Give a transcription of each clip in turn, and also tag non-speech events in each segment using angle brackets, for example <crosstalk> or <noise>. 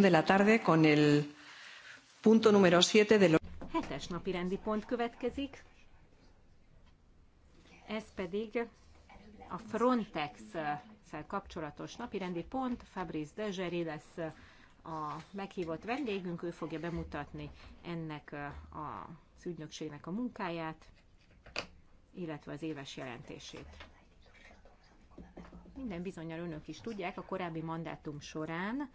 de la tarde con el punto número 7 de los... Hetes napi rendi pont következik, ez pedig a Frontex-szel kapcsolatos napirendi pont. Fabrice Dezseri lesz a meghívott vendégünk, ő fogja bemutatni ennek a ügynökségnek a munkáját, illetve az éves jelentését. Minden bizonyal önök is tudják, a korábbi mandátum során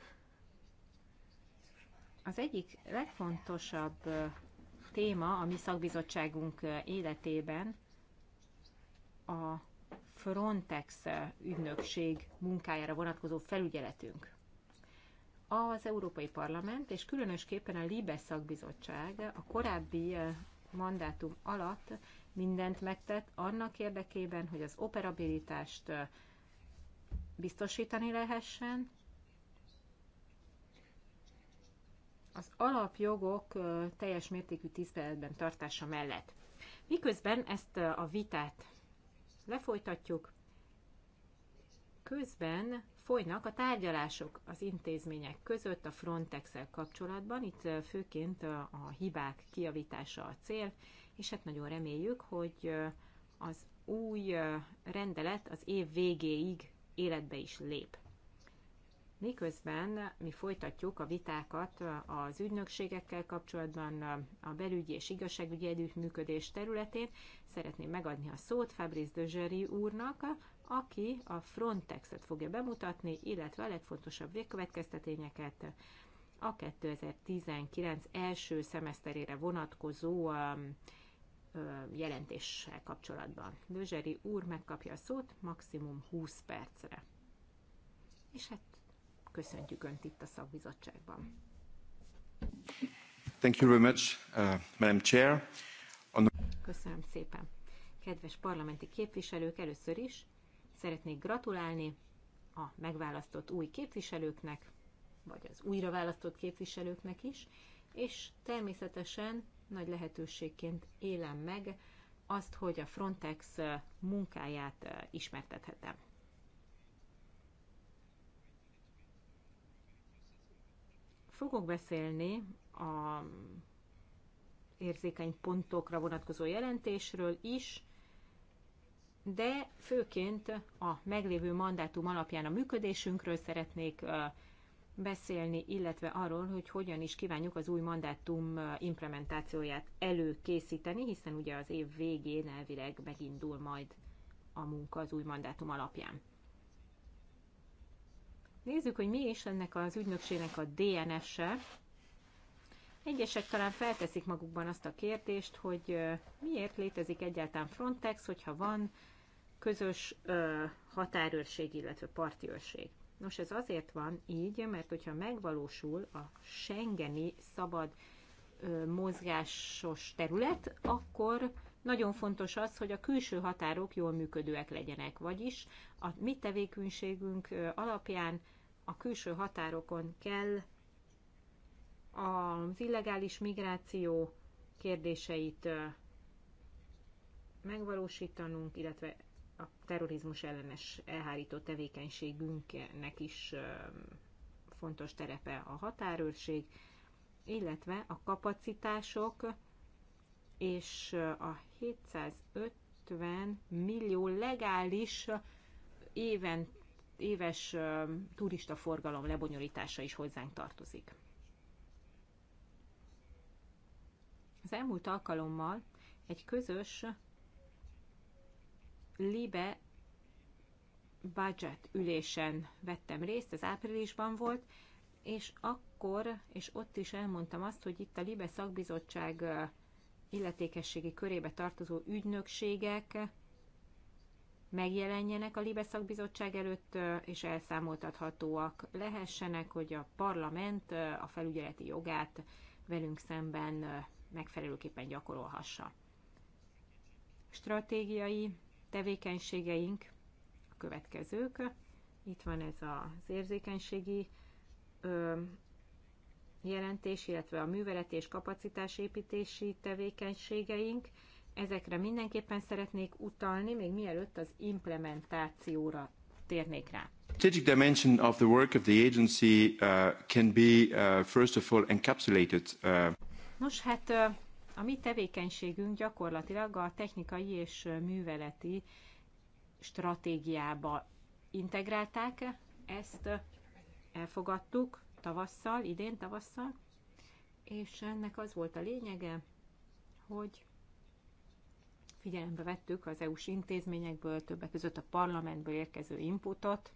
az egyik legfontosabb téma a mi szakbizottságunk életében a Frontex ügynökség munkájára vonatkozó felügyeletünk. Az Európai Parlament és különösképpen a LIBE szakbizottság a korábbi mandátum alatt mindent megtett annak érdekében, hogy az operabilitást biztosítani lehessen, az alapjogok teljes mértékű tiszteletben tartása mellett. Miközben ezt a vitát lefolytatjuk, közben folynak a tárgyalások az intézmények között a frontex kapcsolatban, itt főként a hibák kiavítása a cél, és hát nagyon reméljük, hogy az új rendelet az év végéig életbe is lép. Miközben mi folytatjuk a vitákat az ügynökségekkel kapcsolatban a belügyi és igazságügyi együttműködés területén, szeretném megadni a szót Fabrice Dözseri úrnak, aki a Frontexet fogja bemutatni, illetve a legfontosabb végkövetkeztetényeket a 2019 első szemeszterére vonatkozó um, um, jelentéssel kapcsolatban. Dözseri úr megkapja a szót maximum 20 percre. És hát köszöntjük Önt itt a szakbizottságban. Thank you very much, uh, Madam Chair. On... Köszönöm szépen. Kedves parlamenti képviselők, először is szeretnék gratulálni a megválasztott új képviselőknek, vagy az újra választott képviselőknek is, és természetesen nagy lehetőségként élem meg azt, hogy a Frontex uh, munkáját uh, ismertethetem. fogok beszélni a érzékeny pontokra vonatkozó jelentésről is, de főként a meglévő mandátum alapján a működésünkről szeretnék beszélni, illetve arról, hogy hogyan is kívánjuk az új mandátum implementációját előkészíteni, hiszen ugye az év végén elvileg megindul majd a munka az új mandátum alapján. Nézzük, hogy mi is ennek az ügynökségnek a DNS-e. Egyesek talán felteszik magukban azt a kérdést, hogy miért létezik egyáltalán Frontex, hogyha van közös határőrség, illetve parti őrség. Nos, ez azért van így, mert hogyha megvalósul a Schengeni szabad mozgásos terület, akkor nagyon fontos az, hogy a külső határok jól működőek legyenek, vagyis a mi tevékenységünk alapján a külső határokon kell az illegális migráció kérdéseit megvalósítanunk, illetve a terrorizmus ellenes elhárító tevékenységünknek is fontos terepe a határőrség, illetve a kapacitások és a 750 millió legális éven, éves turistaforgalom lebonyolítása is hozzánk tartozik. Az elmúlt alkalommal egy közös Libe budget ülésen vettem részt, ez áprilisban volt, és akkor, és ott is elmondtam azt, hogy itt a Libe szakbizottság illetékességi körébe tartozó ügynökségek megjelenjenek a Libe szakbizottság előtt, és elszámoltathatóak lehessenek, hogy a parlament a felügyeleti jogát velünk szemben megfelelőképpen gyakorolhassa. Stratégiai tevékenységeink a következők. Itt van ez az érzékenységi jelentés, illetve a műveleti és kapacitásépítési tevékenységeink. Ezekre mindenképpen szeretnék utalni, még mielőtt az implementációra térnék rá. Strategic dimension of the work of the agency uh, can be uh, first of all encapsulated. Uh... Nos, hát a mi tevékenységünk gyakorlatilag a technikai és műveleti stratégiába integrálták, ezt elfogadtuk, tavasszal, idén tavasszal, és ennek az volt a lényege, hogy figyelembe vettük az EU-s intézményekből, többek között a parlamentből érkező inputot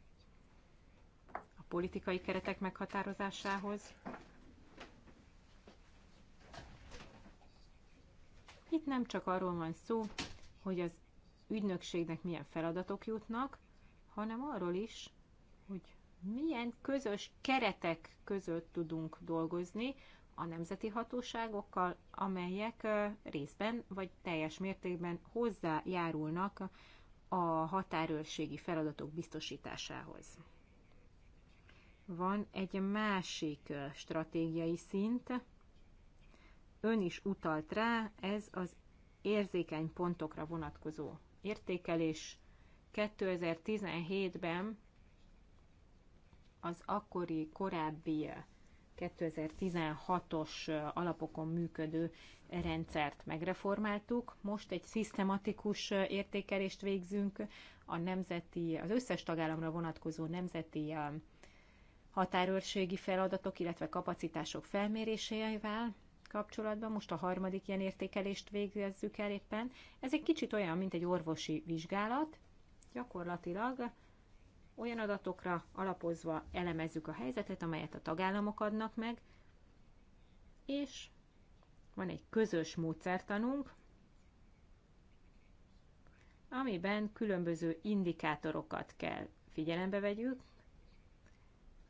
a politikai keretek meghatározásához. Itt nem csak arról van szó, hogy az ügynökségnek milyen feladatok jutnak, hanem arról is, hogy milyen közös keretek között tudunk dolgozni a nemzeti hatóságokkal, amelyek részben vagy teljes mértékben hozzájárulnak a határőrségi feladatok biztosításához. Van egy másik stratégiai szint, ön is utalt rá, ez az érzékeny pontokra vonatkozó értékelés 2017-ben az akkori korábbi 2016-os eh, eh, alapokon működő rendszert megreformáltuk. Most egy szisztematikus eh, értékelést végzünk a nemzeti, az összes tagállamra vonatkozó nemzeti határőrségi feladatok, illetve kapacitások felmérésével kapcsolatban. Most a harmadik ilyen értékelést végezzük el éppen. Ez egy kicsit olyan, mint egy orvosi vizsgálat. Gyakorlatilag olyan adatokra alapozva elemezzük a helyzetet, amelyet a tagállamok adnak meg, és van egy közös módszertanunk, amiben különböző indikátorokat kell figyelembe vegyük.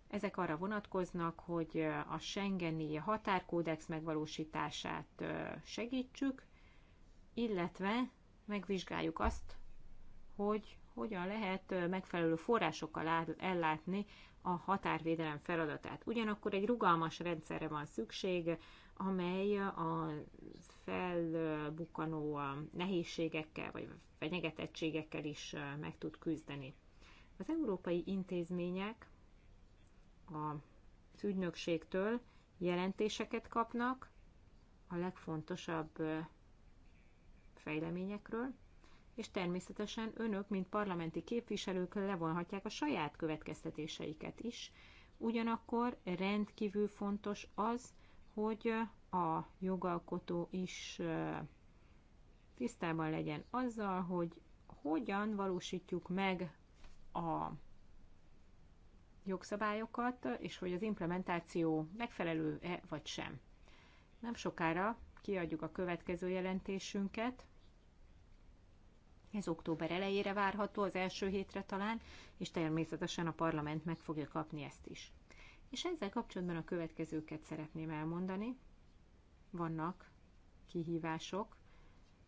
Ezek arra vonatkoznak, hogy a Schengeni határkódex megvalósítását segítsük, illetve megvizsgáljuk azt, hogy hogyan lehet megfelelő forrásokkal ellátni a határvédelem feladatát. Ugyanakkor egy rugalmas rendszerre van szükség, amely a felbukkanó nehézségekkel vagy fenyegetettségekkel is meg tud küzdeni. Az európai intézmények az ügynökségtől jelentéseket kapnak a legfontosabb fejleményekről, és természetesen önök, mint parlamenti képviselők levonhatják a saját következtetéseiket is. Ugyanakkor rendkívül fontos az, hogy a jogalkotó is tisztában legyen azzal, hogy hogyan valósítjuk meg a jogszabályokat, és hogy az implementáció megfelelő-e vagy sem. Nem sokára kiadjuk a következő jelentésünket, ez október elejére várható, az első hétre talán, és természetesen a parlament meg fogja kapni ezt is. És ezzel kapcsolatban a következőket szeretném elmondani. Vannak kihívások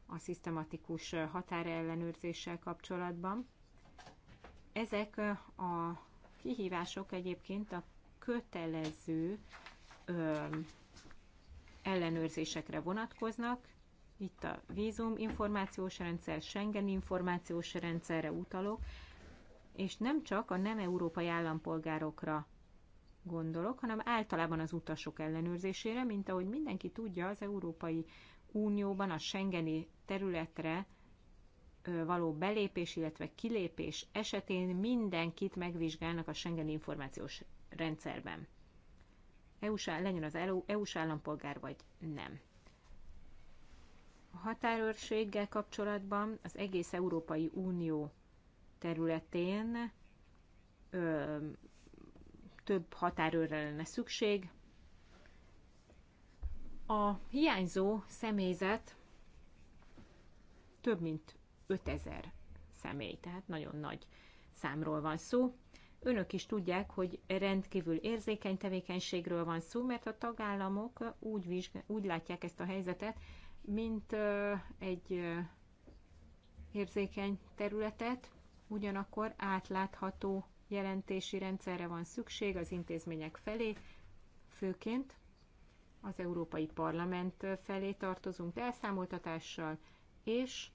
a szisztematikus határellenőrzéssel kapcsolatban. Ezek a kihívások egyébként a kötelező ö, ellenőrzésekre vonatkoznak, itt a vízum információs rendszer, Schengen információs rendszerre utalok, és nem csak a nem európai állampolgárokra gondolok, hanem általában az utasok ellenőrzésére, mint ahogy mindenki tudja, az Európai Unióban a Schengeni területre való belépés, illetve kilépés esetén mindenkit megvizsgálnak a Schengen információs rendszerben. EU-s, legyen az EU-s e állampolgár vagy nem. A határőrséggel kapcsolatban az egész Európai Unió területén ö, több határőrre lenne szükség. A hiányzó személyzet több mint 5000 személy, tehát nagyon nagy számról van szó. Önök is tudják, hogy rendkívül érzékeny tevékenységről van szó, mert a tagállamok úgy, vizsg- úgy látják ezt a helyzetet, mint egy érzékeny területet, ugyanakkor átlátható jelentési rendszerre van szükség az intézmények felé, főként az Európai Parlament felé tartozunk elszámoltatással, és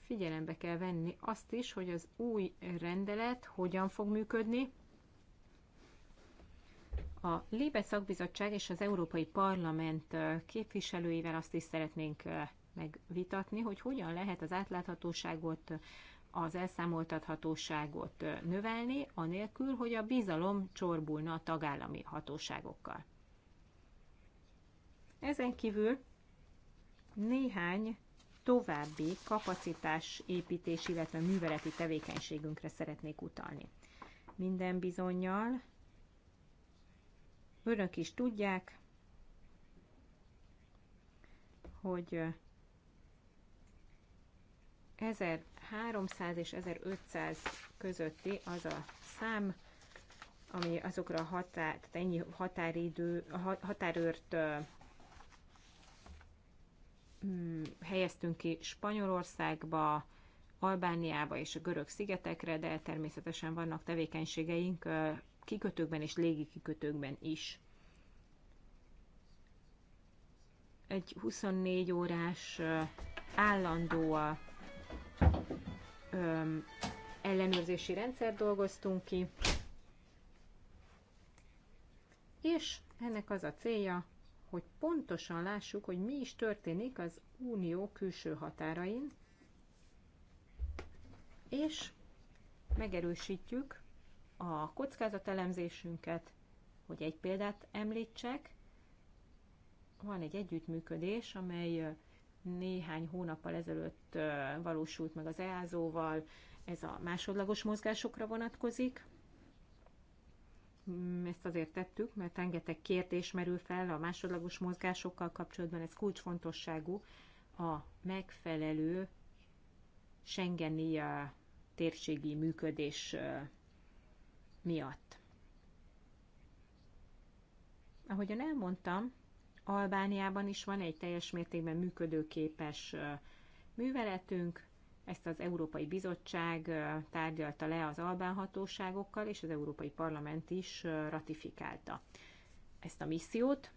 figyelembe kell venni azt is, hogy az új rendelet hogyan fog működni, a Libe Szakbizottság és az Európai Parlament képviselőivel azt is szeretnénk megvitatni, hogy hogyan lehet az átláthatóságot, az elszámoltathatóságot növelni, anélkül, hogy a bizalom csorbulna a tagállami hatóságokkal. Ezen kívül néhány további kapacitásépítés, illetve műveleti tevékenységünkre szeretnék utalni. Minden bizonyal Önök is tudják, hogy 1300 és 1500 közötti az a szám, ami azokra a határ, tehát ennyi határidő, határőrt mm, helyeztünk ki Spanyolországba, Albániába és a görög szigetekre, de természetesen vannak tevékenységeink kikötőkben és légi kikötőkben is. Egy 24 órás állandó ellenőrzési rendszer dolgoztunk ki, és ennek az a célja, hogy pontosan lássuk, hogy mi is történik az unió külső határain, és megerősítjük a kockázatelemzésünket, hogy egy példát említsek, van egy együttműködés, amely néhány hónappal ezelőtt valósult meg az EASO-val, ez a másodlagos mozgásokra vonatkozik. Mm, ezt azért tettük, mert rengeteg kérdés merül fel a másodlagos mozgásokkal kapcsolatban, ez kulcsfontosságú a megfelelő Schengeni térségi működés miatt. Ahogyan elmondtam, Albániában is van egy teljes mértékben működőképes műveletünk, ezt az Európai Bizottság tárgyalta le az albán hatóságokkal, és az Európai Parlament is ratifikálta ezt a missziót.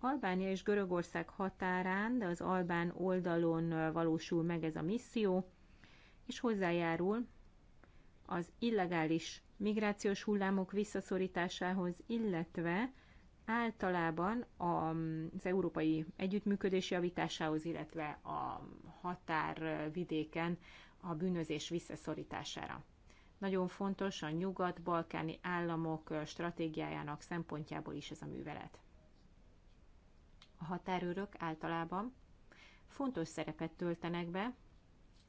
Albánia és Görögország határán, de az albán oldalon valósul meg ez a misszió, és hozzájárul az illegális migrációs hullámok visszaszorításához, illetve általában az európai együttműködés javításához, illetve a határvidéken a bűnözés visszaszorítására. Nagyon fontos a nyugat-balkáni államok stratégiájának szempontjából is ez a művelet. A határőrök általában fontos szerepet töltenek be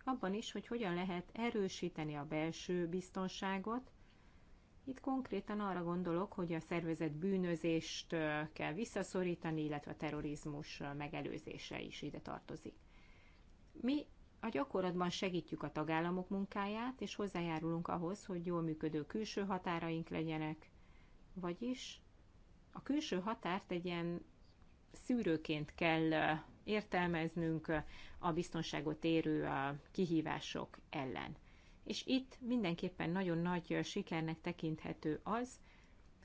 abban is, hogy hogyan lehet erősíteni a belső biztonságot. Itt konkrétan arra gondolok, hogy a szervezet bűnözést kell visszaszorítani, illetve a terrorizmus megelőzése is ide tartozik. Mi a gyakorlatban segítjük a tagállamok munkáját, és hozzájárulunk ahhoz, hogy jól működő külső határaink legyenek, vagyis a külső határt egy ilyen szűrőként kell értelmeznünk a biztonságot érő kihívások ellen. És itt mindenképpen nagyon nagy sikernek tekinthető az,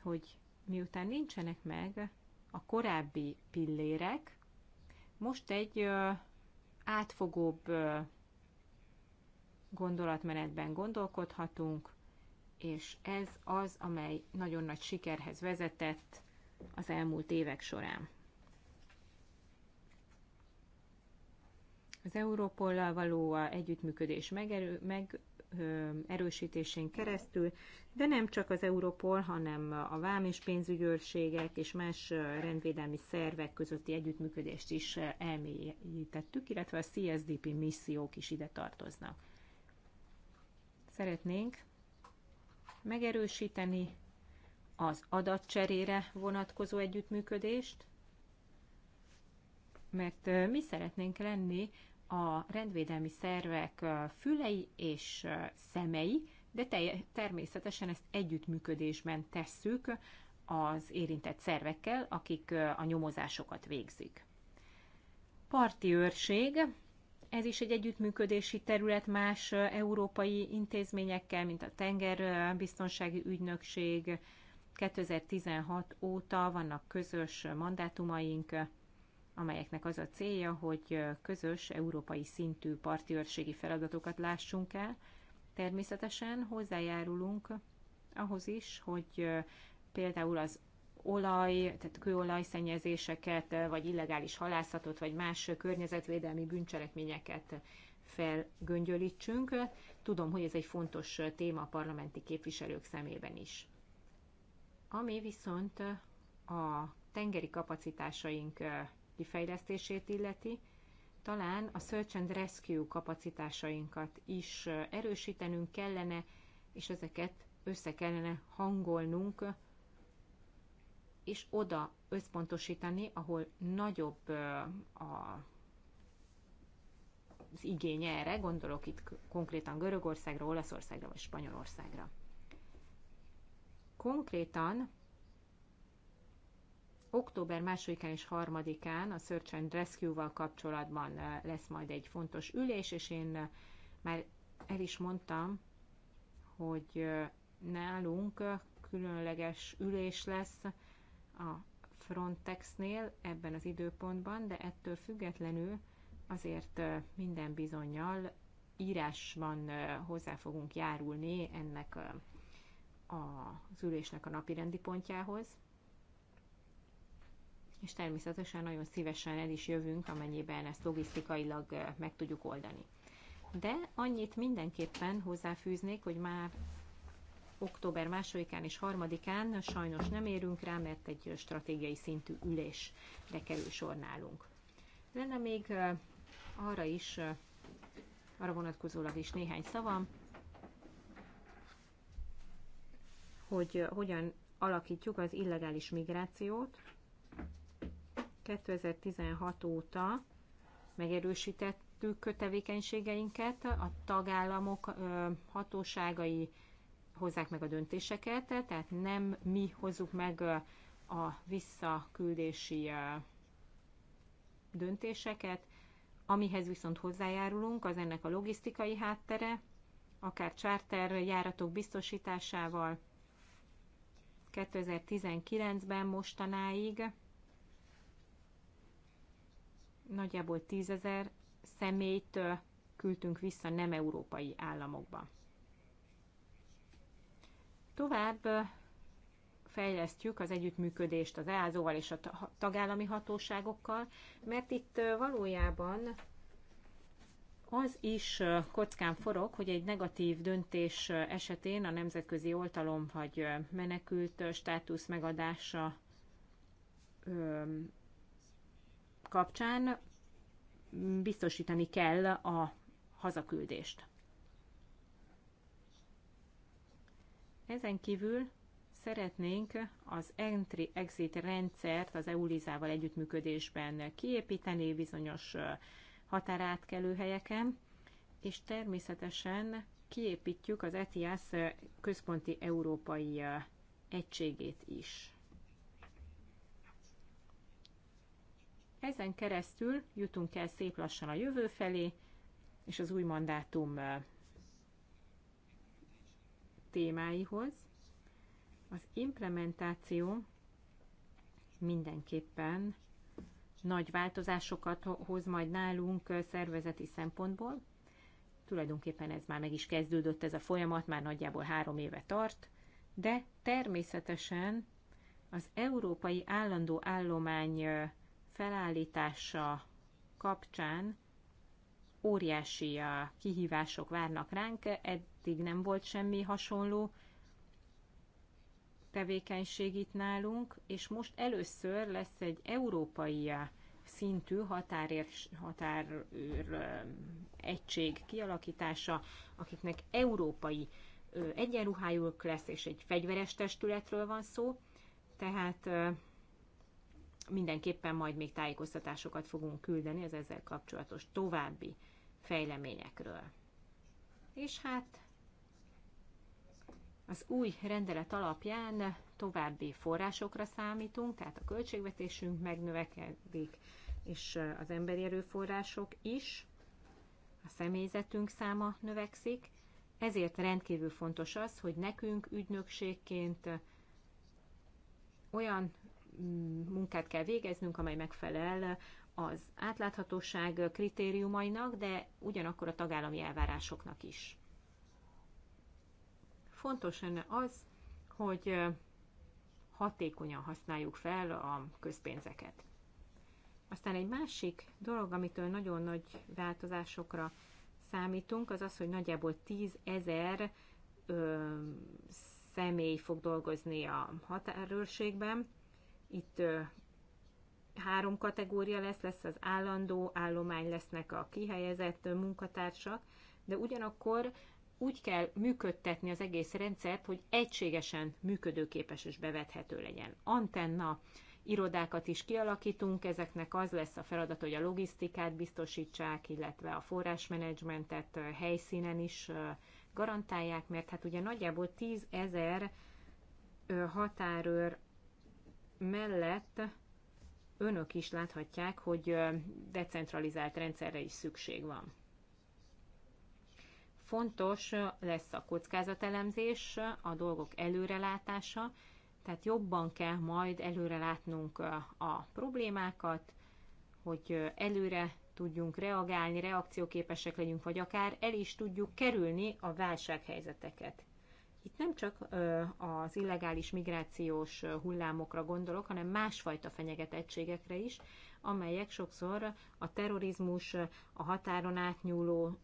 hogy miután nincsenek meg a korábbi pillérek, most egy átfogóbb gondolatmenetben gondolkodhatunk, és ez az, amely nagyon nagy sikerhez vezetett az elmúlt évek során. Az Európollal való együttműködés megerő, meg, erősítésén keresztül, de nem csak az Európol, hanem a vám és pénzügyőrségek és más rendvédelmi szervek közötti együttműködést is elmélyítettük, illetve a CSDP missziók is ide tartoznak. Szeretnénk megerősíteni az adatcserére vonatkozó együttműködést, mert mi szeretnénk lenni a rendvédelmi szervek fülei és szemei, de természetesen ezt együttműködésben tesszük az érintett szervekkel, akik a nyomozásokat végzik. Parti őrség, ez is egy együttműködési terület más európai intézményekkel, mint a tengerbiztonsági ügynökség. 2016 óta vannak közös mandátumaink, amelyeknek az a célja, hogy közös európai szintű parti feladatokat lássunk el. Természetesen hozzájárulunk ahhoz is, hogy például az olaj, tehát kőolajszennyezéseket, vagy illegális halászatot, vagy más környezetvédelmi bűncselekményeket felgöngyölítsünk. Tudom, hogy ez egy fontos téma a parlamenti képviselők szemében is. Ami viszont a tengeri kapacitásaink kifejlesztését illeti, talán a search and rescue kapacitásainkat is erősítenünk kellene, és ezeket össze kellene hangolnunk, és oda összpontosítani, ahol nagyobb a, az igény erre, gondolok itt konkrétan Görögországra, Olaszországra vagy Spanyolországra. Konkrétan október 2-án és 3-án a Search and Rescue-val kapcsolatban lesz majd egy fontos ülés, és én már el is mondtam, hogy nálunk különleges ülés lesz a Frontexnél ebben az időpontban, de ettől függetlenül azért minden bizonyal írásban hozzá fogunk járulni ennek az ülésnek a napi rendi pontjához és természetesen nagyon szívesen el is jövünk, amennyiben ezt logisztikailag meg tudjuk oldani. De annyit mindenképpen hozzáfűznék, hogy már október másodikán és harmadikán sajnos nem érünk rá, mert egy stratégiai szintű ülésre kerül sor nálunk. Lenne még arra is, arra vonatkozólag is néhány szavam, hogy hogyan alakítjuk az illegális migrációt, 2016 óta megerősítettük tevékenységeinket, a tagállamok hatóságai hozzák meg a döntéseket, tehát nem mi hozzuk meg a visszaküldési döntéseket, amihez viszont hozzájárulunk, az ennek a logisztikai háttere, akár charter járatok biztosításával 2019-ben mostanáig nagyjából tízezer személyt küldtünk vissza nem európai államokba. Tovább fejlesztjük az együttműködést az EASO-val és a tagállami hatóságokkal, mert itt valójában az is kockán forog, hogy egy negatív döntés esetén a nemzetközi oltalom vagy menekült státusz megadása kapcsán biztosítani kell a hazaküldést. Ezen kívül szeretnénk az entry-exit rendszert az EULIZával együttműködésben kiépíteni bizonyos határátkelő helyeken, és természetesen kiépítjük az ETIAS központi európai egységét is. Ezen keresztül jutunk el szép lassan a jövő felé, és az új mandátum témáihoz. Az implementáció mindenképpen nagy változásokat hoz majd nálunk szervezeti szempontból. Tulajdonképpen ez már meg is kezdődött ez a folyamat, már nagyjából három éve tart, de természetesen az európai állandó állomány felállítása kapcsán óriási kihívások várnak ránk, eddig nem volt semmi hasonló tevékenység itt nálunk, és most először lesz egy európai szintű határér, határőr egység kialakítása, akiknek európai egyenruhájuk lesz, és egy fegyveres testületről van szó, tehát mindenképpen majd még tájékoztatásokat fogunk küldeni az ezzel kapcsolatos további fejleményekről. És hát az új rendelet alapján további forrásokra számítunk, tehát a költségvetésünk megnövekedik, és az emberi erőforrások is, a személyzetünk száma növekszik, ezért rendkívül fontos az, hogy nekünk ügynökségként olyan munkát kell végeznünk, amely megfelel az átláthatóság kritériumainak, de ugyanakkor a tagállami elvárásoknak is. Fontos lenne az, hogy hatékonyan használjuk fel a közpénzeket. Aztán egy másik dolog, amitől nagyon nagy változásokra számítunk, az az, hogy nagyjából 10 ezer személy fog dolgozni a határőrségben, itt három kategória lesz, lesz az állandó állomány, lesznek a kihelyezett munkatársak, de ugyanakkor úgy kell működtetni az egész rendszert, hogy egységesen működőképes és bevethető legyen. Antenna irodákat is kialakítunk, ezeknek az lesz a feladat, hogy a logisztikát biztosítsák, illetve a forrásmenedzsmentet helyszínen is garantálják, mert hát ugye nagyjából 10 ezer határőr mellett önök is láthatják, hogy decentralizált rendszerre is szükség van. Fontos lesz a kockázatelemzés, a dolgok előrelátása, tehát jobban kell majd előrelátnunk a problémákat, hogy előre tudjunk reagálni, reakcióképesek legyünk, vagy akár el is tudjuk kerülni a válsághelyzeteket. Itt nem csak az illegális migrációs hullámokra gondolok, hanem másfajta fenyegetettségekre is, amelyek sokszor a terrorizmus, a határon átnyúló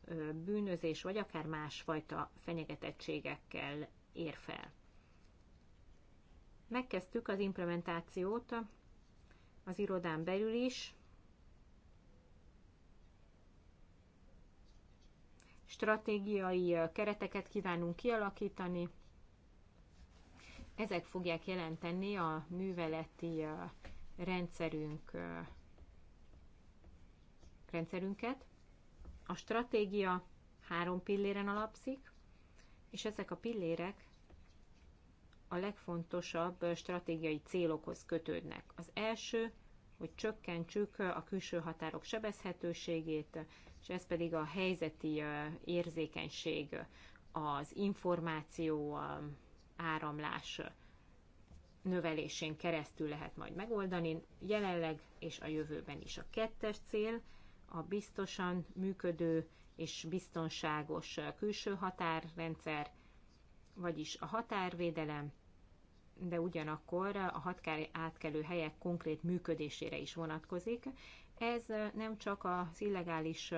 bűnözés, vagy akár másfajta fenyegetettségekkel ér fel. Megkezdtük az implementációt az irodán belül is, stratégiai kereteket kívánunk kialakítani. Ezek fogják jelenteni a műveleti rendszerünk, rendszerünket. A stratégia három pilléren alapszik, és ezek a pillérek a legfontosabb stratégiai célokhoz kötődnek. Az első, hogy csökkentsük a külső határok sebezhetőségét, és ez pedig a helyzeti érzékenység, az információ áramlás növelésén keresztül lehet majd megoldani, jelenleg és a jövőben is. A kettes cél a biztosan működő és biztonságos külső határrendszer, vagyis a határvédelem, de ugyanakkor a határ átkelő helyek konkrét működésére is vonatkozik. Ez nem csak az illegális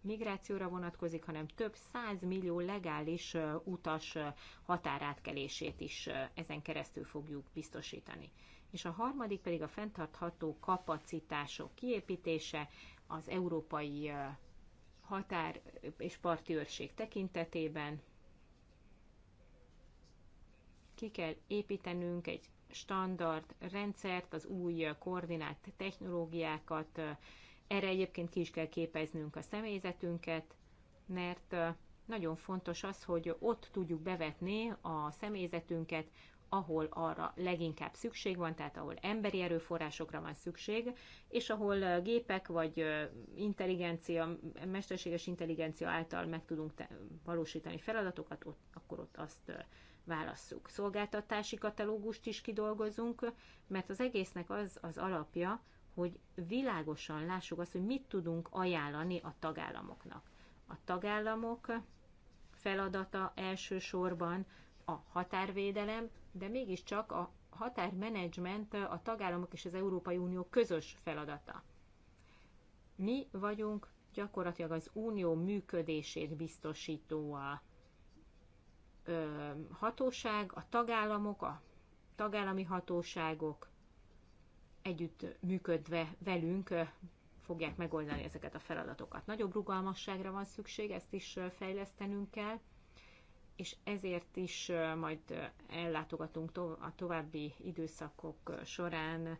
migrációra vonatkozik, hanem több százmillió legális utas határátkelését is ezen keresztül fogjuk biztosítani. És a harmadik pedig a fenntartható kapacitások kiépítése az európai határ és parti őrség tekintetében. Ki kell építenünk egy standard rendszert, az új koordinát technológiákat, erre egyébként ki is kell képeznünk a személyzetünket, mert nagyon fontos az, hogy ott tudjuk bevetni a személyzetünket, ahol arra leginkább szükség van, tehát ahol emberi erőforrásokra van szükség, és ahol gépek vagy intelligencia, mesterséges intelligencia által meg tudunk valósítani feladatokat, ott, akkor ott azt válasszuk. Szolgáltatási katalógust is kidolgozunk, mert az egésznek az az alapja, hogy világosan lássuk azt, hogy mit tudunk ajánlani a tagállamoknak. A tagállamok feladata elsősorban a határvédelem, de mégiscsak a határmenedzsment a tagállamok és az Európai Unió közös feladata. Mi vagyunk gyakorlatilag az unió működését biztosító a hatóság, a tagállamok, a tagállami hatóságok együtt működve velünk fogják megoldani ezeket a feladatokat. Nagyobb rugalmasságra van szükség, ezt is fejlesztenünk kell, és ezért is majd ellátogatunk a további időszakok során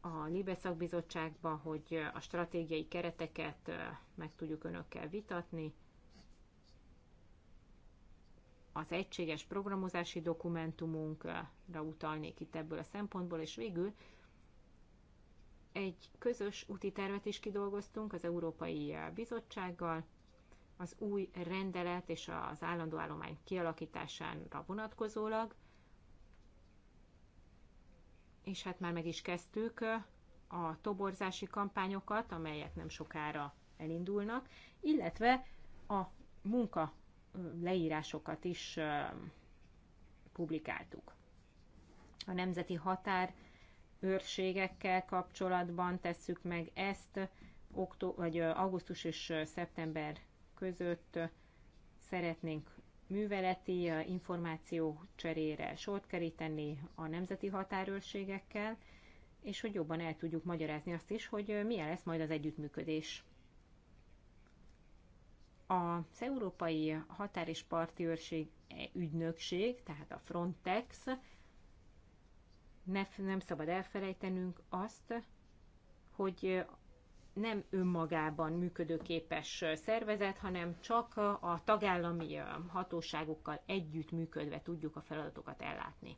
a Libe szakbizottságba, hogy a stratégiai kereteket meg tudjuk önökkel vitatni, az egységes programozási dokumentumunkra eh, utalnék itt ebből a szempontból, és végül egy közös úti tervet is kidolgoztunk az Európai eh, Bizottsággal, az új rendelet és az állandó állomány kialakításánra vonatkozólag, és hát már meg is kezdtük eh, a toborzási kampányokat, amelyek nem sokára elindulnak, illetve a munka leírásokat is publikáltuk. A nemzeti határ őrségekkel kapcsolatban tesszük meg ezt, októ, vagy augusztus és szeptember között szeretnénk műveleti információ cserére sort keríteni a nemzeti határőrségekkel, és hogy jobban el tudjuk magyarázni azt is, hogy milyen lesz majd az együttműködés az Európai Határ és Parti Őrség ügynökség, tehát a Frontex, ne, nem szabad elfelejtenünk azt, hogy nem önmagában működőképes szervezet, hanem csak a tagállami hatóságokkal együtt működve tudjuk a feladatokat ellátni.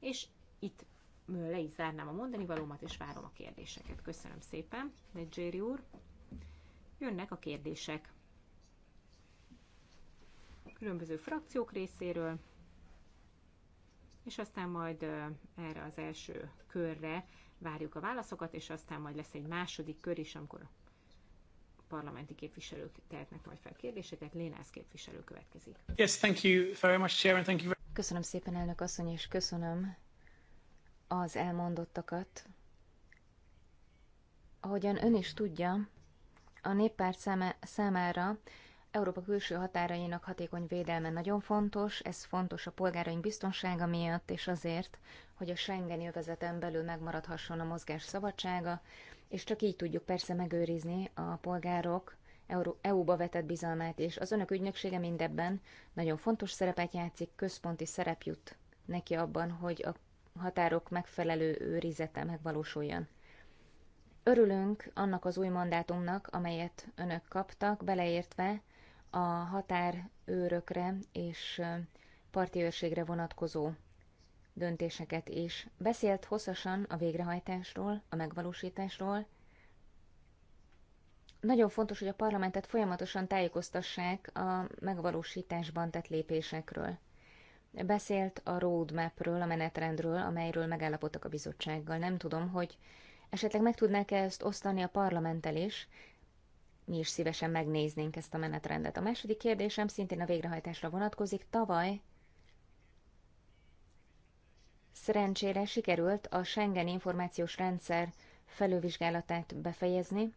És itt le is zárnám a mondani valómat, és várom a kérdéseket. Köszönöm szépen, Negyzséri úr. Jönnek a kérdések különböző frakciók részéről, és aztán majd erre az első körre várjuk a válaszokat, és aztán majd lesz egy második kör is, amikor a parlamenti képviselők tehetnek majd fel kérdéseket. Lénász képviselő következik. Yes, thank you very much, Chair, and thank you very... Köszönöm szépen, elnök asszony, és köszönöm az elmondottakat. Ahogyan ön is tudja, a néppárt számára Európa külső határainak hatékony védelme nagyon fontos, ez fontos a polgáraink biztonsága miatt, és azért, hogy a Schengen övezeten belül megmaradhasson a mozgás szabadsága, és csak így tudjuk persze megőrizni a polgárok EU-ba vetett bizalmát, és az önök ügynöksége mindebben nagyon fontos szerepet játszik, központi szerep jut neki abban, hogy a határok megfelelő őrizete megvalósuljon. Örülünk annak az új mandátumnak, amelyet önök kaptak, beleértve a határőrökre és parti őrségre vonatkozó döntéseket is. Beszélt hosszasan a végrehajtásról, a megvalósításról. Nagyon fontos, hogy a parlamentet folyamatosan tájékoztassák a megvalósításban tett lépésekről. Beszélt a roadmapről, a menetrendről, amelyről megállapodtak a bizottsággal. Nem tudom, hogy esetleg meg tudnák -e ezt osztani a parlamenttel is, mi is szívesen megnéznénk ezt a menetrendet. A második kérdésem szintén a végrehajtásra vonatkozik. Tavaly szerencsére sikerült a Schengen információs rendszer felülvizsgálatát befejezni.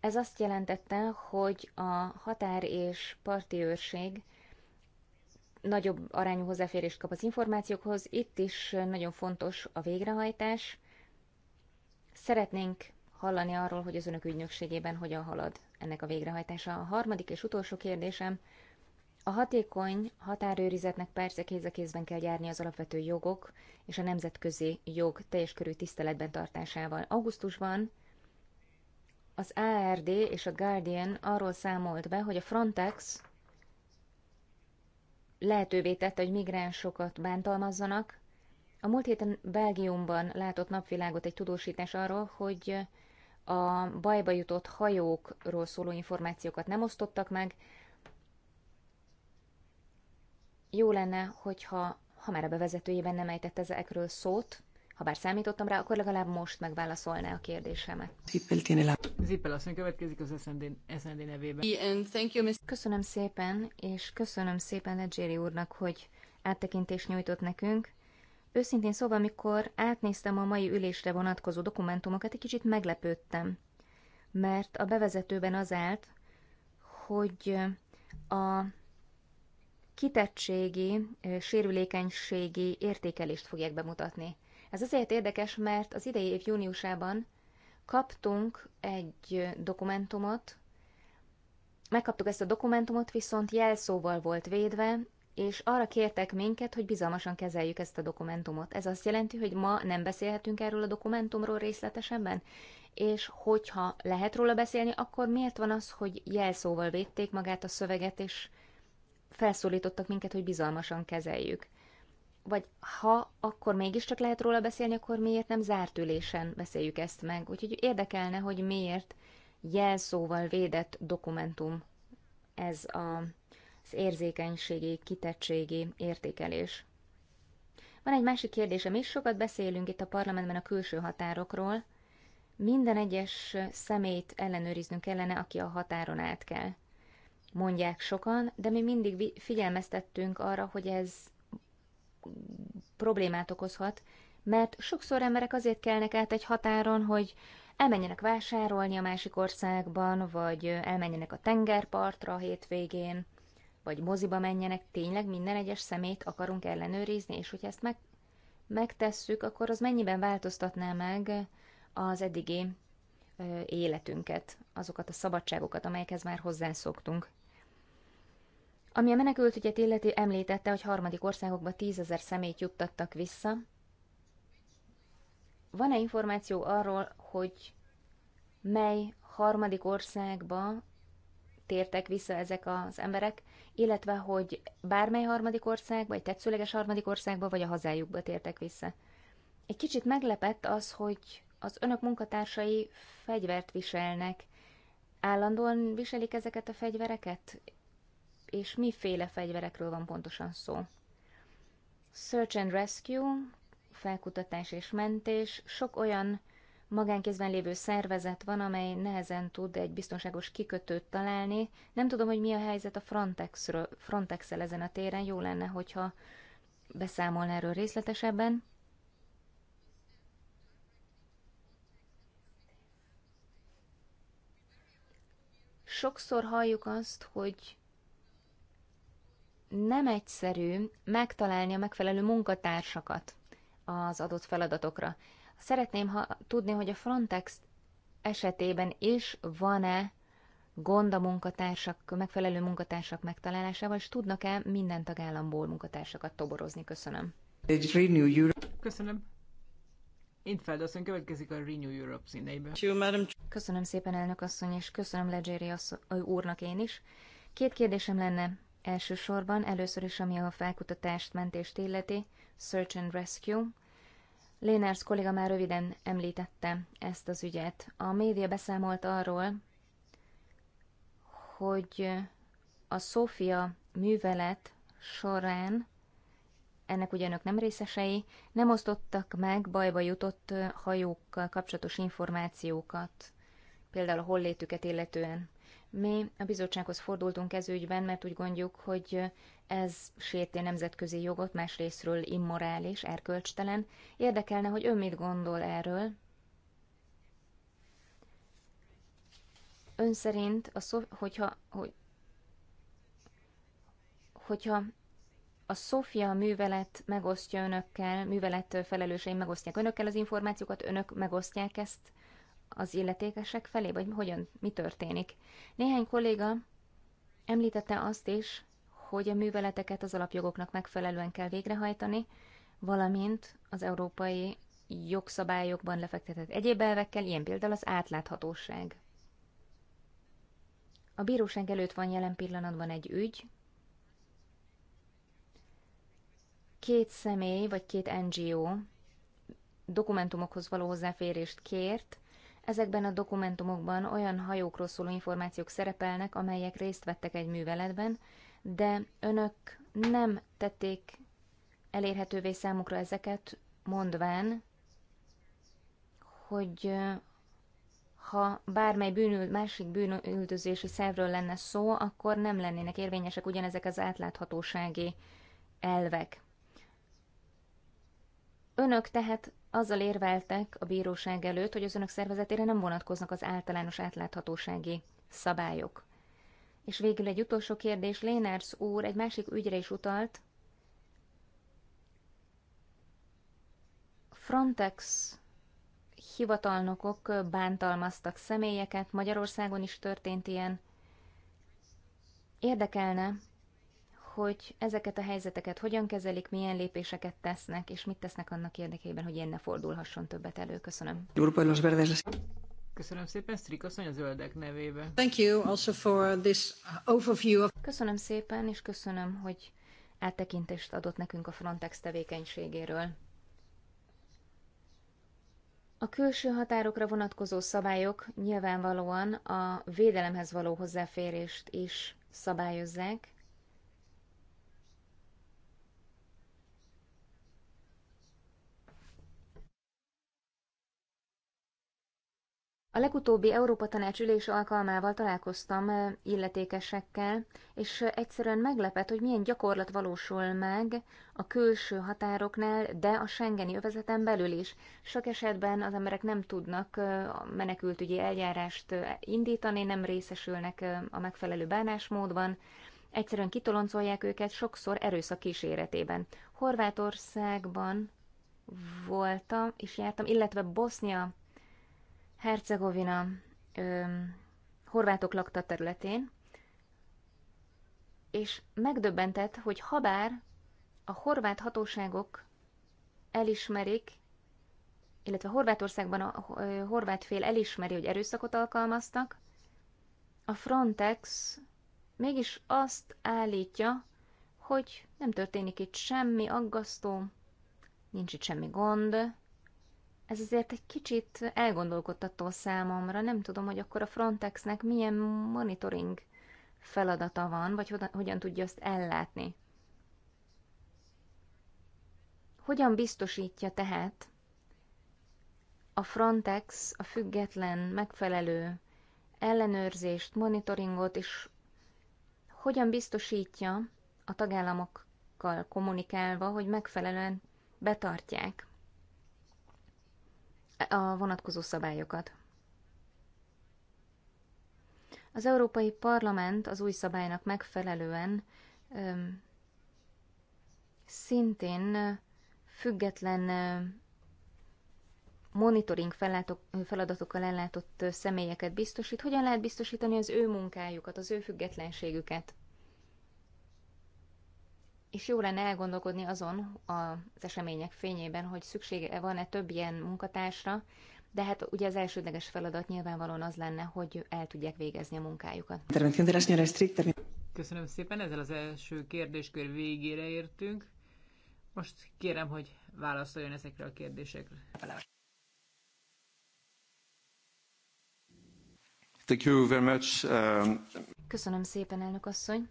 Ez azt jelentette, hogy a határ és parti őrség nagyobb arányú hozzáférést kap az információkhoz. Itt is nagyon fontos a végrehajtás. Szeretnénk hallani arról, hogy az önök ügynökségében hogyan halad ennek a végrehajtása. A harmadik és utolsó kérdésem, a hatékony határőrizetnek persze kéz a kézben kell járni az alapvető jogok és a nemzetközi jog teljes körű tiszteletben tartásával. Augusztusban az ARD és a Guardian arról számolt be, hogy a Frontex lehetővé tette, hogy migránsokat bántalmazzanak. A múlt héten Belgiumban látott napvilágot egy tudósítás arról, hogy a bajba jutott hajókról szóló információkat nem osztottak meg. Jó lenne, hogyha ha már a bevezetőjében nem ejtett ezekről szót, ha bár számítottam rá, akkor legalább most megválaszolná a kérdésemet. Zippel asszony következik az SND, SND nevében. Köszönöm szépen, és köszönöm szépen Edgéri úrnak, hogy áttekintést nyújtott nekünk. Őszintén szóval, amikor átnéztem a mai ülésre vonatkozó dokumentumokat, egy kicsit meglepődtem, mert a bevezetőben az állt, hogy a kitettségi, sérülékenységi értékelést fogják bemutatni. Ez azért érdekes, mert az idei év júniusában kaptunk egy dokumentumot, megkaptuk ezt a dokumentumot, viszont jelszóval volt védve, és arra kértek minket, hogy bizalmasan kezeljük ezt a dokumentumot. Ez azt jelenti, hogy ma nem beszélhetünk erről a dokumentumról részletesebben? És hogyha lehet róla beszélni, akkor miért van az, hogy jelszóval védték magát a szöveget, és felszólítottak minket, hogy bizalmasan kezeljük? Vagy ha akkor mégiscsak lehet róla beszélni, akkor miért nem zárt ülésen beszéljük ezt meg? Úgyhogy érdekelne, hogy miért jelszóval védett dokumentum ez a érzékenységi, kitettségi értékelés. Van egy másik kérdésem is, sokat beszélünk itt a parlamentben a külső határokról. Minden egyes szemét ellenőriznünk kellene, aki a határon át kell. Mondják sokan, de mi mindig figyelmeztettünk arra, hogy ez problémát okozhat, mert sokszor emberek azért kelnek át egy határon, hogy elmenjenek vásárolni a másik országban, vagy elmenjenek a tengerpartra a hétvégén, vagy moziba menjenek, tényleg minden egyes szemét akarunk ellenőrizni, és hogyha ezt meg, megtesszük, akkor az mennyiben változtatná meg az eddigi ö, életünket, azokat a szabadságokat, amelyekhez már hozzászoktunk. Ami a menekültügyet illeti, említette, hogy harmadik országokba tízezer szemét juttattak vissza. Van-e információ arról, hogy mely harmadik országba tértek vissza ezek az emberek, illetve hogy bármely harmadik országba, vagy tetszőleges harmadik országba, vagy a hazájukba tértek vissza. Egy kicsit meglepett az, hogy az önök munkatársai fegyvert viselnek. Állandóan viselik ezeket a fegyvereket? És miféle fegyverekről van pontosan szó? Search and Rescue, felkutatás és mentés, sok olyan magánkézben lévő szervezet van, amely nehezen tud egy biztonságos kikötőt találni. Nem tudom, hogy mi a helyzet a Frontexről, frontex ezen a téren. Jó lenne, hogyha beszámolna erről részletesebben. Sokszor halljuk azt, hogy nem egyszerű megtalálni a megfelelő munkatársakat az adott feladatokra. Szeretném ha, tudni, hogy a Frontex esetében is van-e gond a munkatársak, megfelelő munkatársak megtalálásával, és tudnak-e minden tagállamból munkatársakat toborozni? Köszönöm. Köszönöm. Én asszony következik a Renew Europe színeibe. Köszönöm szépen, elnök asszony, és köszönöm Legeri úrnak én is. Két kérdésem lenne elsősorban, először is, ami a felkutatást, mentést illeti, Search and Rescue – Léners kolléga már röviden említette ezt az ügyet. A média beszámolt arról, hogy a Szófia művelet során, ennek ugyanök nem részesei, nem osztottak meg bajba jutott hajókkal kapcsolatos információkat, például a hollétüket illetően. Mi a bizottsághoz fordultunk ez ügyben, mert úgy gondoljuk, hogy ez sérti nemzetközi jogot, másrésztről immorális, erkölcstelen. Érdekelne, hogy ön mit gondol erről. Ön szerint, a szof- hogyha, hogy, hogyha a Sofia művelet megosztja önökkel, művelet felelősei megosztják önökkel az információkat, önök megosztják ezt az illetékesek felé, vagy hogyan, mi történik? Néhány kolléga említette azt is, hogy a műveleteket az alapjogoknak megfelelően kell végrehajtani, valamint az európai jogszabályokban lefektetett egyéb elvekkel, ilyen például az átláthatóság. A bíróság előtt van jelen pillanatban egy ügy, két személy vagy két NGO dokumentumokhoz való hozzáférést kért, ezekben a dokumentumokban olyan hajókról szóló információk szerepelnek, amelyek részt vettek egy műveletben, de önök nem tették elérhetővé számukra ezeket, mondván, hogy ha bármely bűnül, másik bűnüldözési szervről lenne szó, akkor nem lennének érvényesek ugyanezek az átláthatósági elvek. Önök tehát azzal érveltek a bíróság előtt, hogy az önök szervezetére nem vonatkoznak az általános átláthatósági szabályok. És végül egy utolsó kérdés, Lénersz úr egy másik ügyre is utalt. Frontex hivatalnokok bántalmaztak személyeket, Magyarországon is történt ilyen. Érdekelne, hogy ezeket a helyzeteket hogyan kezelik, milyen lépéseket tesznek, és mit tesznek annak érdekében, hogy ilyen ne fordulhasson többet elő. Köszönöm. Köszönöm szépen, Strik a zöldek nevébe. Thank you also for this overview of... Köszönöm szépen, és köszönöm, hogy áttekintést adott nekünk a Frontex tevékenységéről. A külső határokra vonatkozó szabályok nyilvánvalóan a védelemhez való hozzáférést is szabályozzák, A legutóbbi Európa Tanács ülése alkalmával találkoztam eh, illetékesekkel, és eh, egyszerűen meglepett, hogy milyen gyakorlat valósul meg a külső határoknál, de a Schengeni övezeten belül is. Sok esetben az emberek nem tudnak eh, menekültügyi eljárást indítani, nem részesülnek a megfelelő bánásmódban, egyszerűen kitoloncolják őket sokszor erőszak kíséretében. Horvátországban voltam és jártam, illetve Bosznia Hercegovina ö, horvátok lakta területén, és megdöbbentett, hogy habár a horvát hatóságok elismerik, illetve Horvátországban a horvát fél elismeri, hogy erőszakot alkalmaztak, a Frontex mégis azt állítja, hogy nem történik itt semmi aggasztó, nincs itt semmi gond, ez azért egy kicsit elgondolkodtató számomra. Nem tudom, hogy akkor a Frontexnek milyen monitoring feladata van, vagy hogyan tudja azt ellátni. Hogyan biztosítja tehát a Frontex a független, megfelelő ellenőrzést, monitoringot, és hogyan biztosítja a tagállamokkal kommunikálva, hogy megfelelően betartják a vonatkozó szabályokat. Az Európai Parlament az új szabálynak megfelelően öm, szintén független monitoring feladatokkal ellátott személyeket biztosít. Hogyan lehet biztosítani az ő munkájukat, az ő függetlenségüket? és jó lenne elgondolkodni azon az események fényében, hogy szüksége van-e több ilyen munkatársra, de hát ugye az elsődleges feladat nyilvánvalóan az lenne, hogy el tudják végezni a munkájukat. Köszönöm szépen, ezzel az első kérdéskör végére értünk. Most kérem, hogy válaszoljon ezekre a kérdésekre. Thank you very much. Um... Köszönöm szépen, elnök asszony.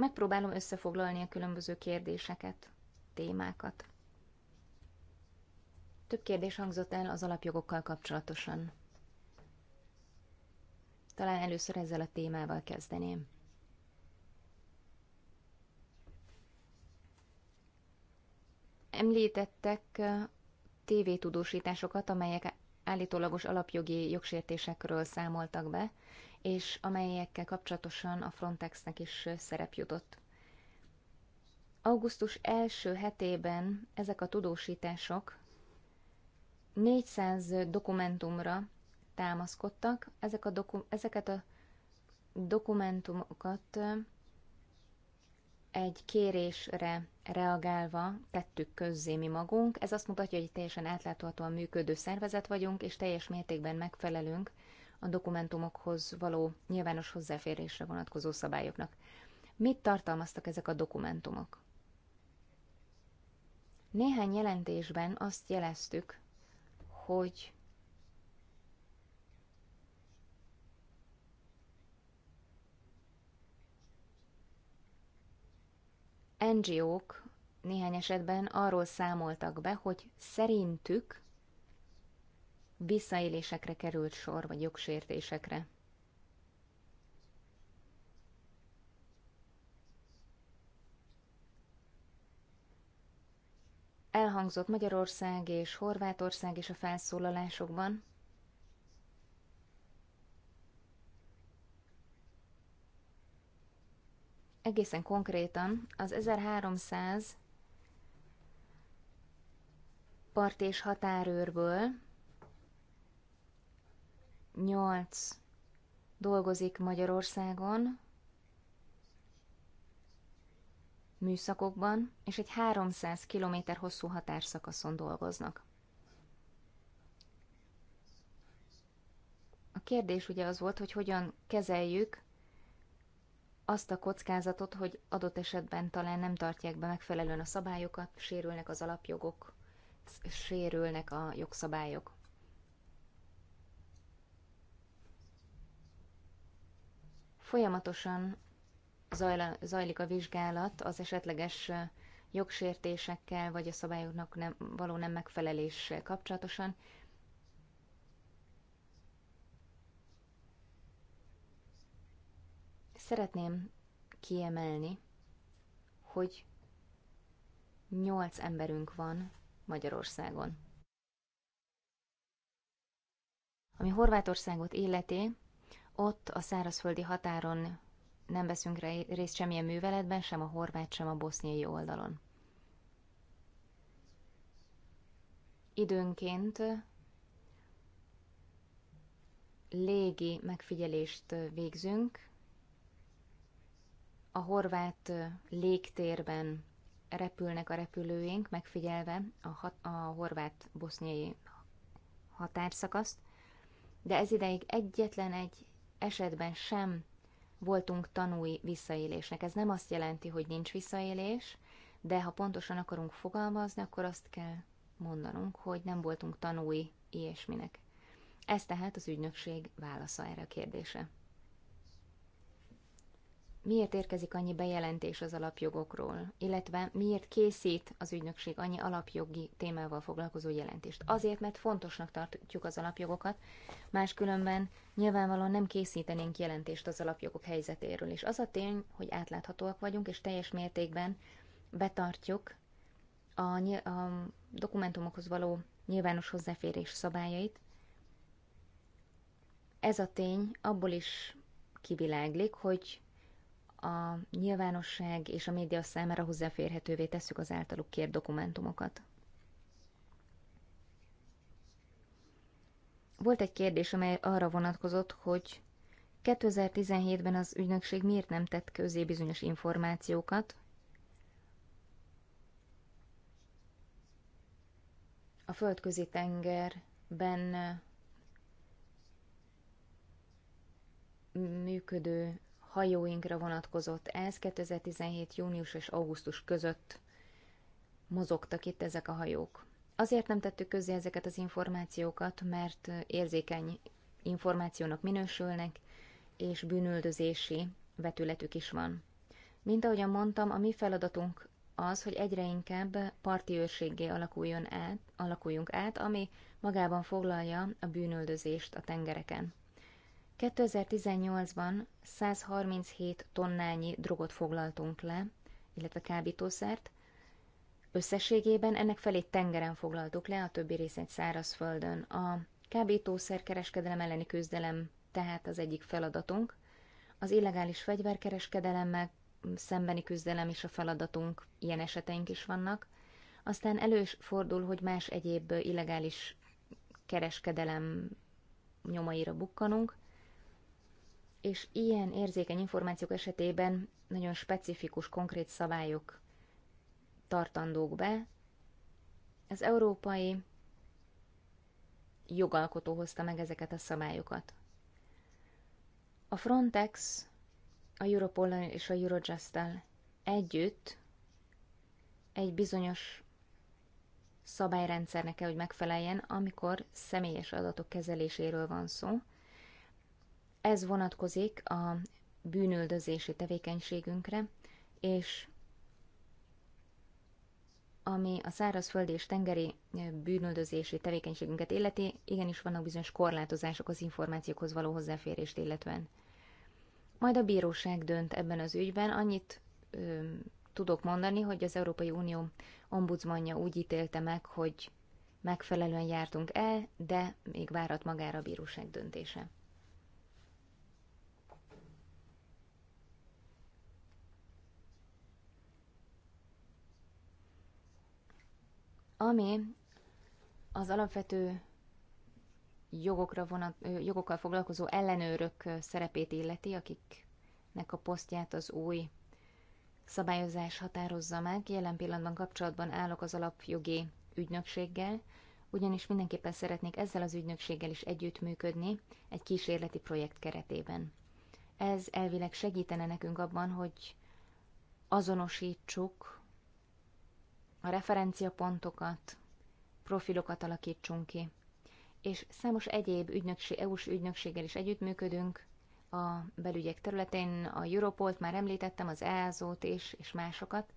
Megpróbálom összefoglalni a különböző kérdéseket, témákat. Több kérdés hangzott el az alapjogokkal kapcsolatosan. Talán először ezzel a témával kezdeném. Említettek tévétudósításokat, amelyek állítólagos alapjogi jogsértésekről számoltak be, és amelyekkel kapcsolatosan a Frontexnek is szerep jutott. Augusztus első hetében ezek a tudósítások 400 dokumentumra támaszkodtak. Ezek a doku- ezeket a dokumentumokat egy kérésre reagálva tettük közzé mi magunk. Ez azt mutatja, hogy teljesen átláthatóan működő szervezet vagyunk, és teljes mértékben megfelelünk a dokumentumokhoz való nyilvános hozzáférésre vonatkozó szabályoknak. Mit tartalmaztak ezek a dokumentumok? Néhány jelentésben azt jeleztük, hogy NGO-k néhány esetben arról számoltak be, hogy szerintük visszaélésekre került sor, vagy jogsértésekre. Elhangzott Magyarország és Horvátország is a felszólalásokban. Egészen konkrétan az 1300 part és határőrből 8 dolgozik Magyarországon, műszakokban, és egy 300 km hosszú határszakaszon dolgoznak. A kérdés ugye az volt, hogy hogyan kezeljük azt a kockázatot, hogy adott esetben talán nem tartják be megfelelően a szabályokat, sérülnek az alapjogok, sérülnek a jogszabályok. Folyamatosan zajlik a vizsgálat az esetleges jogsértésekkel vagy a szabályoknak nem, való nem megfeleléssel kapcsolatosan. Szeretném kiemelni, hogy nyolc emberünk van Magyarországon. Ami Horvátországot illeti, ott a szárazföldi határon nem veszünk részt semmilyen műveletben, sem a horvát, sem a boszniai oldalon. Időnként légi megfigyelést végzünk. A horvát légtérben repülnek a repülőink, megfigyelve a, hat, a horvát-boszniai határszakaszt, de ez ideig egyetlen egy esetben sem voltunk tanúi visszaélésnek. Ez nem azt jelenti, hogy nincs visszaélés, de ha pontosan akarunk fogalmazni, akkor azt kell mondanunk, hogy nem voltunk tanúi ilyesminek. Ez tehát az ügynökség válasza erre a kérdése miért érkezik annyi bejelentés az alapjogokról, illetve miért készít az ügynökség annyi alapjogi témával foglalkozó jelentést. Azért, mert fontosnak tartjuk az alapjogokat, máskülönben nyilvánvalóan nem készítenénk jelentést az alapjogok helyzetéről. És az a tény, hogy átláthatóak vagyunk, és teljes mértékben betartjuk a, a dokumentumokhoz való nyilvános hozzáférés szabályait. Ez a tény abból is kiviláglik, hogy a nyilvánosság és a média számára hozzáférhetővé tesszük az általuk kért dokumentumokat. Volt egy kérdés, amely arra vonatkozott, hogy 2017-ben az ügynökség miért nem tett közé bizonyos információkat, a földközi tengerben mm, működő hajóinkra vonatkozott ez. 2017. június és augusztus között mozogtak itt ezek a hajók. Azért nem tettük közzé ezeket az információkat, mert érzékeny információnak minősülnek, és bűnöldözési vetületük is van. Mint ahogyan mondtam, a mi feladatunk az, hogy egyre inkább parti őrséggé alakuljon át, alakuljunk át, ami magában foglalja a bűnöldözést a tengereken. 2018-ban 137 tonnányi drogot foglaltunk le, illetve kábítószert. Összességében ennek felét tengeren foglaltuk le, a többi részét szárazföldön. A kábítószer kereskedelem elleni küzdelem tehát az egyik feladatunk. Az illegális fegyverkereskedelemmel szembeni küzdelem is a feladatunk, ilyen eseteink is vannak. Aztán elős fordul, hogy más egyéb illegális kereskedelem nyomaira bukkanunk és ilyen érzékeny információk esetében nagyon specifikus, konkrét szabályok tartandók be. Az európai jogalkotó hozta meg ezeket a szabályokat. A Frontex a europol és a eurojust együtt egy bizonyos szabályrendszernek kell, hogy megfeleljen, amikor személyes adatok kezeléséről van szó, ez vonatkozik a bűnöldözési tevékenységünkre, és ami a szárazföldi és tengeri bűnöldözési tevékenységünket illeti, igenis vannak bizonyos korlátozások az információkhoz való hozzáférést illetően. Majd a bíróság dönt ebben az ügyben. Annyit ö, tudok mondani, hogy az Európai Unió ombudsmanja úgy ítélte meg, hogy megfelelően jártunk el, de még várat magára a bíróság döntése. ami az alapvető jogokra vonat, jogokkal foglalkozó ellenőrök szerepét illeti, akiknek a posztját az új szabályozás határozza meg. Jelen pillanatban kapcsolatban állok az alapjogi ügynökséggel, ugyanis mindenképpen szeretnék ezzel az ügynökséggel is együttműködni egy kísérleti projekt keretében. Ez elvileg segítene nekünk abban, hogy azonosítsuk a referenciapontokat, profilokat alakítsunk ki. És számos egyéb ügynökség, EU-s ügynökséggel is együttműködünk a belügyek területén, a Europolt már említettem, az EASO-t is, és másokat.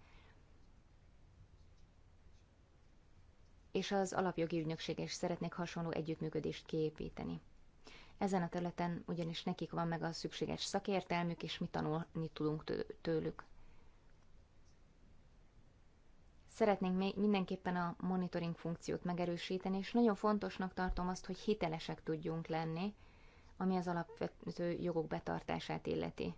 És az alapjogi ügynökség is szeretnék hasonló együttműködést kiépíteni. Ezen a területen ugyanis nekik van meg a szükséges szakértelmük, és mi tanulni tudunk tőlük. Szeretnénk még mindenképpen a monitoring funkciót megerősíteni, és nagyon fontosnak tartom azt, hogy hitelesek tudjunk lenni, ami az alapvető jogok betartását illeti.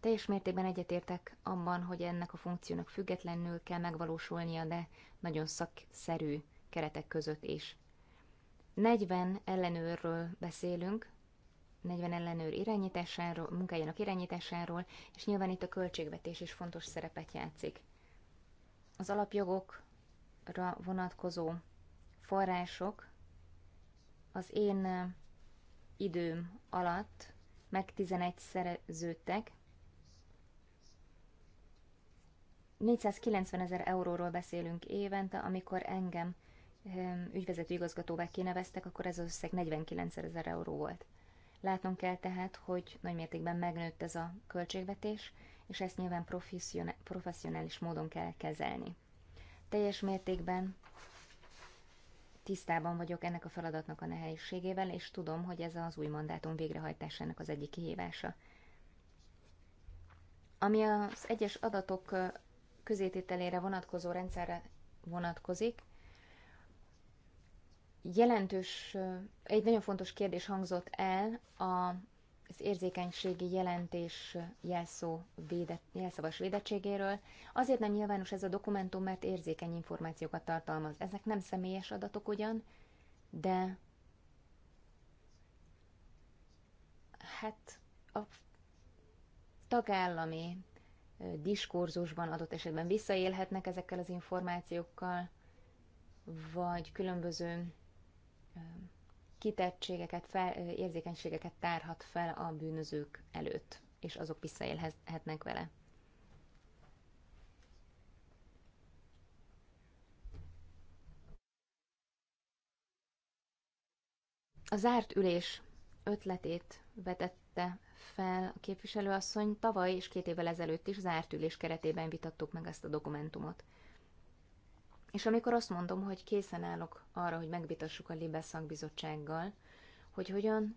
Teljes mértékben egyetértek abban, hogy ennek a funkciónak függetlenül kell megvalósulnia, de nagyon szakszerű keretek között is. 40 ellenőrről beszélünk, 40 ellenőr irányításáról, munkájának irányításáról, és nyilván itt a költségvetés is fontos szerepet játszik az alapjogokra vonatkozó források az én időm alatt meg 11 szereződtek. 490 ezer euróról beszélünk évente, amikor engem ügyvezető igazgatóvá kineveztek, akkor ez az összeg 49 ezer euró volt. Látnunk kell tehát, hogy nagy mértékben megnőtt ez a költségvetés, és ezt nyilván professzionális módon kell kezelni. Teljes mértékben tisztában vagyok ennek a feladatnak a nehézségével, és tudom, hogy ez az új mandátum végrehajtásának az egyik kihívása. Ami az egyes adatok közétételére vonatkozó rendszerre vonatkozik, jelentős, egy nagyon fontos kérdés hangzott el a az érzékenységi jelentés jelszó védett, jelszavas védettségéről. Azért nem nyilvános ez a dokumentum, mert érzékeny információkat tartalmaz. Ezek nem személyes adatok ugyan, de hát a tagállami diskurzusban adott esetben visszaélhetnek ezekkel az információkkal, vagy különböző kitettségeket, fel, érzékenységeket tárhat fel a bűnözők előtt, és azok visszaélhetnek vele. A zárt ülés ötletét vetette fel a képviselőasszony. Tavaly és két évvel ezelőtt is zárt ülés keretében vitattuk meg ezt a dokumentumot. És amikor azt mondom, hogy készen állok arra, hogy megvitassuk a Libe szakbizottsággal, hogy hogyan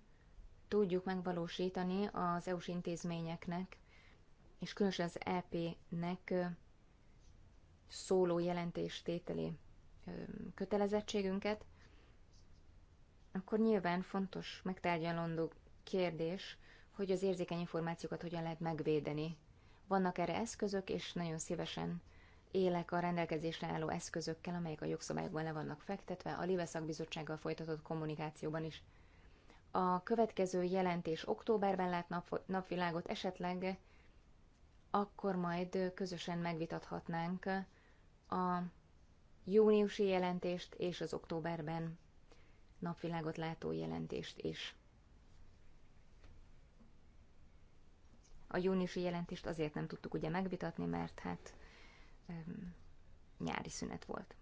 tudjuk megvalósítani az EU-s intézményeknek, és különösen az EP-nek szóló jelentéstételi kötelezettségünket, akkor nyilván fontos megtárgyalandó kérdés, hogy az érzékeny információkat hogyan lehet megvédeni. Vannak erre eszközök, és nagyon szívesen élek a rendelkezésre álló eszközökkel, amelyek a jogszabályokban le vannak fektetve, a Live szakbizottsággal folytatott kommunikációban is. A következő jelentés októberben lát nap, napvilágot, esetleg akkor majd közösen megvitathatnánk a júniusi jelentést és az októberben napvilágot látó jelentést is. A júniusi jelentést azért nem tudtuk ugye megvitatni, mert hát nyári szünet volt.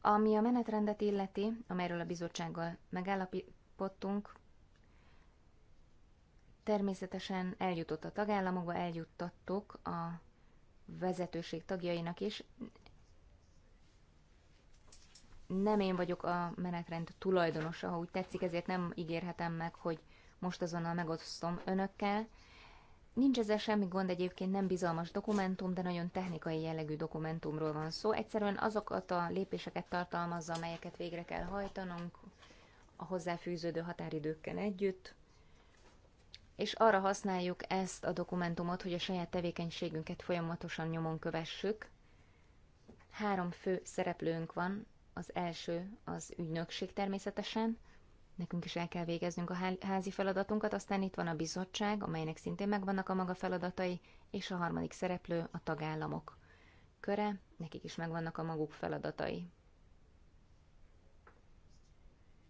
Ami a menetrendet illeti, amelyről a bizottsággal megállapítottunk, természetesen eljutott a tagállamokba, eljuttattuk a vezetőség tagjainak is. Nem én vagyok a menetrend tulajdonosa, ha úgy tetszik, ezért nem ígérhetem meg, hogy most azonnal megosztom önökkel, Nincs ezzel semmi gond, egyébként nem bizalmas dokumentum, de nagyon technikai jellegű dokumentumról van szó. Egyszerűen azokat a lépéseket tartalmazza, amelyeket végre kell hajtanunk a hozzáfűződő határidőkkel együtt, és arra használjuk ezt a dokumentumot, hogy a saját tevékenységünket folyamatosan nyomon kövessük. Három fő szereplőnk van, az első az ügynökség természetesen, nekünk is el kell végeznünk a házi feladatunkat, aztán itt van a bizottság, amelynek szintén megvannak a maga feladatai, és a harmadik szereplő a tagállamok köre, nekik is megvannak a maguk feladatai.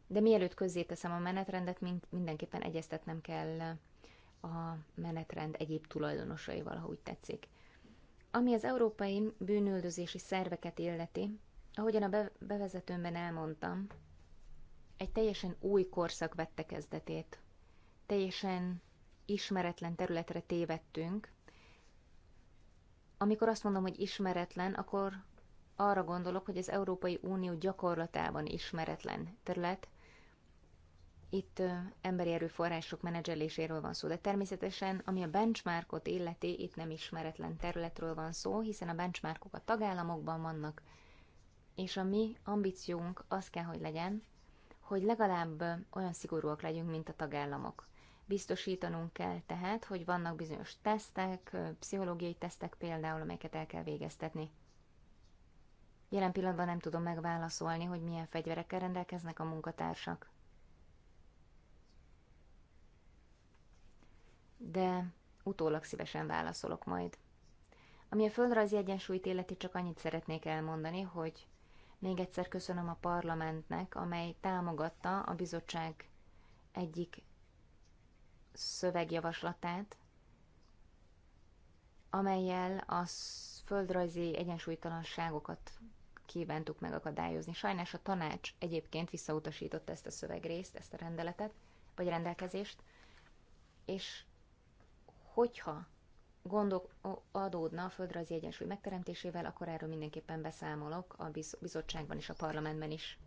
De mielőtt közzéteszem a menetrendet, mindenképpen egyeztetnem kell a menetrend egyéb tulajdonosaival, ha úgy tetszik. Ami az európai bűnöldözési szerveket illeti, ahogyan a bevezetőmben elmondtam, egy teljesen új korszak vette kezdetét. Teljesen ismeretlen területre tévedtünk. Amikor azt mondom, hogy ismeretlen, akkor arra gondolok, hogy az Európai Unió gyakorlatában ismeretlen terület. Itt ö, emberi erőforrások menedzseléséről van szó, de természetesen, ami a benchmarkot illeti, itt nem ismeretlen területről van szó, hiszen a benchmarkok a tagállamokban vannak, és a mi ambíciónk az kell, hogy legyen, hogy legalább olyan szigorúak legyünk, mint a tagállamok. Biztosítanunk kell tehát, hogy vannak bizonyos tesztek, pszichológiai tesztek például, amelyeket el kell végeztetni. Jelen pillanatban nem tudom megválaszolni, hogy milyen fegyverekkel rendelkeznek a munkatársak. De utólag szívesen válaszolok majd. Ami a földrajzi egyensúlyt illeti, csak annyit szeretnék elmondani, hogy még egyszer köszönöm a parlamentnek, amely támogatta a bizottság egyik szövegjavaslatát, amelyel a földrajzi egyensúlytalanságokat kívántuk megakadályozni. Sajnos a tanács egyébként visszautasította ezt a szövegrészt, ezt a rendeletet, vagy rendelkezést, és hogyha gondok adódna a földrajzi egyensúly megteremtésével, akkor erről mindenképpen beszámolok a bizottságban és a parlamentben is.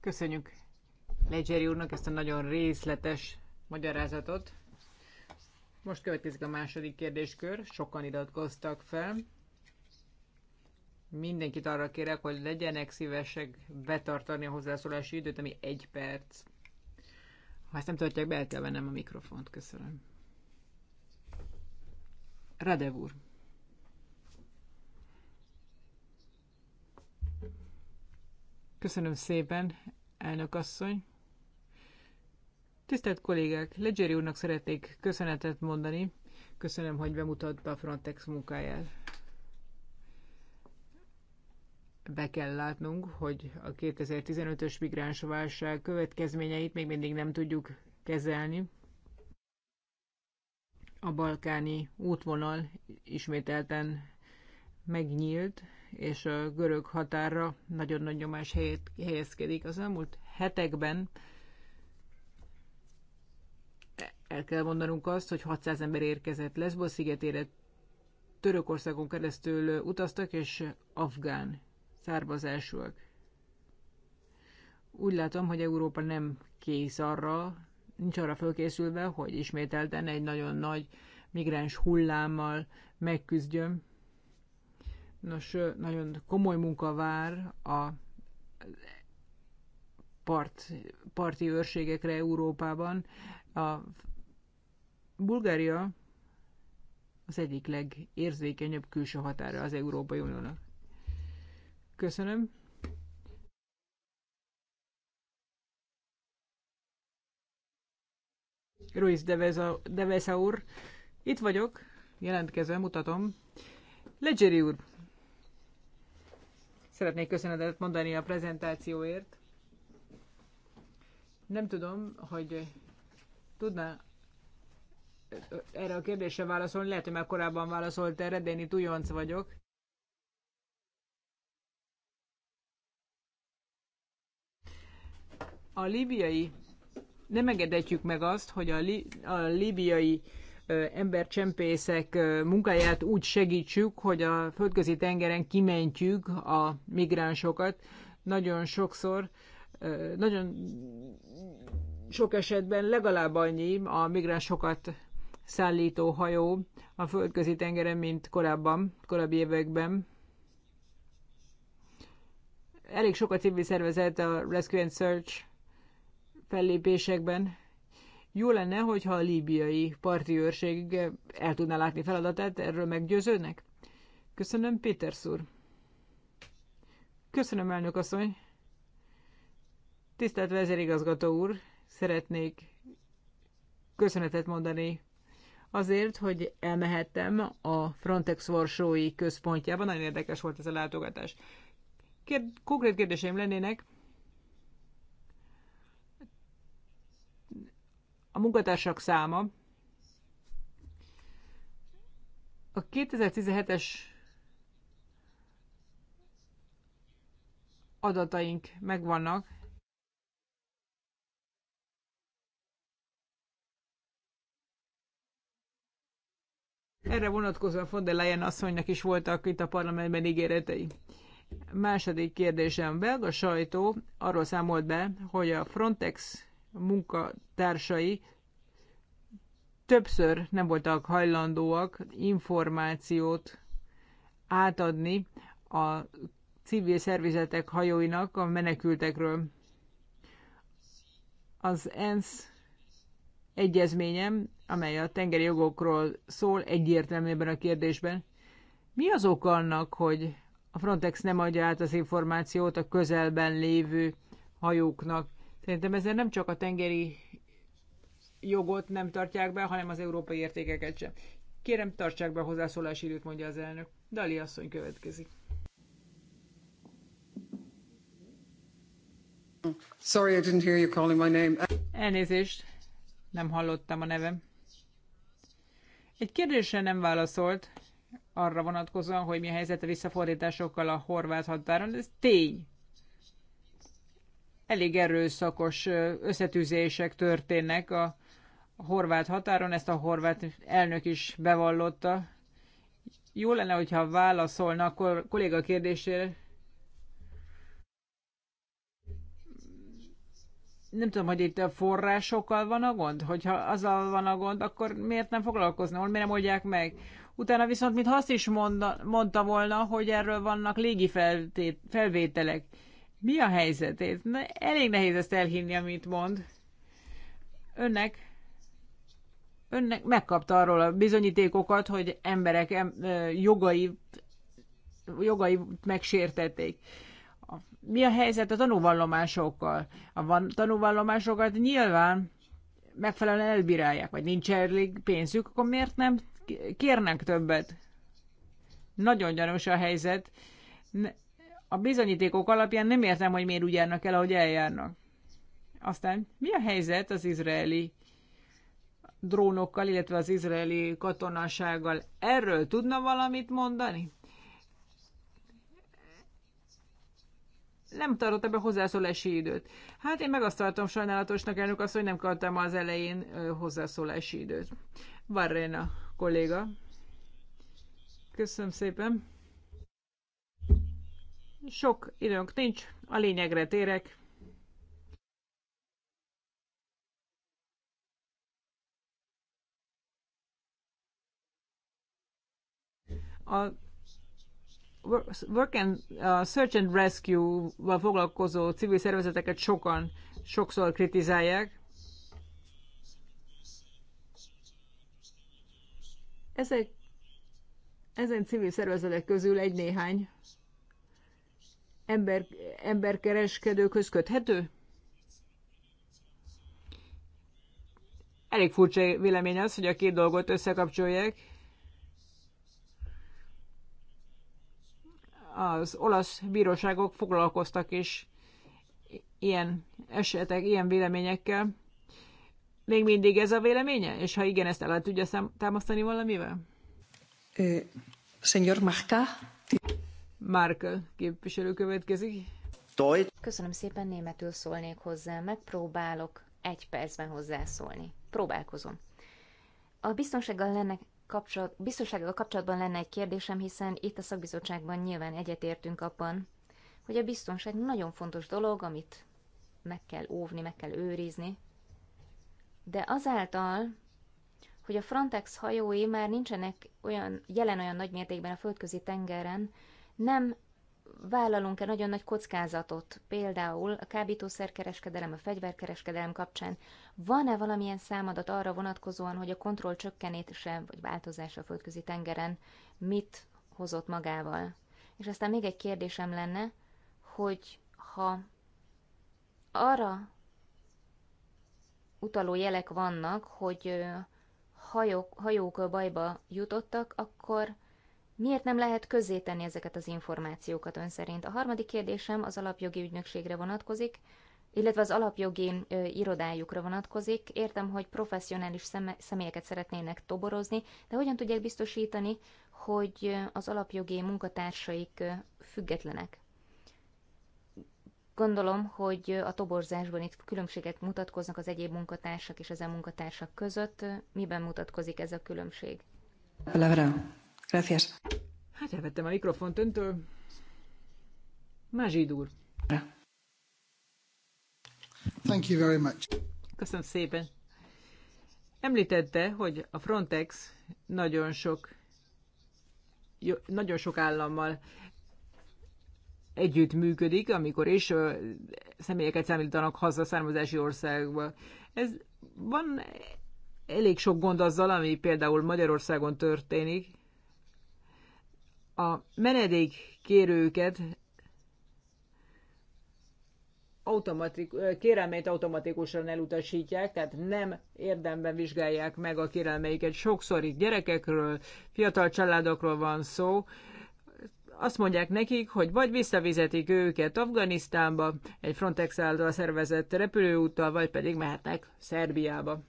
Köszönjük Legyeri úrnak ezt a nagyon részletes magyarázatot. Most következik a második kérdéskör, sokan iratkoztak fel. Mindenkit arra kérek, hogy legyenek szívesek betartani a hozzászólási időt, ami egy perc. Ha ezt nem tartják be, el kell vennem a mikrofont. Köszönöm. Radevur. Köszönöm szépen, elnök asszony. Tisztelt kollégák, Legeri úrnak szeretnék köszönetet mondani. Köszönöm, hogy bemutatta a Frontex munkáját. Be kell látnunk, hogy a 2015-ös migránsválság következményeit még mindig nem tudjuk kezelni a balkáni útvonal ismételten megnyílt, és a görög határra nagyon nagy nyomás helyet, helyezkedik. Az elmúlt hetekben el kell mondanunk azt, hogy 600 ember érkezett Lesbos szigetére, Törökországon keresztül utaztak, és afgán származásúak. Úgy látom, hogy Európa nem kész arra, nincs arra fölkészülve, hogy ismételten egy nagyon nagy migráns hullámmal megküzdjön. Nos, nagyon komoly munka vár a part, parti őrségekre Európában. A Bulgária az egyik legérzékenyebb külső határa az Európai Uniónak. Köszönöm. Ruiz Deveza, úr. Itt vagyok, jelentkezem, mutatom. Legeri úr, szeretnék köszönetet mondani a prezentációért. Nem tudom, hogy tudná erre a kérdésre válaszolni, lehet, hogy már korábban válaszolt erre, de én itt újonc vagyok. A libiai nem engedhetjük meg azt, hogy a, li, a libiai embercsempészek munkáját úgy segítsük, hogy a földközi tengeren kimentjük a migránsokat. Nagyon sokszor, nagyon sok esetben legalább annyi a migránsokat szállító hajó a földközi tengeren, mint korábban, korábbi években. Elég sok a civil szervezet, a Rescue and Search fellépésekben. Jó lenne, hogyha a líbiai parti őrség el tudná látni feladatát, erről meggyőződnek? Köszönöm, Péter szúr. Köszönöm, elnök asszony. Tisztelt vezérigazgató úr, szeretnék köszönetet mondani azért, hogy elmehettem a Frontex Varsói központjában. Nagyon érdekes volt ez a látogatás. Kérd, konkrét kérdéseim lennének. a munkatársak száma. A 2017-es adataink megvannak, Erre vonatkozóan von der Leyen asszonynak is voltak itt a parlamentben ígéretei. Második kérdésem. Belga sajtó arról számolt be, hogy a Frontex munkatársai többször nem voltak hajlandóak információt átadni a civil szervezetek hajóinak a menekültekről. Az ENSZ egyezményem, amely a tengeri jogokról szól egyértelműen a kérdésben, mi az oka annak, hogy a Frontex nem adja át az információt a közelben lévő hajóknak? Szerintem ezzel nem csak a tengeri jogot nem tartják be, hanem az európai értékeket sem. Kérem, tartsák be a hozzászólási időt, mondja az elnök. Dali asszony következik. Sorry, I didn't hear you calling my name. Elnézést, nem hallottam a nevem. Egy kérdésre nem válaszolt arra vonatkozóan, hogy mi a helyzet a visszafordításokkal a horvát határon. Ez tény elég erőszakos összetűzések történnek a horvát határon, ezt a horvát elnök is bevallotta. Jó lenne, hogyha válaszolna akkor kolléga kérdésére. Nem tudom, hogy itt a forrásokkal van a gond? Hogyha azzal van a gond, akkor miért nem foglalkozni? miért nem oldják meg? Utána viszont, mintha azt is mondta, mondta volna, hogy erről vannak légi felvételek. Mi a helyzet? elég nehéz ezt elhinni, amit mond. Önnek, önnek megkapta arról a bizonyítékokat, hogy emberek em, jogai, jogai megsértették. Mi a helyzet a tanúvallomásokkal? A tanúvallomásokat nyilván megfelelően elbírálják, vagy nincs elég pénzük, akkor miért nem kérnek többet? Nagyon gyanús a helyzet a bizonyítékok alapján nem értem, hogy miért úgy járnak el, ahogy eljárnak. Aztán mi a helyzet az izraeli drónokkal, illetve az izraeli katonasággal? Erről tudna valamit mondani? nem tartott be hozzászólási időt. Hát én meg azt tartom sajnálatosnak, elnök azt, hogy nem kaptam az elején hozzászólási időt. Varrena kolléga. Köszönöm szépen. Sok időnk nincs, a lényegre térek. A Work and, a Search and Rescue-val foglalkozó civil szervezeteket sokan sokszor kritizálják. Ezek, ezen civil szervezetek közül egy-néhány ember, emberkereskedőkhöz köthető? Elég furcsa vélemény az, hogy a két dolgot összekapcsolják. Az olasz bíróságok foglalkoztak is ilyen esetek, ilyen véleményekkel. Még mindig ez a véleménye? És ha igen, ezt el lehet tudja támasztani valamivel? Eh, señor Marca. Márka képviselő következik. Deutsch. Köszönöm szépen, németül szólnék hozzá, megpróbálok egy percben hozzászólni. Próbálkozom. A biztonsággal lenne kapcsolat, biztonsággal kapcsolatban lenne egy kérdésem, hiszen itt a szakbizottságban nyilván egyetértünk abban, hogy a biztonság nagyon fontos dolog, amit meg kell óvni, meg kell őrizni. De azáltal, hogy a Frontex hajói már nincsenek olyan, jelen olyan nagy mértékben a földközi tengeren, nem vállalunk-e nagyon nagy kockázatot, például a kábítószerkereskedelem, a fegyverkereskedelem kapcsán, van-e valamilyen számadat arra vonatkozóan, hogy a kontroll csökkenése vagy változása a földközi tengeren mit hozott magával? És aztán még egy kérdésem lenne, hogy ha arra utaló jelek vannak, hogy hajók, hajók bajba jutottak, akkor Miért nem lehet közzétenni ezeket az információkat ön szerint? A harmadik kérdésem az alapjogi ügynökségre vonatkozik, illetve az alapjogi ö, irodájukra vonatkozik. Értem, hogy professzionális személyeket szeretnének toborozni, de hogyan tudják biztosítani, hogy az alapjogi munkatársaik függetlenek? Gondolom, hogy a toborzásban itt különbségek mutatkoznak az egyéb munkatársak és ezen munkatársak között. Miben mutatkozik ez a különbség? Levre. Gracias. Hát elvettem a mikrofont öntől. Mazsid úr. Thank you very much. Köszönöm szépen. Említette, hogy a Frontex nagyon sok nagyon sok állammal együtt működik, amikor is személyeket számítanak haza származási országba. Ez van elég sok gond azzal, ami például Magyarországon történik, a menedékkérőket automatik, kérelmeit automatikusan elutasítják, tehát nem érdemben vizsgálják meg a kérelmeiket. Sokszor itt gyerekekről, fiatal családokról van szó. Azt mondják nekik, hogy vagy visszavizetik őket Afganisztánba, egy Frontex által szervezett repülőúttal, vagy pedig mehetnek Szerbiába.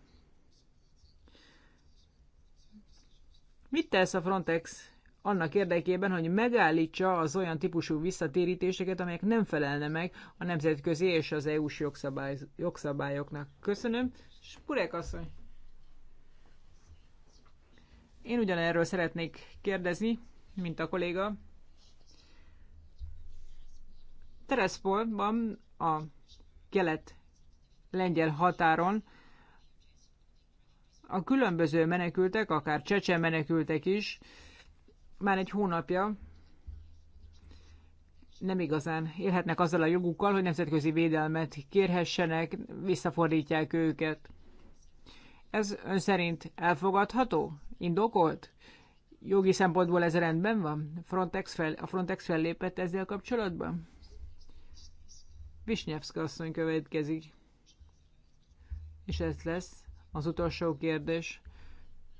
Mit tesz a Frontex annak érdekében, hogy megállítsa az olyan típusú visszatérítéseket, amelyek nem felelne meg a nemzetközi és az EU-s jogszabály, jogszabályoknak. Köszönöm. Spurek asszony! Én ugyanerről szeretnék kérdezni, mint a kolléga. Tereszportban a kelet-lengyel határon a különböző menekültek, akár csecsen menekültek is, már egy hónapja nem igazán élhetnek azzal a jogukkal, hogy nemzetközi védelmet kérhessenek, visszafordítják őket. Ez ön szerint elfogadható? Indokolt? Jogi szempontból ez rendben van? Frontex fel, a Frontex fellépett ezzel kapcsolatban? Visnyevszka asszony következik. És ez lesz az utolsó kérdés.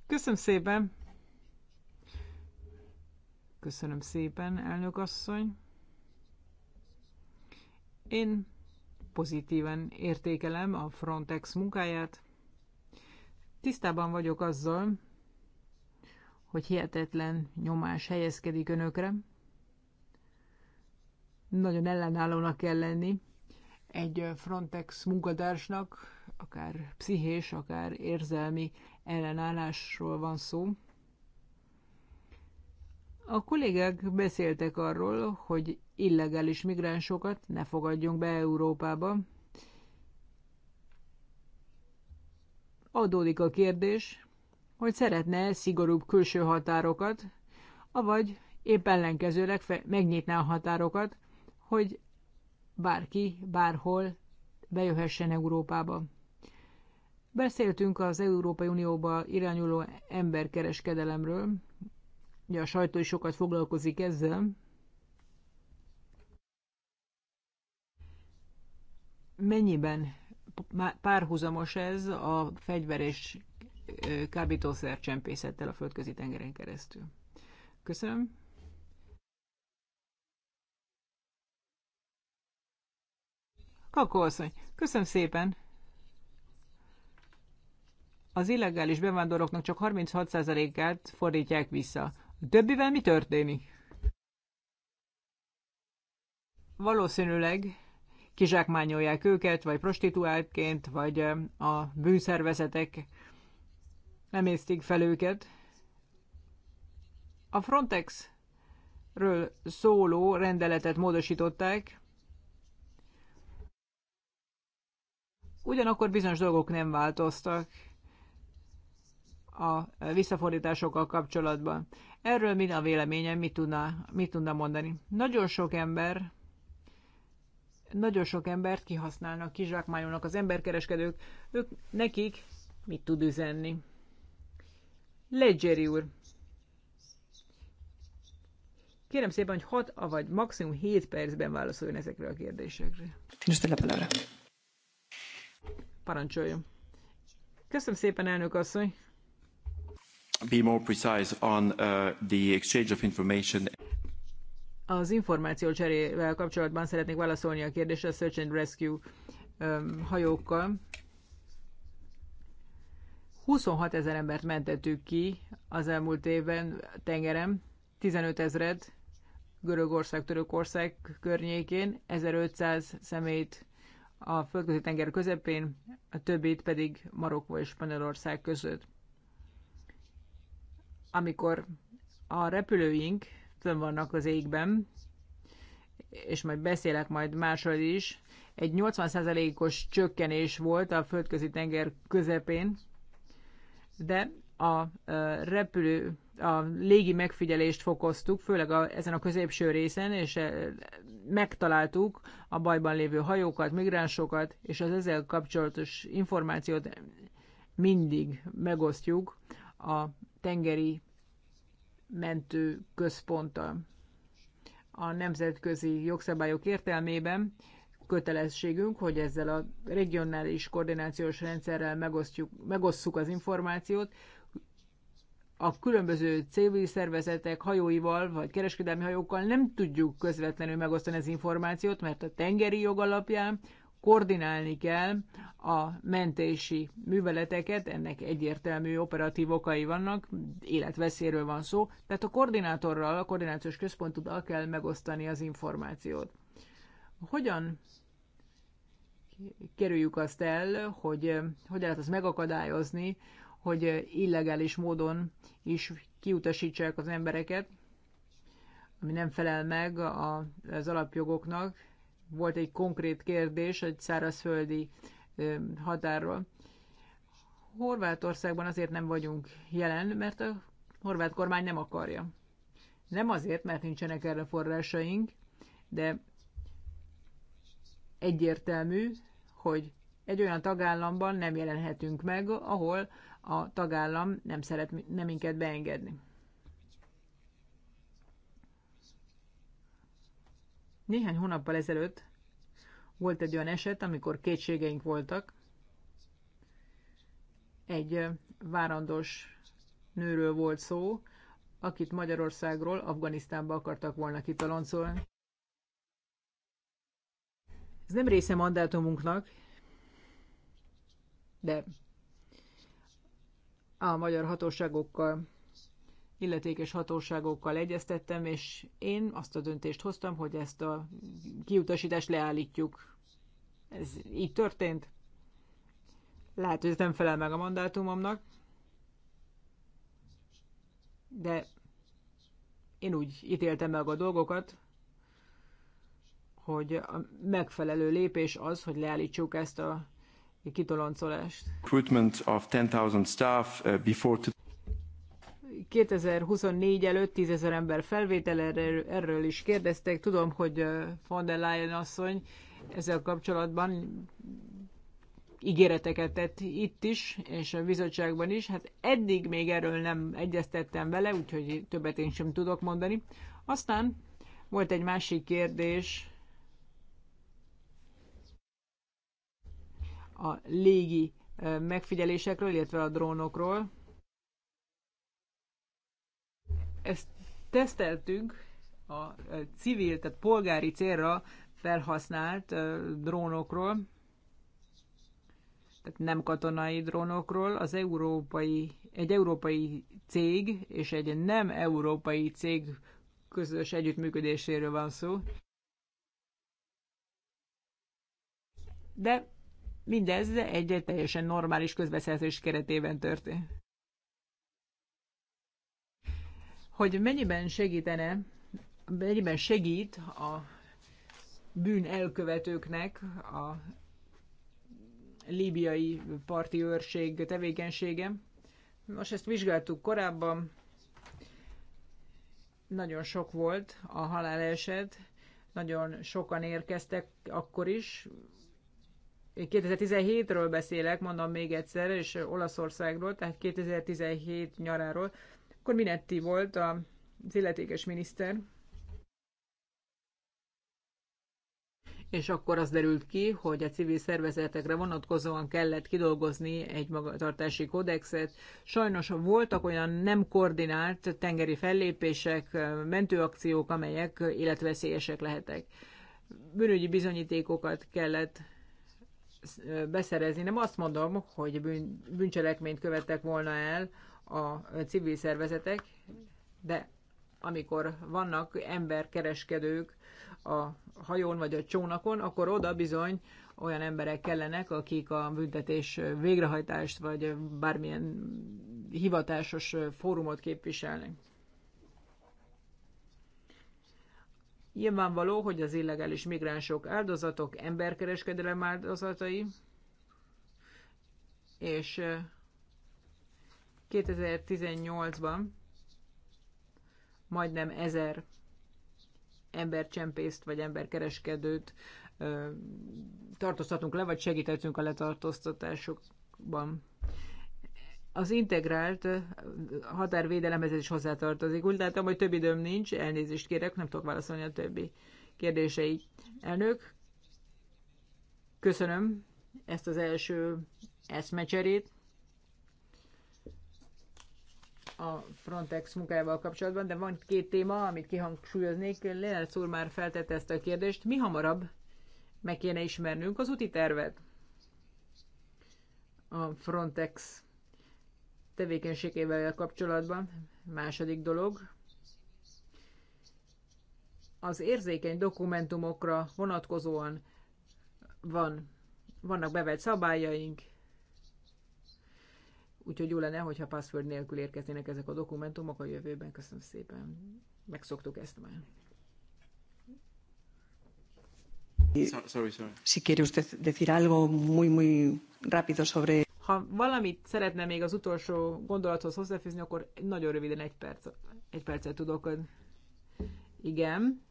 Köszönöm szépen! Köszönöm szépen, elnök asszony. Én pozitíven értékelem a Frontex munkáját. Tisztában vagyok azzal, hogy hihetetlen nyomás helyezkedik önökre. Nagyon ellenállónak kell lenni egy Frontex munkatársnak, akár pszichés, akár érzelmi ellenállásról van szó. A kollégák beszéltek arról, hogy illegális migránsokat ne fogadjunk be Európába. Adódik a kérdés, hogy szeretne -e szigorúbb külső határokat, avagy épp ellenkezőleg megnyitná a határokat, hogy bárki, bárhol bejöhessen Európába. Beszéltünk az Európai Unióba irányuló emberkereskedelemről, Ugye a sajtó is sokat foglalkozik ezzel. Mennyiben párhuzamos ez a fegyver és kábítószer csempészettel a földközi tengeren keresztül? Köszönöm. Kakóasszony, köszönöm szépen! Az illegális bevándorlóknak csak 36%-át fordítják vissza. A többivel mi történik? Valószínűleg kizsákmányolják őket, vagy prostituáltként, vagy a bűnszervezetek emésztik fel őket. A Frontexről szóló rendeletet módosították, ugyanakkor bizonyos dolgok nem változtak a visszafordításokkal kapcsolatban. Erről mi a véleményem, mit tudna, mit tudna mondani? Nagyon sok ember nagyon sok embert kihasználnak, kizsákmányolnak az emberkereskedők, ők nekik mit tud üzenni? Ledgeri úr, kérem szépen, hogy 6, vagy maximum 7 percben válaszoljon ezekre a kérdésekre. Parancsoljon. Köszönöm szépen, elnök asszony be more precise on uh, the exchange of information. Az információ cserével kapcsolatban szeretnék válaszolni a kérdésre a Search and Rescue um, hajókkal. 26 ezer embert mentettük ki az elmúlt évben tengerem, 15 ezeret Görögország, Törökország környékén, 1500 személyt a földközi tenger közepén, a többit pedig Marokkó és Spanyolország között amikor a repülőink fönn vannak az égben, és majd beszélek majd másról is, egy 80%-os csökkenés volt a földközi tenger közepén, de a repülő, a légi megfigyelést fokoztuk, főleg a, ezen a középső részen, és megtaláltuk a bajban lévő hajókat, migránsokat, és az ezzel kapcsolatos információt mindig megosztjuk a tengeri mentő központtal. A nemzetközi jogszabályok értelmében kötelességünk, hogy ezzel a regionális koordinációs rendszerrel megosztjuk, megosszuk az információt, a különböző civil szervezetek hajóival, vagy kereskedelmi hajókkal nem tudjuk közvetlenül megosztani az információt, mert a tengeri jog alapján koordinálni kell a mentési műveleteket, ennek egyértelmű operatív okai vannak, életveszéről van szó, tehát a koordinátorral, a koordinációs központuddal kell megosztani az információt. Hogyan kerüljük azt el, hogy hogy lehet az megakadályozni, hogy illegális módon is kiutasítsák az embereket, ami nem felel meg az alapjogoknak, volt egy konkrét kérdés egy szárazföldi határról. Horvátországban azért nem vagyunk jelen, mert a horvát kormány nem akarja. Nem azért, mert nincsenek erre forrásaink, de egyértelmű, hogy egy olyan tagállamban nem jelenhetünk meg, ahol a tagállam nem szeret nem minket beengedni. Néhány hónappal ezelőtt volt egy olyan eset, amikor kétségeink voltak. Egy várandos nőről volt szó, akit Magyarországról Afganisztánba akartak volna kitaloncolni. Ez nem része mandátumunknak, de a magyar hatóságokkal illetékes hatóságokkal egyeztettem, és én azt a döntést hoztam, hogy ezt a kiutasítást leállítjuk. Ez így történt. Lehet, hogy ez nem felel meg a mandátumomnak, de én úgy ítéltem meg a dolgokat, hogy a megfelelő lépés az, hogy leállítsuk ezt a kitoloncolást. Recruitment of 10,000 staff uh, before 2024 előtt 10 ezer ember felvétel, erről, erről is kérdeztek. Tudom, hogy von der Leyen asszony ezzel kapcsolatban ígéreteket tett itt is, és a bizottságban is. Hát eddig még erről nem egyeztettem vele, úgyhogy többet én sem tudok mondani. Aztán volt egy másik kérdés a légi megfigyelésekről, illetve a drónokról. Ezt teszteltünk a civil, tehát polgári célra felhasznált drónokról, tehát nem katonai drónokról, az európai, egy európai cég és egy nem európai cég közös együttműködéséről van szó. De mindez egy teljesen normális közbeszerzés keretében történt. hogy mennyiben segítene, mennyiben segít a bűn elkövetőknek a líbiai parti őrség tevékenysége. Most ezt vizsgáltuk korábban, nagyon sok volt a haláleset, nagyon sokan érkeztek akkor is. Én 2017-ről beszélek, mondom még egyszer, és Olaszországról, tehát 2017 nyaráról. Akkor Minetti volt az illetékes miniszter, és akkor az derült ki, hogy a civil szervezetekre vonatkozóan kellett kidolgozni egy magatartási kódexet. Sajnos voltak olyan nem koordinált tengeri fellépések, mentőakciók, amelyek életveszélyesek lehetek. Bűnügyi bizonyítékokat kellett beszerezni. Nem azt mondom, hogy bűn, bűncselekményt követtek volna el a civil szervezetek, de amikor vannak emberkereskedők a hajón vagy a csónakon, akkor oda bizony olyan emberek kellenek, akik a büntetés végrehajtást vagy bármilyen hivatásos fórumot képviselnek. Nyilvánvaló, hogy az illegális migránsok áldozatok emberkereskedelem áldozatai, és 2018-ban majdnem ezer embercsempészt vagy emberkereskedőt ö, tartóztatunk le, vagy segítettünk a letartóztatásokban. Az integrált határvédelemhez is hozzátartozik. Úgy látom, hogy több időm nincs, elnézést kérek, nem tudok válaszolni a többi kérdései. Elnök, köszönöm ezt az első eszmecserét a Frontex munkájával kapcsolatban, de van két téma, amit kihangsúlyoznék. Lenert úr már feltette ezt a kérdést. Mi hamarabb meg kéne ismernünk az úti tervet? A Frontex tevékenységével kapcsolatban. Második dolog, az érzékeny dokumentumokra vonatkozóan van, vannak bevett szabályaink, Úgyhogy jó lenne, hogyha password nélkül érkeznének ezek a dokumentumok a jövőben. Köszönöm szépen. Megszoktuk ezt már. Sorry, sorry. Si decir algo muy, muy rápido sobre... Ha valamit szeretne még az utolsó gondolathoz hozzáfűzni, akkor nagyon röviden egy, perc, egy percet tudok. Igen,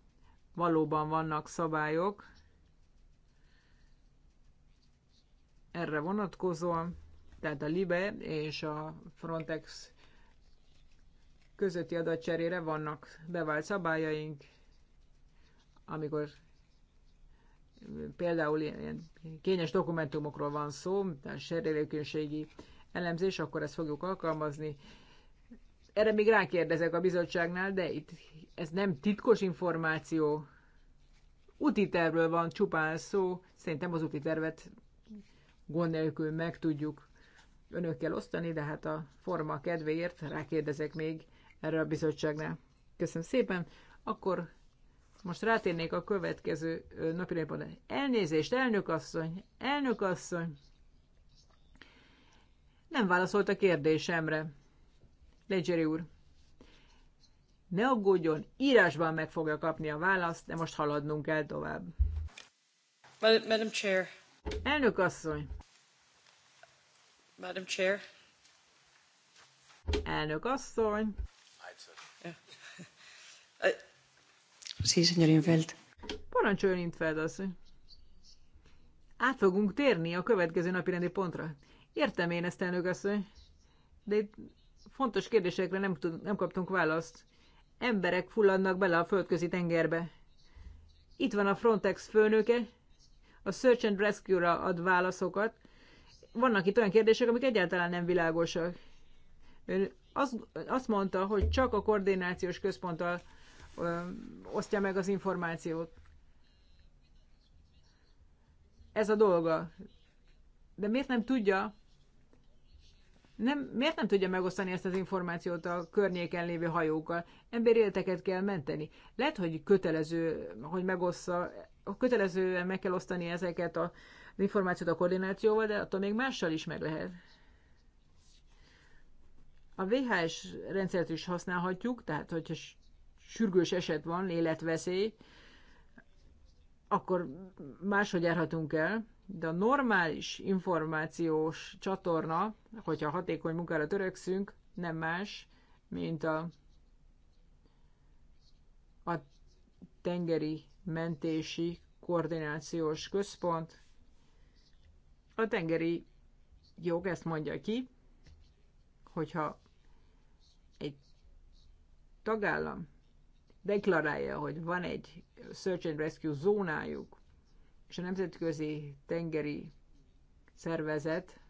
valóban vannak szabályok erre vonatkozóan tehát a LIBE és a Frontex közötti adatcserére vannak bevált szabályaink, amikor például ilyen kényes dokumentumokról van szó, tehát serélőkönségi elemzés, akkor ezt fogjuk alkalmazni. Erre még rákérdezek a bizottságnál, de itt ez nem titkos információ. Úti tervről van csupán szó, szerintem az úti tervet gond nélkül meg tudjuk önökkel osztani, de hát a forma kedvéért rákérdezek még erre a bizottságnál. Köszönöm szépen. Akkor most rátérnék a következő napi Elnézést, elnök asszony, elnök asszony. Nem válaszolt a kérdésemre. Legeri úr. Ne aggódjon, írásban meg fogja kapni a választ, de most haladnunk kell tovább. Madam Chair. Elnök asszony. Madam Chair. Elnök asszony. <laughs> Uh, sí, señor Infeld. Parancsoljon Infeld asszony. Át fogunk térni a következő napi rendi pontra. Értem én ezt, elnök asszony, de itt fontos kérdésekre nem, tud, nem kaptunk választ. Emberek fulladnak bele a földközi tengerbe. Itt van a Frontex főnöke, a Search and Rescue-ra ad válaszokat, vannak itt olyan kérdések, amik egyáltalán nem világosak. Ön azt, azt mondta, hogy csak a koordinációs központtal ö, osztja meg az információt. Ez a dolga. De miért nem tudja, nem, miért nem tudja megosztani ezt az információt a környéken lévő hajókkal? életeket kell menteni. Lehet, hogy kötelező, hogy megossza, kötelezően meg kell osztani ezeket a az információt a koordinációval, de attól még mással is meg lehet. A VHS rendszert is használhatjuk, tehát hogyha sürgős eset van, életveszély, akkor máshogy járhatunk el, de a normális információs csatorna, hogyha hatékony munkára törekszünk, nem más, mint a, a tengeri mentési koordinációs központ, a tengeri jog ezt mondja ki, hogyha egy tagállam deklarálja, hogy van egy search and rescue zónájuk, és a nemzetközi tengeri szervezet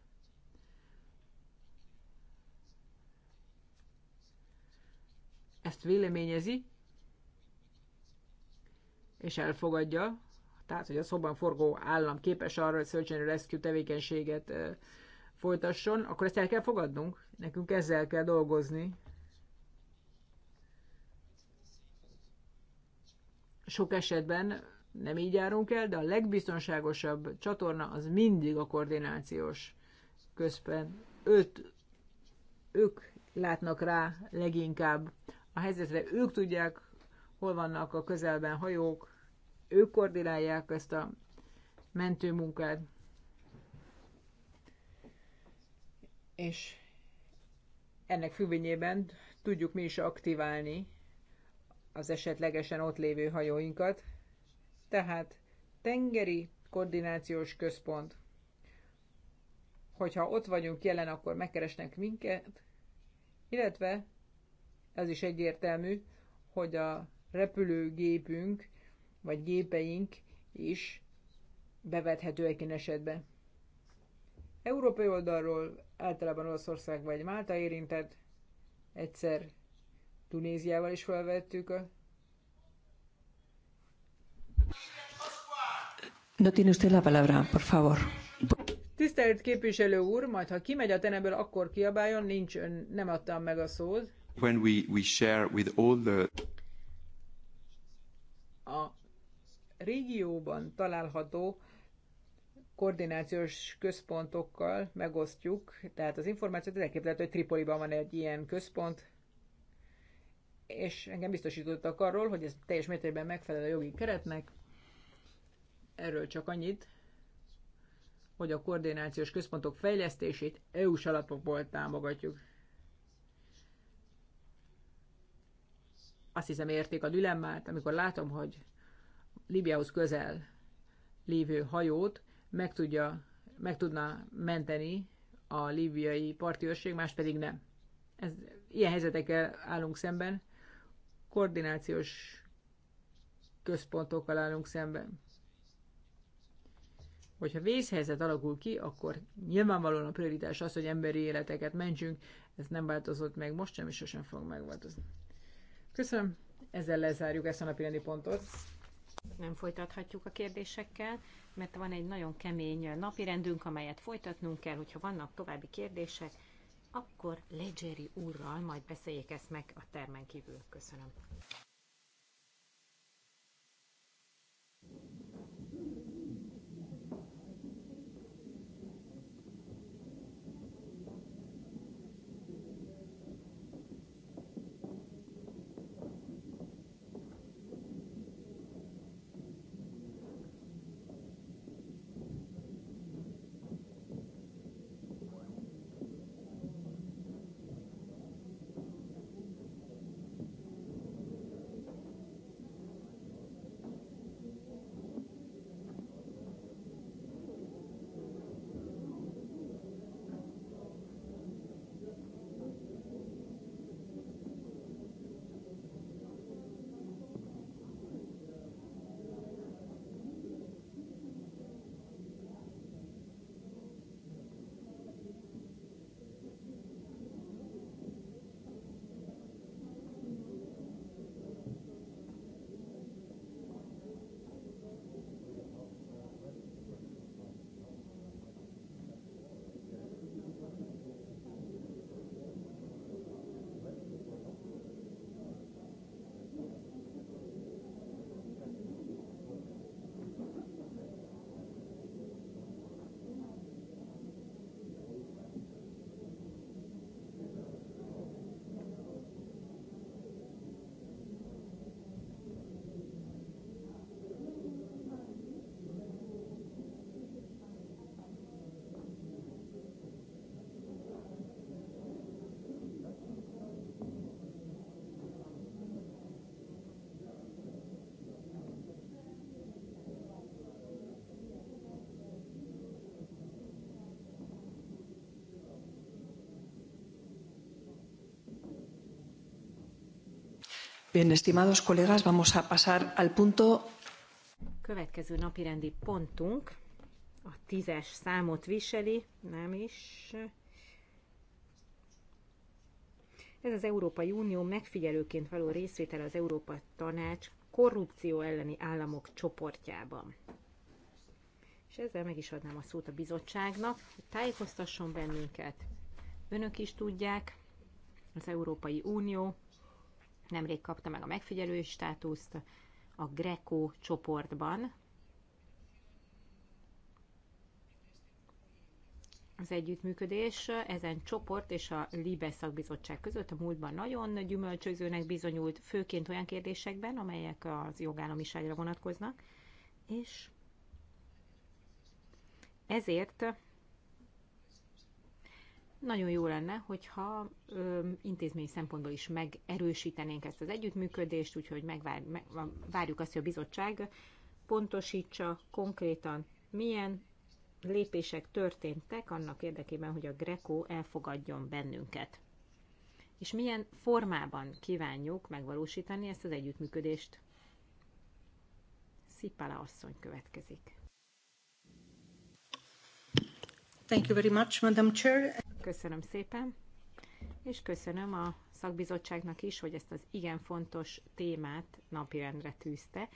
ezt véleményezi, és elfogadja, tehát hogy a szoban forgó állam képes arra, hogy search and rescue tevékenységet folytasson, akkor ezt el kell fogadnunk, nekünk ezzel kell dolgozni. Sok esetben nem így járunk el, de a legbiztonságosabb csatorna az mindig a koordinációs közben. Öt, ők látnak rá leginkább a helyzetre, ők tudják, hol vannak a közelben hajók, ők koordinálják ezt a mentő munkát. És ennek függvényében tudjuk mi is aktiválni az esetlegesen ott lévő hajóinkat. Tehát tengeri koordinációs központ. Hogyha ott vagyunk jelen, akkor megkeresnek minket, illetve ez is egyértelmű, hogy a repülőgépünk vagy gépeink is bevethetőek ilyen esetben. Európai oldalról általában Olaszország vagy Málta érintett, egyszer Tunéziával is felvettük a No tiene usted la palabra, por favor. Tisztelt képviselő úr, majd ha kimegy a teneből, akkor kiabáljon, nincs ön, nem adtam meg a szót. When we, we share with all the... A régióban található koordinációs központokkal megosztjuk, tehát az információt elképzelhető, hogy Tripoliban van egy ilyen központ, és engem biztosítottak arról, hogy ez teljes mértékben megfelel a jogi keretnek. Erről csak annyit, hogy a koordinációs központok fejlesztését EU-s alapokból támogatjuk. Azt hiszem érték a dilemmát, amikor látom, hogy Líbiához közel lévő hajót meg, tudja, meg tudna menteni a líbiai parti őrség, más pedig nem. Ez, ilyen helyzetekkel állunk szemben, koordinációs központokkal állunk szemben. Hogyha vészhelyzet alakul ki, akkor nyilvánvalóan a prioritás az, hogy emberi életeket mentsünk, ez nem változott meg most sem, és sosem fog megváltozni. Köszönöm, ezzel lezárjuk ezt a napi rendi pontot. Nem folytathatjuk a kérdésekkel, mert van egy nagyon kemény napirendünk, amelyet folytatnunk kell, hogyha vannak további kérdések, akkor Legeri úrral majd beszéljék ezt meg a termen kívül. Köszönöm. Bien, estimados colegas, vamos a pasar al punto. Következő napirendi pontunk a tízes számot viseli, nem is. Ez az Európai Unió megfigyelőként való részvétel az Európa Tanács korrupció elleni államok csoportjában. És ezzel meg is adnám a szót a bizottságnak, hogy tájékoztasson bennünket. Önök is tudják, az Európai Unió nemrég kapta meg a megfigyelői státuszt a Greco csoportban. Az együttműködés ezen csoport és a Libe szakbizottság között a múltban nagyon gyümölcsözőnek bizonyult, főként olyan kérdésekben, amelyek az jogállamiságra vonatkoznak, és ezért nagyon jó lenne, hogyha ö, intézmény szempontból is megerősítenénk ezt az együttműködést, úgyhogy megvár, meg, várjuk azt, hogy a bizottság pontosítsa konkrétan, milyen lépések történtek annak érdekében, hogy a Greco elfogadjon bennünket. És milyen formában kívánjuk megvalósítani ezt az együttműködést. Szipala asszony következik. Thank you very much, Madam Chair. Köszönöm szépen, és köszönöm a szakbizottságnak is, hogy ezt az igen fontos témát napirendre tűzte.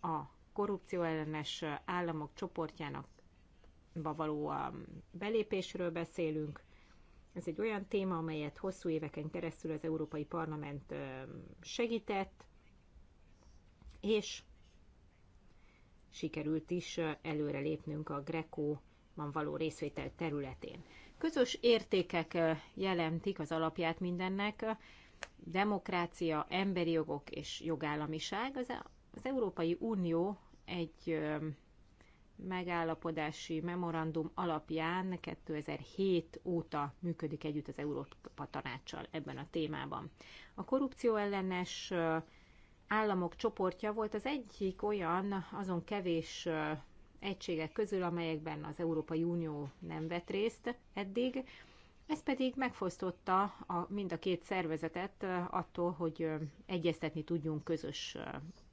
A korrupcióellenes államok csoportjának való belépésről beszélünk. Ez egy olyan téma, amelyet hosszú éveken keresztül az Európai Parlament segített, és sikerült is előrelépnünk a Greco-ban való részvétel területén. Közös értékek jelentik az alapját mindennek, demokrácia, emberi jogok és jogállamiság. Az, e- az Európai Unió egy megállapodási memorandum alapján 2007 óta működik együtt az Európa Tanácssal ebben a témában. A korrupció ellenes államok csoportja volt az egyik olyan azon kevés egységek közül, amelyekben az Európai Unió nem vett részt eddig. Ez pedig megfosztotta a, mind a két szervezetet attól, hogy egyeztetni tudjunk közös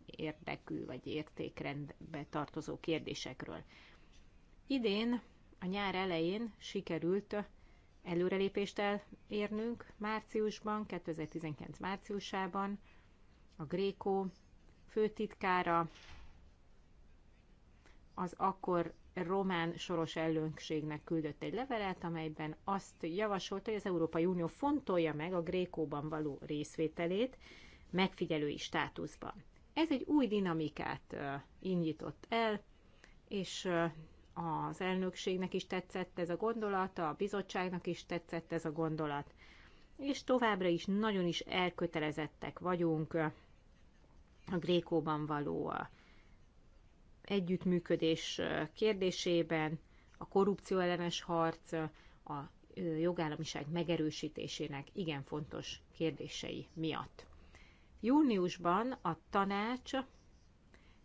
érdekű vagy értékrendbe tartozó kérdésekről. Idén, a nyár elején sikerült előrelépést elérnünk márciusban, 2019 márciusában a Gréko főtitkára az akkor román soros elnökségnek küldött egy levelet, amelyben azt javasolta, hogy az Európai Unió fontolja meg a Grékóban való részvételét megfigyelői státuszban. Ez egy új dinamikát indított el, és az elnökségnek is tetszett ez a gondolat, a bizottságnak is tetszett ez a gondolat, és továbbra is nagyon is elkötelezettek vagyunk a Grékóban való együttműködés kérdésében, a korrupció ellenes harc, a jogállamiság megerősítésének igen fontos kérdései miatt. Júniusban a tanács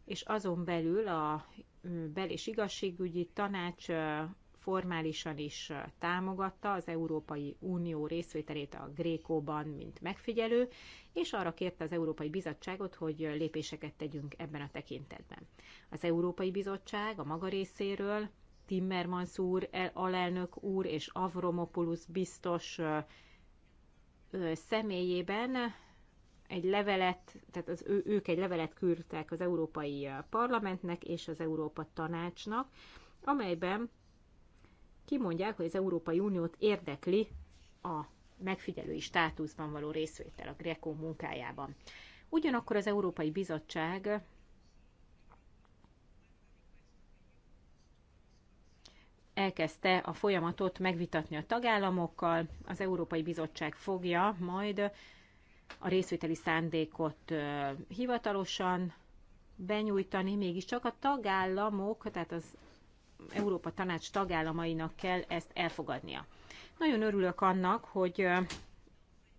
és azon belül a bel- és igazságügyi tanács formálisan is támogatta az Európai Unió részvételét a Grékóban, mint megfigyelő, és arra kérte az Európai Bizottságot, hogy lépéseket tegyünk ebben a tekintetben. Az Európai Bizottság a maga részéről Timmermans úr, e, alelnök úr és Avromopoulos biztos személyében egy levelet, tehát az, ő, ők egy levelet küldtek az Európai Parlamentnek és az Európa Tanácsnak, amelyben kimondják, hogy az Európai Uniót érdekli a megfigyelői státuszban való részvétel a Greco munkájában. Ugyanakkor az Európai Bizottság elkezdte a folyamatot megvitatni a tagállamokkal. Az Európai Bizottság fogja majd a részvételi szándékot hivatalosan benyújtani, mégiscsak a tagállamok, tehát az Európa Tanács tagállamainak kell ezt elfogadnia. Nagyon örülök annak, hogy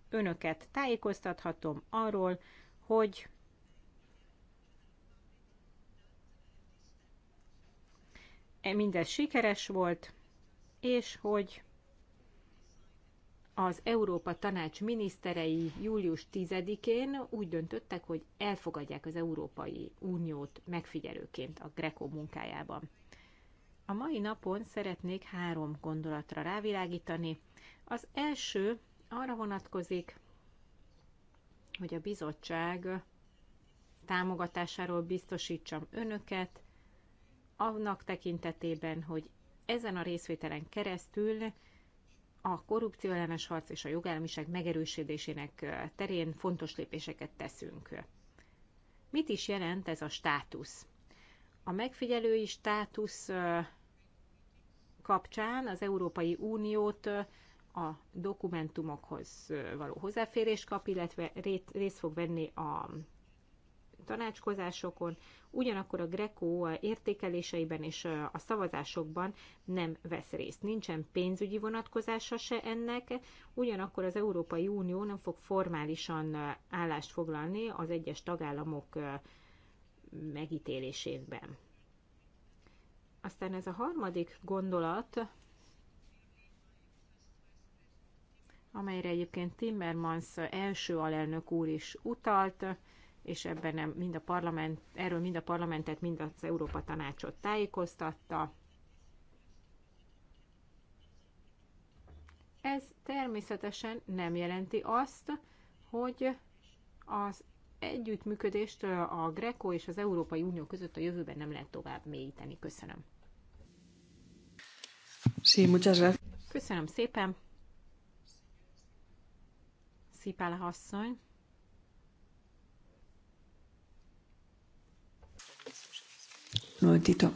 önöket tájékoztathatom arról, hogy e mindez sikeres volt, és hogy az Európa Tanács miniszterei július 10-én úgy döntöttek, hogy elfogadják az Európai Uniót megfigyelőként a Greco munkájában. A mai napon szeretnék három gondolatra rávilágítani. Az első arra vonatkozik, hogy a bizottság támogatásáról biztosítsam önöket, annak tekintetében, hogy ezen a részvételen keresztül a korrupció ellenes harc és a jogállamiság megerősödésének terén fontos lépéseket teszünk. Mit is jelent ez a státusz? A megfigyelői státusz kapcsán az Európai Uniót a dokumentumokhoz való hozzáférés kap, illetve részt fog venni a tanácskozásokon, ugyanakkor a Greco értékeléseiben és a szavazásokban nem vesz részt. Nincsen pénzügyi vonatkozása se ennek, ugyanakkor az Európai Unió nem fog formálisan állást foglalni az egyes tagállamok megítélésében. Aztán ez a harmadik gondolat, amelyre egyébként Timmermans első alelnök úr is utalt, és ebben nem mind a parlament, erről mind a parlamentet, mind az Európa Tanácsot tájékoztatta. Ez természetesen nem jelenti azt, hogy az együttműködést a GRECO és az Európai Unió között a jövőben nem lehet tovább mélyíteni. Köszönöm. Sí, muchas gracias. Köszönöm szépen. Szipál asszony. No, Tito.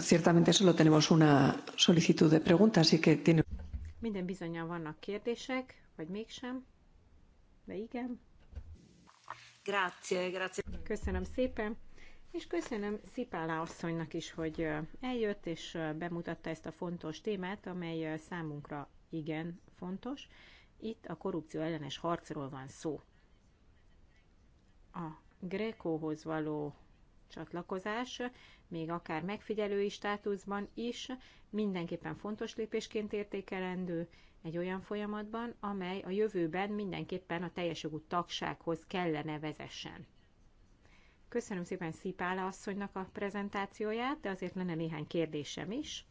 ciertamente solo tenemos una solicitud de pregunta, así que tiene... Minden bizonyal vannak kérdések, vagy mégsem, de igen. Grazie, grazie. Köszönöm szépen, és köszönöm Szipálá asszonynak is, hogy eljött és bemutatta ezt a fontos témát, amely számunkra igen fontos. Itt a korrupció ellenes harcról van szó. A Grekóhoz való csatlakozás még akár megfigyelői státuszban is mindenképpen fontos lépésként értékelendő egy olyan folyamatban, amely a jövőben mindenképpen a teljes jogú tagsághoz kellene vezessen. Köszönöm szépen Szipála asszonynak a prezentációját, de azért lenne néhány kérdésem is.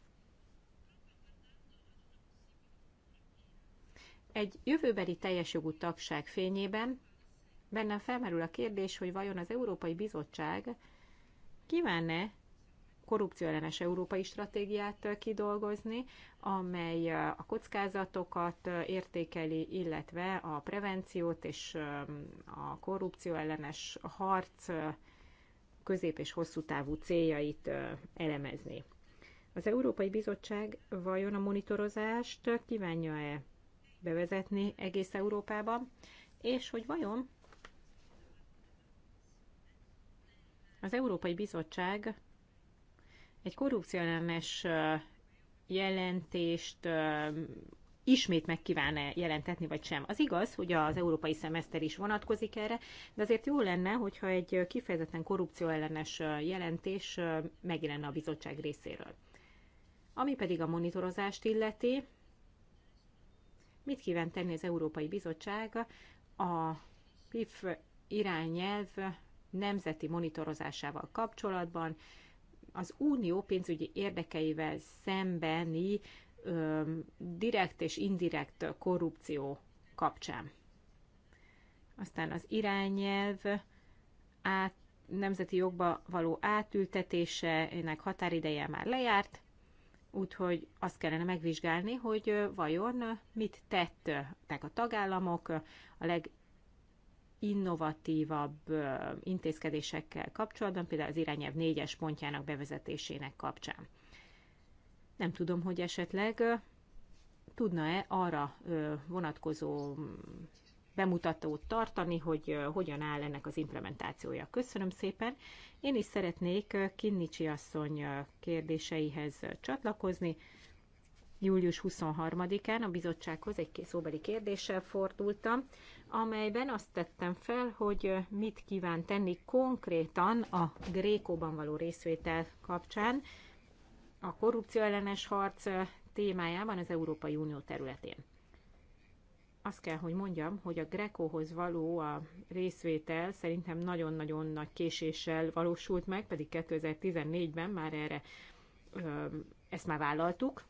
Egy jövőbeli teljes jogú tagság fényében bennem felmerül a kérdés, hogy vajon az Európai Bizottság kívánne korrupcióellenes európai stratégiát kidolgozni, amely a kockázatokat értékeli, illetve a prevenciót és a korrupcióellenes harc közép- és hosszú távú céljait elemezni. Az Európai Bizottság vajon a monitorozást kívánja-e bevezetni egész Európába, és hogy vajon az Európai Bizottság egy korrupcióellenes jelentést ismét meg kíván-e jelentetni, vagy sem. Az igaz, hogy az európai szemeszter is vonatkozik erre, de azért jó lenne, hogyha egy kifejezetten korrupcióellenes jelentés megjelenne a bizottság részéről. Ami pedig a monitorozást illeti, mit kíván tenni az Európai Bizottság a PIF irányelv nemzeti monitorozásával kapcsolatban, az unió pénzügyi érdekeivel szembeni ö, direkt és indirekt korrupció kapcsán. Aztán az irányelv át, nemzeti jogba való átültetése, ennek határideje már lejárt, úgyhogy azt kellene megvizsgálni, hogy vajon mit tettek a tagállamok a leg innovatívabb intézkedésekkel kapcsolatban, például az irányelv négyes pontjának bevezetésének kapcsán. Nem tudom, hogy esetleg tudna-e arra vonatkozó bemutatót tartani, hogy hogyan áll ennek az implementációja. Köszönöm szépen. Én is szeretnék Kinnicsi asszony kérdéseihez csatlakozni. Július 23-án a bizottsághoz egy szóbeli kérdéssel fordultam amelyben azt tettem fel, hogy mit kíván tenni konkrétan a Grékóban való részvétel kapcsán a korrupció ellenes harc témájában az Európai Unió területén. Azt kell, hogy mondjam, hogy a Grekóhoz való a részvétel szerintem nagyon-nagyon nagy késéssel valósult meg, pedig 2014-ben már erre ezt már vállaltuk,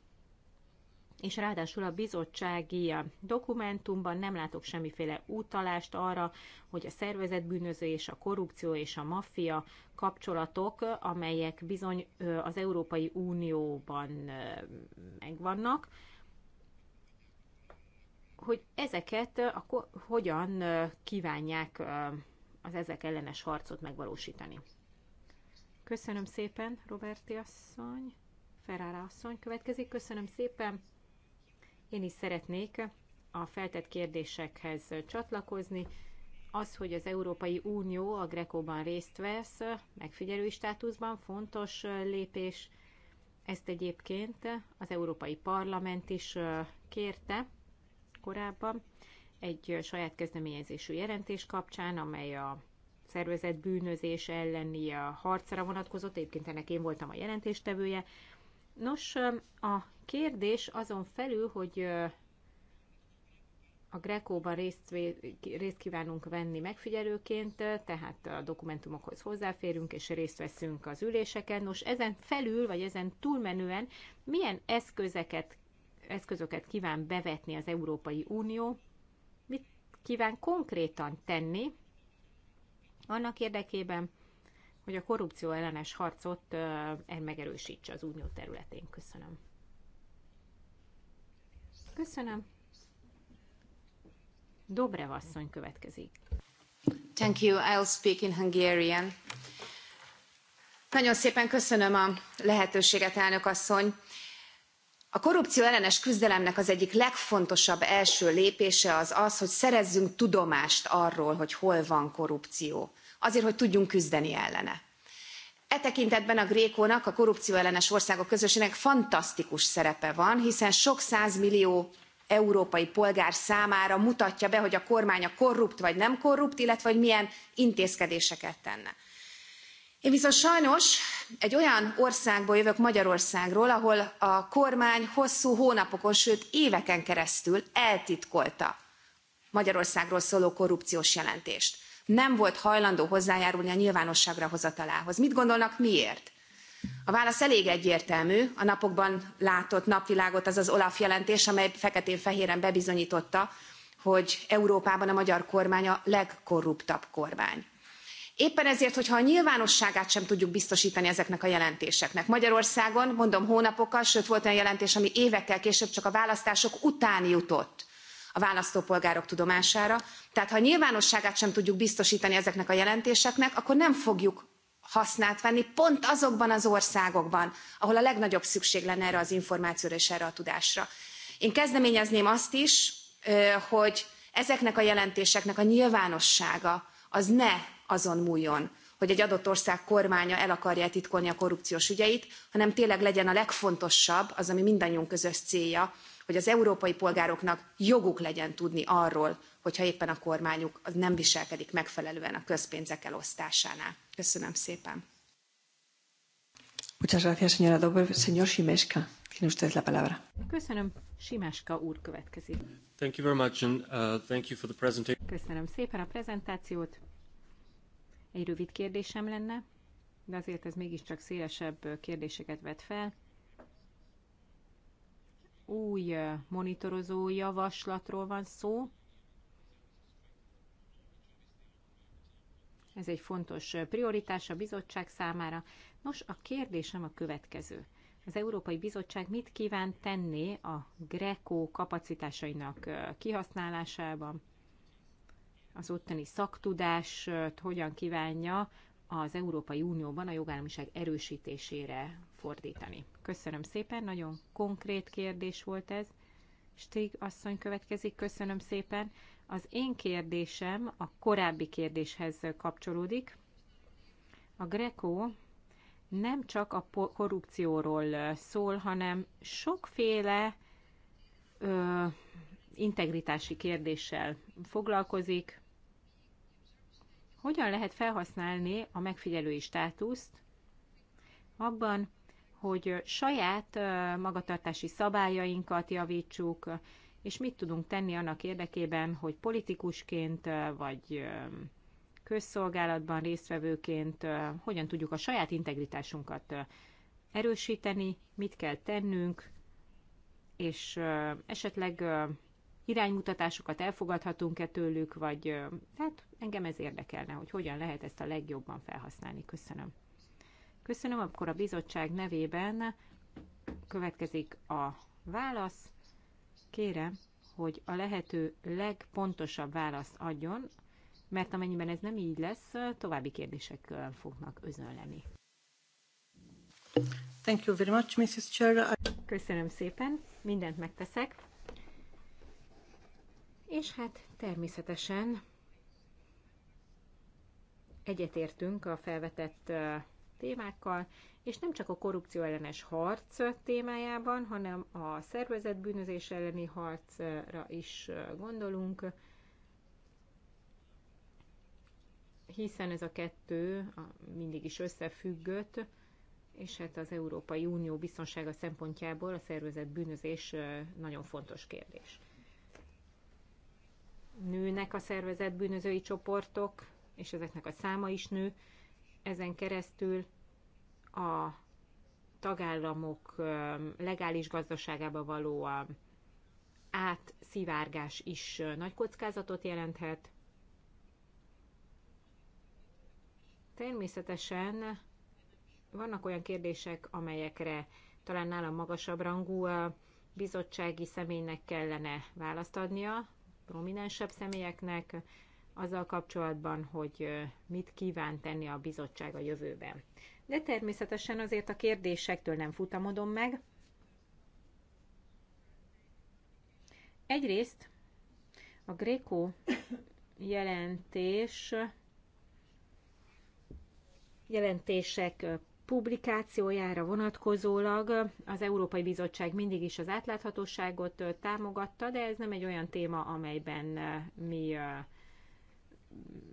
és ráadásul a bizottsági dokumentumban nem látok semmiféle utalást arra, hogy a és a korrupció és a maffia kapcsolatok, amelyek bizony az Európai Unióban megvannak, hogy ezeket akkor hogyan kívánják az ezek ellenes harcot megvalósítani. Köszönöm szépen, Roberti asszony. Ferrara asszony következik. Köszönöm szépen. Én is szeretnék a feltett kérdésekhez csatlakozni. Az, hogy az Európai Unió a Grekóban részt vesz, megfigyelői státuszban fontos lépés. Ezt egyébként az Európai Parlament is kérte korábban egy saját kezdeményezésű jelentés kapcsán, amely a szervezett bűnözés elleni a harcra vonatkozott, egyébként ennek én voltam a jelentéstevője. Nos, a Kérdés azon felül, hogy a Grekóban részt, részt kívánunk venni megfigyelőként, tehát a dokumentumokhoz hozzáférünk és részt veszünk az üléseken. Nos, ezen felül, vagy ezen túlmenően milyen eszközeket, eszközöket kíván bevetni az Európai Unió, mit kíván konkrétan tenni annak érdekében, hogy a korrupció ellenes harcot megerősítse az unió területén. Köszönöm. Köszönöm. Dobrev asszony következik. Thank you. I'll speak in Hungarian. Nagyon szépen köszönöm a lehetőséget, elnök asszony. A korrupció ellenes küzdelemnek az egyik legfontosabb első lépése az az, hogy szerezzünk tudomást arról, hogy hol van korrupció, azért, hogy tudjunk küzdeni ellene e tekintetben a greco nak a korrupcióellenes országok közösségének fantasztikus szerepe van hiszen sok százmillió európai polgár számára mutatja be hogy a kormánya korrupt vagy nem korrupt illetve hogy milyen intézkedéseket tenne. én viszont sajnos egy olyan országból jövök magyarországról ahol a kormány hosszú hónapokon sőt éveken keresztül eltitkolta magyarországról szóló korrupciós jelentést nem volt hajlandó hozzájárulni a nyilvánosságra hozatalához. mit gondolnak miért? a válasz elég egyértelmű a napokban látott napvilágot az az olaf jelentés amely feketén fehéren bebizonytotta hogy európában a magyar kormány a legkorruptabb kormány. éppen ezért hogyha a nyilvánosságát sem tudjuk biztostani ezeknek a jelentéseknek magyarországon mondom hónapokkal sőt volt olyan jelentés ami évekkel később csak a választások után jutott a választópolgárok tudomására. Tehát ha a nyilvánosságát sem tudjuk biztosítani ezeknek a jelentéseknek, akkor nem fogjuk használt venni pont azokban az országokban, ahol a legnagyobb szükség lenne erre az információra és erre a tudásra. Én kezdeményezném azt is, hogy ezeknek a jelentéseknek a nyilvánossága az ne azon múljon, hogy egy adott ország kormánya el akarja titkolni a korrupciós ügyeit, hanem tényleg legyen a legfontosabb, az, ami mindannyiunk közös célja, hogy az európai polgároknak joguk legyen tudni arról, hogyha éppen a kormányuk az nem viselkedik megfelelően a közpénzek elosztásánál. Köszönöm szépen. Muchas gracias, señora Dober. Señor Simeska, tiene usted la palabra. Köszönöm. Simeska úr következik. Thank you very much, and uh, thank you for the presentation. Köszönöm szépen a prezentációt. Egy rövid kérdésem lenne, de azért ez mégiscsak szélesebb uh, kérdéseket vet fel új monitorozó javaslatról van szó. Ez egy fontos prioritás a bizottság számára. Nos, a kérdésem a következő. Az Európai Bizottság mit kíván tenni a GRECO kapacitásainak kihasználásában? Az ottani szaktudást hogyan kívánja az Európai Unióban a jogállamiság erősítésére fordítani. Köszönöm szépen, nagyon konkrét kérdés volt ez. Stig asszony következik, köszönöm szépen. Az én kérdésem a korábbi kérdéshez kapcsolódik. A Greco nem csak a korrupcióról szól, hanem sokféle ö, integritási kérdéssel foglalkozik. Hogyan lehet felhasználni a megfigyelői státuszt abban, hogy saját magatartási szabályainkat javítsuk, és mit tudunk tenni annak érdekében, hogy politikusként vagy közszolgálatban résztvevőként hogyan tudjuk a saját integritásunkat erősíteni, mit kell tennünk, és esetleg iránymutatásokat elfogadhatunk-e tőlük, vagy hát engem ez érdekelne, hogy hogyan lehet ezt a legjobban felhasználni. Köszönöm. Köszönöm, akkor a bizottság nevében következik a válasz. Kérem, hogy a lehető legpontosabb választ adjon, mert amennyiben ez nem így lesz, további kérdések fognak özönleni. Thank you very much, Mrs. Chair. Köszönöm szépen, mindent megteszek. És hát természetesen egyetértünk a felvetett témákkal, és nem csak a korrupció ellenes harc témájában, hanem a szervezet bűnözés elleni harcra is gondolunk, hiszen ez a kettő mindig is összefüggött, és hát az Európai Unió biztonsága szempontjából a szervezet bűnözés nagyon fontos kérdés. Nőnek a szervezet bűnözői csoportok, és ezeknek a száma is nő, ezen keresztül a tagállamok legális gazdaságába való átszivárgás is nagy kockázatot jelenthet. Természetesen vannak olyan kérdések, amelyekre talán nálam magasabb rangú bizottsági személynek kellene választ adnia, prominensebb személyeknek, azzal kapcsolatban, hogy mit kíván tenni a bizottság a jövőben. De természetesen azért a kérdésektől nem futamodom meg. Egyrészt a Gréko jelentés jelentések publikációjára vonatkozólag az Európai Bizottság mindig is az átláthatóságot támogatta, de ez nem egy olyan téma, amelyben mi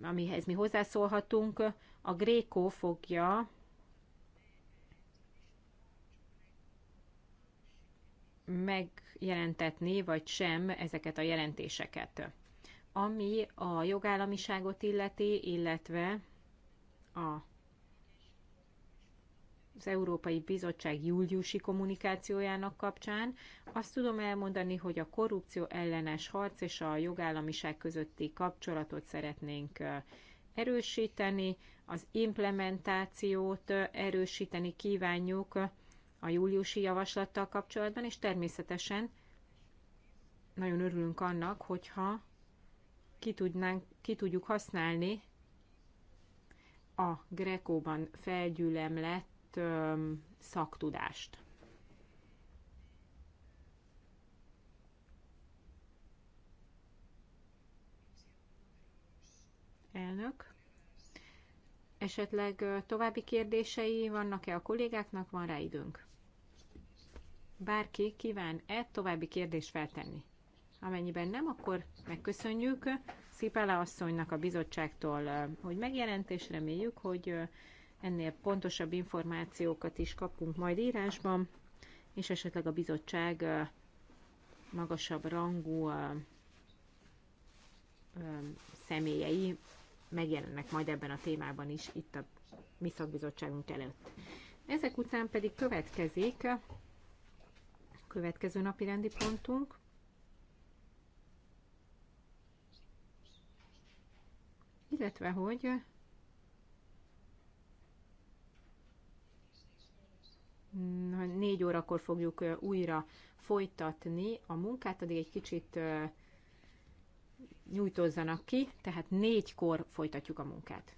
amihez mi hozzászólhatunk, a Gréko fogja megjelentetni, vagy sem ezeket a jelentéseket. Ami a jogállamiságot illeti, illetve a az Európai Bizottság júliusi kommunikációjának kapcsán. Azt tudom elmondani, hogy a korrupció ellenes harc és a jogállamiság közötti kapcsolatot szeretnénk erősíteni, az implementációt erősíteni kívánjuk a júliusi javaslattal kapcsolatban, és természetesen nagyon örülünk annak, hogyha ki, tudnánk, ki tudjuk használni a Grekóban felgyülemlett ö, szaktudást. Elnök. Esetleg további kérdései vannak-e a kollégáknak? Van rá időnk. Bárki kíván-e további kérdést feltenni? Amennyiben nem, akkor megköszönjük Szipele asszonynak a bizottságtól, hogy megjelent, és reméljük, hogy ennél pontosabb információkat is kapunk majd írásban, és esetleg a bizottság magasabb rangú személyei megjelennek majd ebben a témában is itt a mi szakbizottságunk előtt. Ezek után pedig következik következő napi rendi pontunk. Illetve, hogy négy órakor fogjuk újra folytatni a munkát, addig egy kicsit nyújtózzanak ki, tehát négykor folytatjuk a munkát.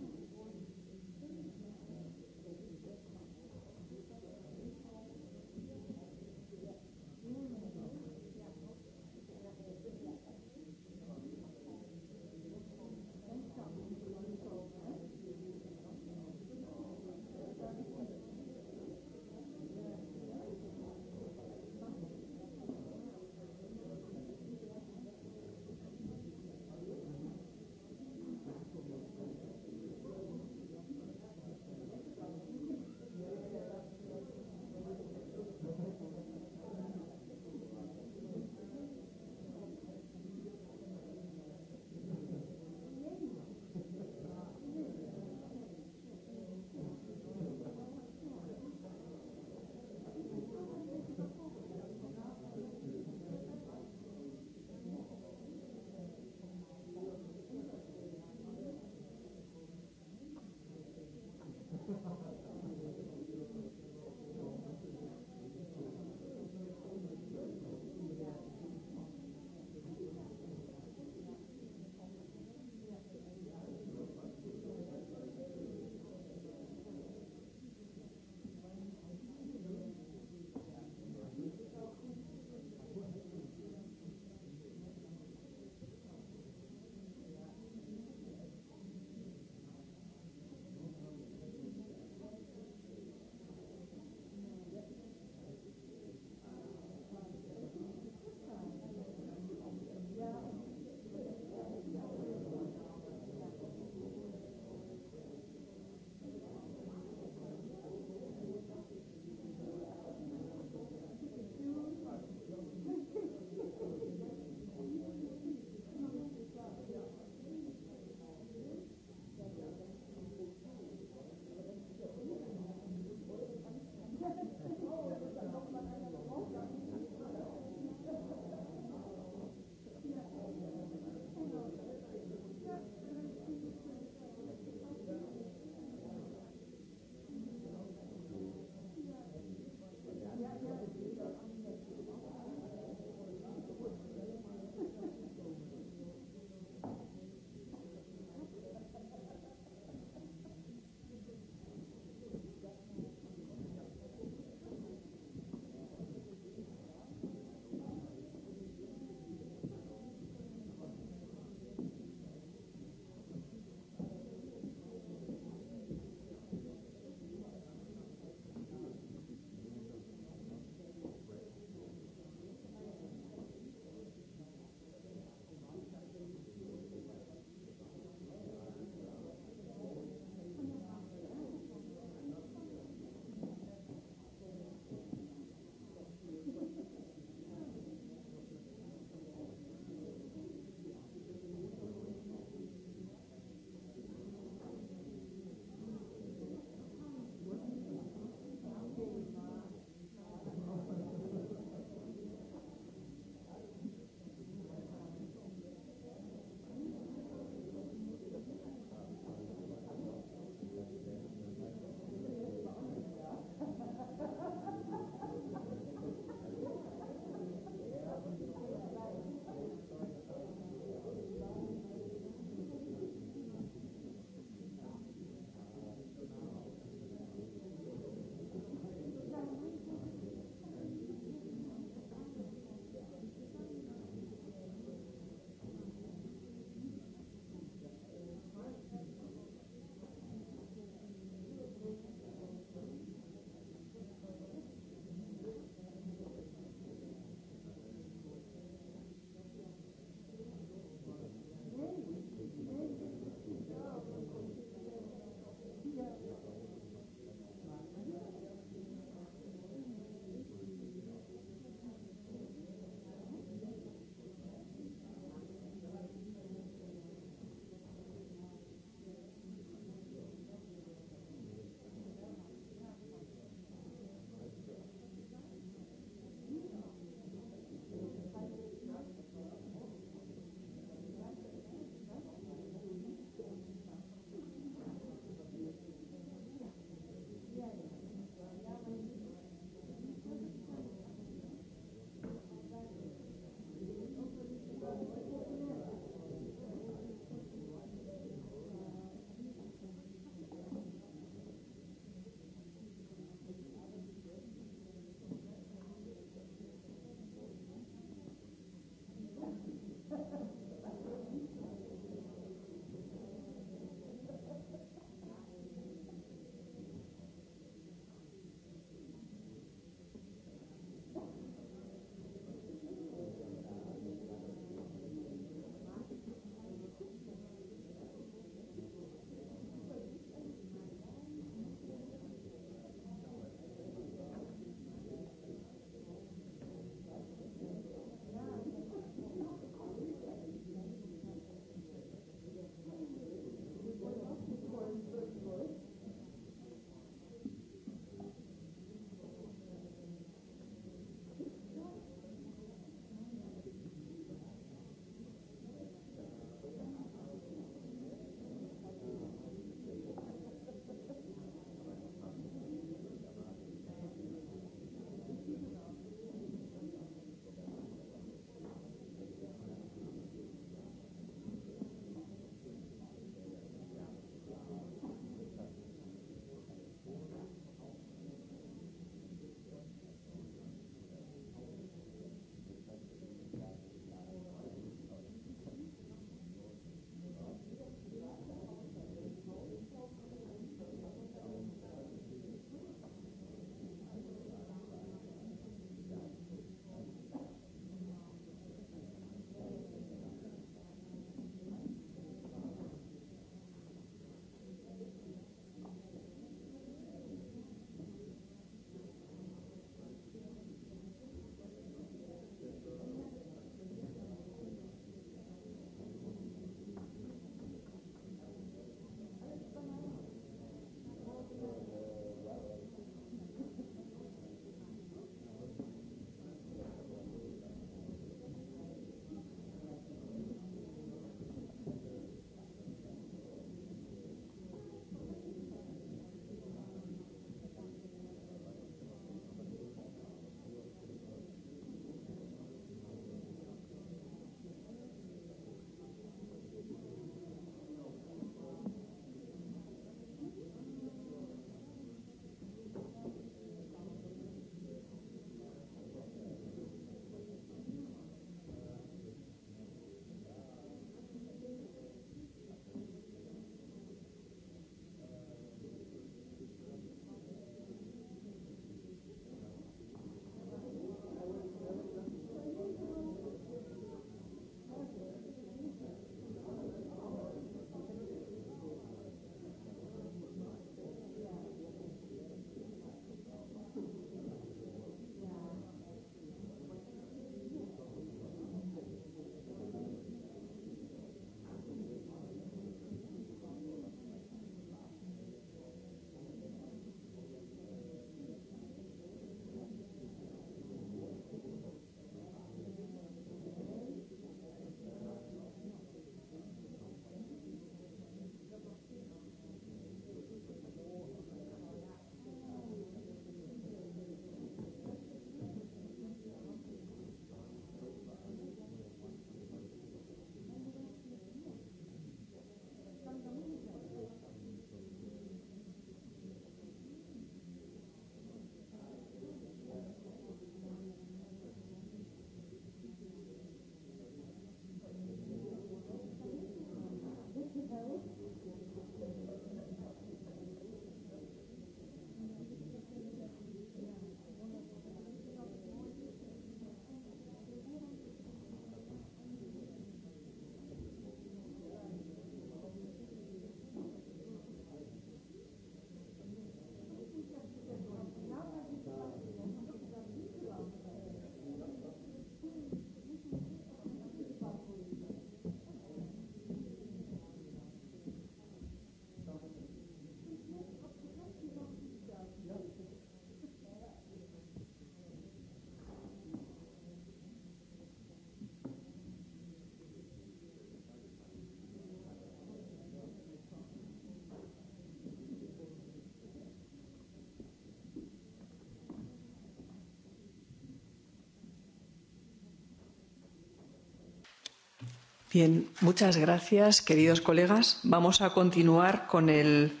Bien, muchas gracias, queridos colegas. Vamos a continuar con el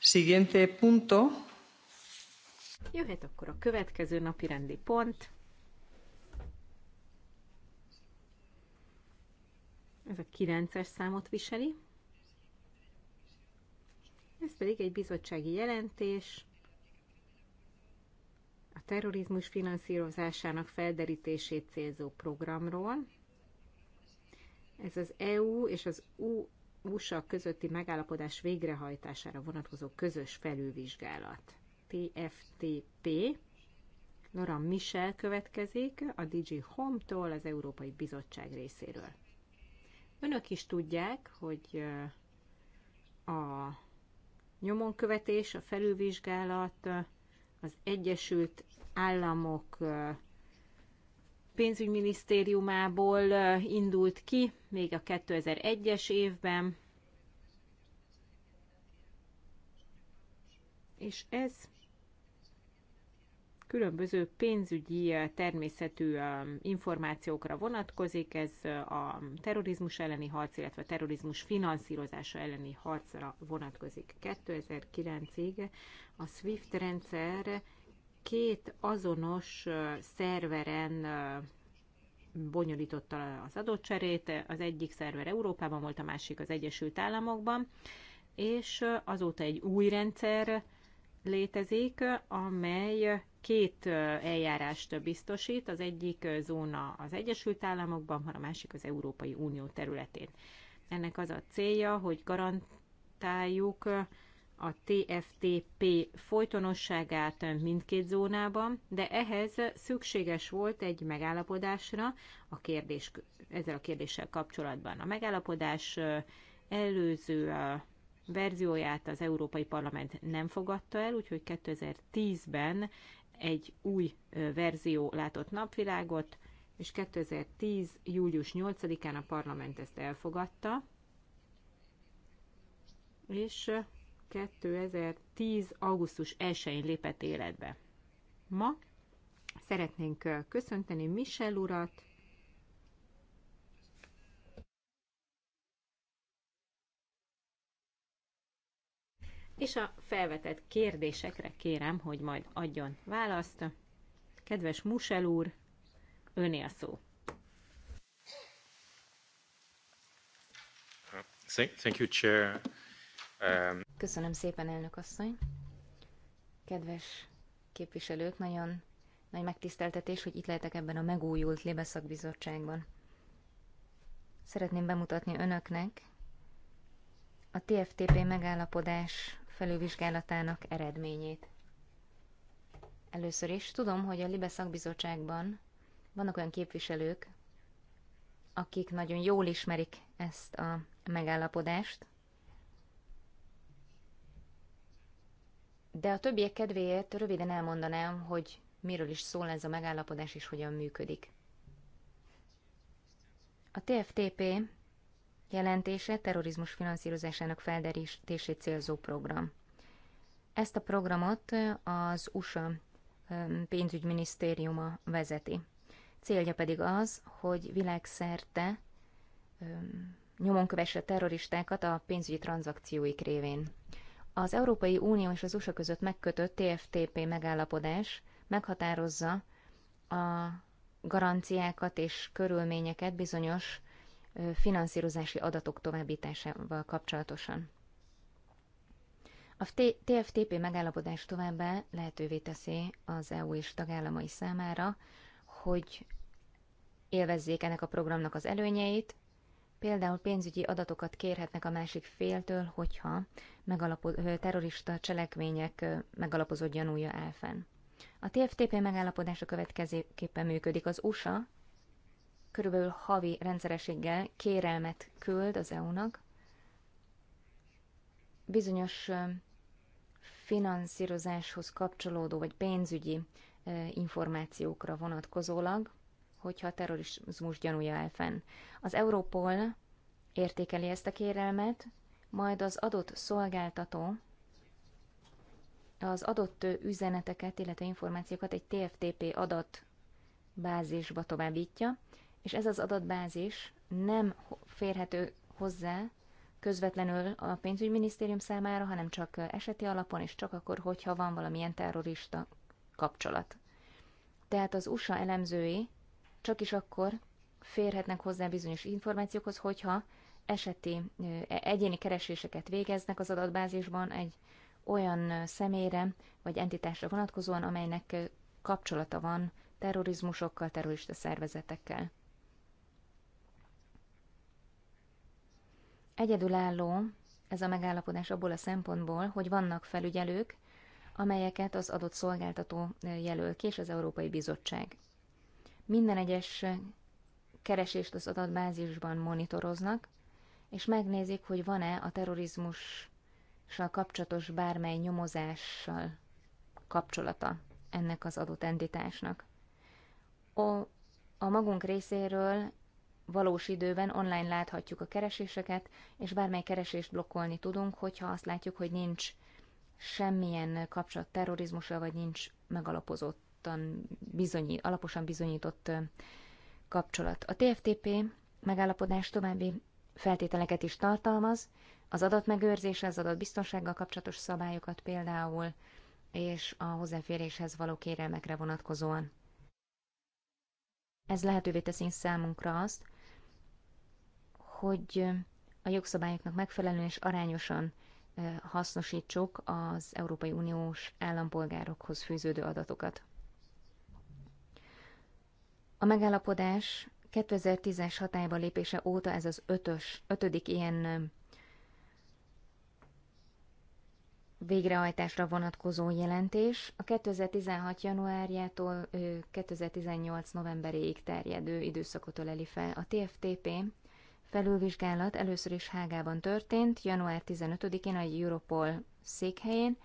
siguiente punto. Ez a 9-es számot viseli. Ez pedig egy bizottsági jelentés a terrorizmus finanszírozásának felderítését célzó programról, ez az EU és az U USA közötti megállapodás végrehajtására vonatkozó közös felülvizsgálat. TFTP. Nora Michel következik a DG Home-tól, az Európai Bizottság részéről. Önök is tudják, hogy a nyomonkövetés, a felülvizsgálat az Egyesült Államok pénzügyminisztériumából indult ki, még a 2001-es évben, és ez különböző pénzügyi természetű információkra vonatkozik, ez a terrorizmus elleni harc, illetve a terrorizmus finanszírozása elleni harcra vonatkozik. 2009-ig a SWIFT rendszer két azonos szerveren bonyolította az cserét. az egyik szerver Európában volt, a másik az Egyesült Államokban, és azóta egy új rendszer létezik, amely két eljárást biztosít, az egyik zóna az Egyesült Államokban, a másik az Európai Unió területén. Ennek az a célja, hogy garantáljuk a TFTP folytonosságát mindkét zónában, de ehhez szükséges volt egy megállapodásra a kérdés, ezzel a kérdéssel kapcsolatban. A megállapodás előző verzióját az Európai Parlament nem fogadta el, úgyhogy 2010-ben egy új verzió látott napvilágot, és 2010. július 8-án a parlament ezt elfogadta, és 2010. augusztus 1-én lépett életbe. Ma szeretnénk köszönteni Michel urat, és a felvetett kérdésekre kérem, hogy majd adjon választ. Kedves Musel úr, öné a szó. Thank you, Chair. Um, Köszönöm szépen, elnök asszony. Kedves képviselők, nagyon nagy megtiszteltetés, hogy itt lehetek ebben a megújult lébeszakbizottságban. Szeretném bemutatni önöknek a TFTP megállapodás felülvizsgálatának eredményét. Először is tudom, hogy a Libe szakbizottságban vannak olyan képviselők, akik nagyon jól ismerik ezt a megállapodást, De a többiek kedvéért röviden elmondanám, hogy miről is szól ez a megállapodás és hogyan működik. A TFTP jelentése terrorizmus finanszírozásának felderítését célzó program. Ezt a programot az USA pénzügyminisztériuma vezeti. Célja pedig az, hogy világszerte nyomon kövesse terroristákat a pénzügyi tranzakcióik révén. Az Európai Unió és az USA között megkötött TFTP megállapodás meghatározza a garanciákat és körülményeket bizonyos finanszírozási adatok továbbításával kapcsolatosan. A TFTP megállapodás továbbá lehetővé teszi az EU és tagállamai számára, hogy élvezzék ennek a programnak az előnyeit, Például pénzügyi adatokat kérhetnek a másik féltől, hogyha megalapo- terrorista cselekmények megalapozott gyanúja áll fenn. A TFTP megállapodása következőképpen működik. Az USA körülbelül havi rendszerességgel kérelmet küld az EU-nak, bizonyos finanszírozáshoz kapcsolódó vagy pénzügyi információkra vonatkozólag, hogyha a terrorizmus gyanúja elfen. fenn. Az Európol értékeli ezt a kérelmet, majd az adott szolgáltató az adott üzeneteket, illetve információkat egy TFTP adatbázisba továbbítja, és ez az adatbázis nem férhető hozzá közvetlenül a pénzügyminisztérium számára, hanem csak eseti alapon, és csak akkor, hogyha van valamilyen terrorista kapcsolat. Tehát az USA elemzői csak is akkor férhetnek hozzá bizonyos információkhoz, hogyha eseti e-, egyéni kereséseket végeznek az adatbázisban egy olyan személyre vagy entitásra vonatkozóan, amelynek kapcsolata van terrorizmusokkal, terrorista szervezetekkel. Egyedülálló ez a megállapodás abból a szempontból, hogy vannak felügyelők, amelyeket az adott szolgáltató jelöl ki, és az Európai Bizottság minden egyes keresést az adatbázisban monitoroznak, és megnézik, hogy van-e a terrorizmussal kapcsolatos bármely nyomozással kapcsolata ennek az adott entitásnak. A, a magunk részéről valós időben online láthatjuk a kereséseket, és bármely keresést blokkolni tudunk, hogyha azt látjuk, hogy nincs semmilyen kapcsolat terrorizmusra, vagy nincs megalapozott alapozottan bizonyít, alaposan bizonyított kapcsolat. A TFTP megállapodás további feltételeket is tartalmaz, az adatmegőrzésre, az adatbiztonsággal kapcsolatos szabályokat például, és a hozzáféréshez való kérelmekre vonatkozóan. Ez lehetővé teszi számunkra azt, hogy a jogszabályoknak megfelelően és arányosan hasznosítsuk az Európai Uniós állampolgárokhoz fűződő adatokat. A megállapodás 2010-es hatályba lépése óta ez az ötös, ötödik ilyen végrehajtásra vonatkozó jelentés a 2016. januárjától 2018. novemberéig terjedő időszakot öleli fel. A TFTP felülvizsgálat először is Hágában történt, január 15-én a Europol székhelyén,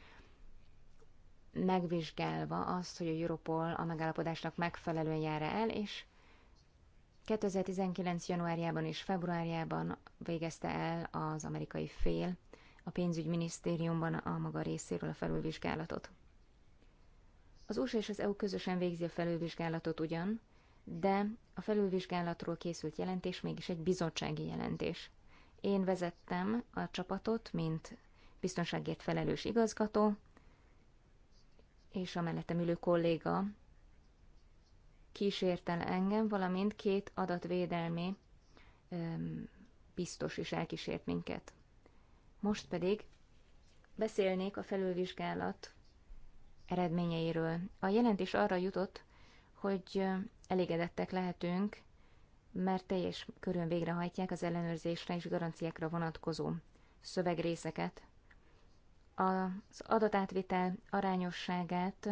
megvizsgálva azt, hogy a Europol a megállapodásnak megfelelően jár el, és 2019. januárjában és februárjában végezte el az amerikai fél a pénzügyminisztériumban a maga részéről a felülvizsgálatot. Az USA és az EU közösen végzi a felülvizsgálatot ugyan, de a felülvizsgálatról készült jelentés mégis egy bizottsági jelentés. Én vezettem a csapatot, mint biztonságért felelős igazgató, és a mellettem ülő kolléga kísértel engem, valamint két adatvédelmi biztos is elkísért minket. Most pedig beszélnék a felülvizsgálat eredményeiről. A jelentés arra jutott, hogy elégedettek lehetünk, mert teljes körön végrehajtják az ellenőrzésre és garanciákra vonatkozó szövegrészeket az adatátvitel arányosságát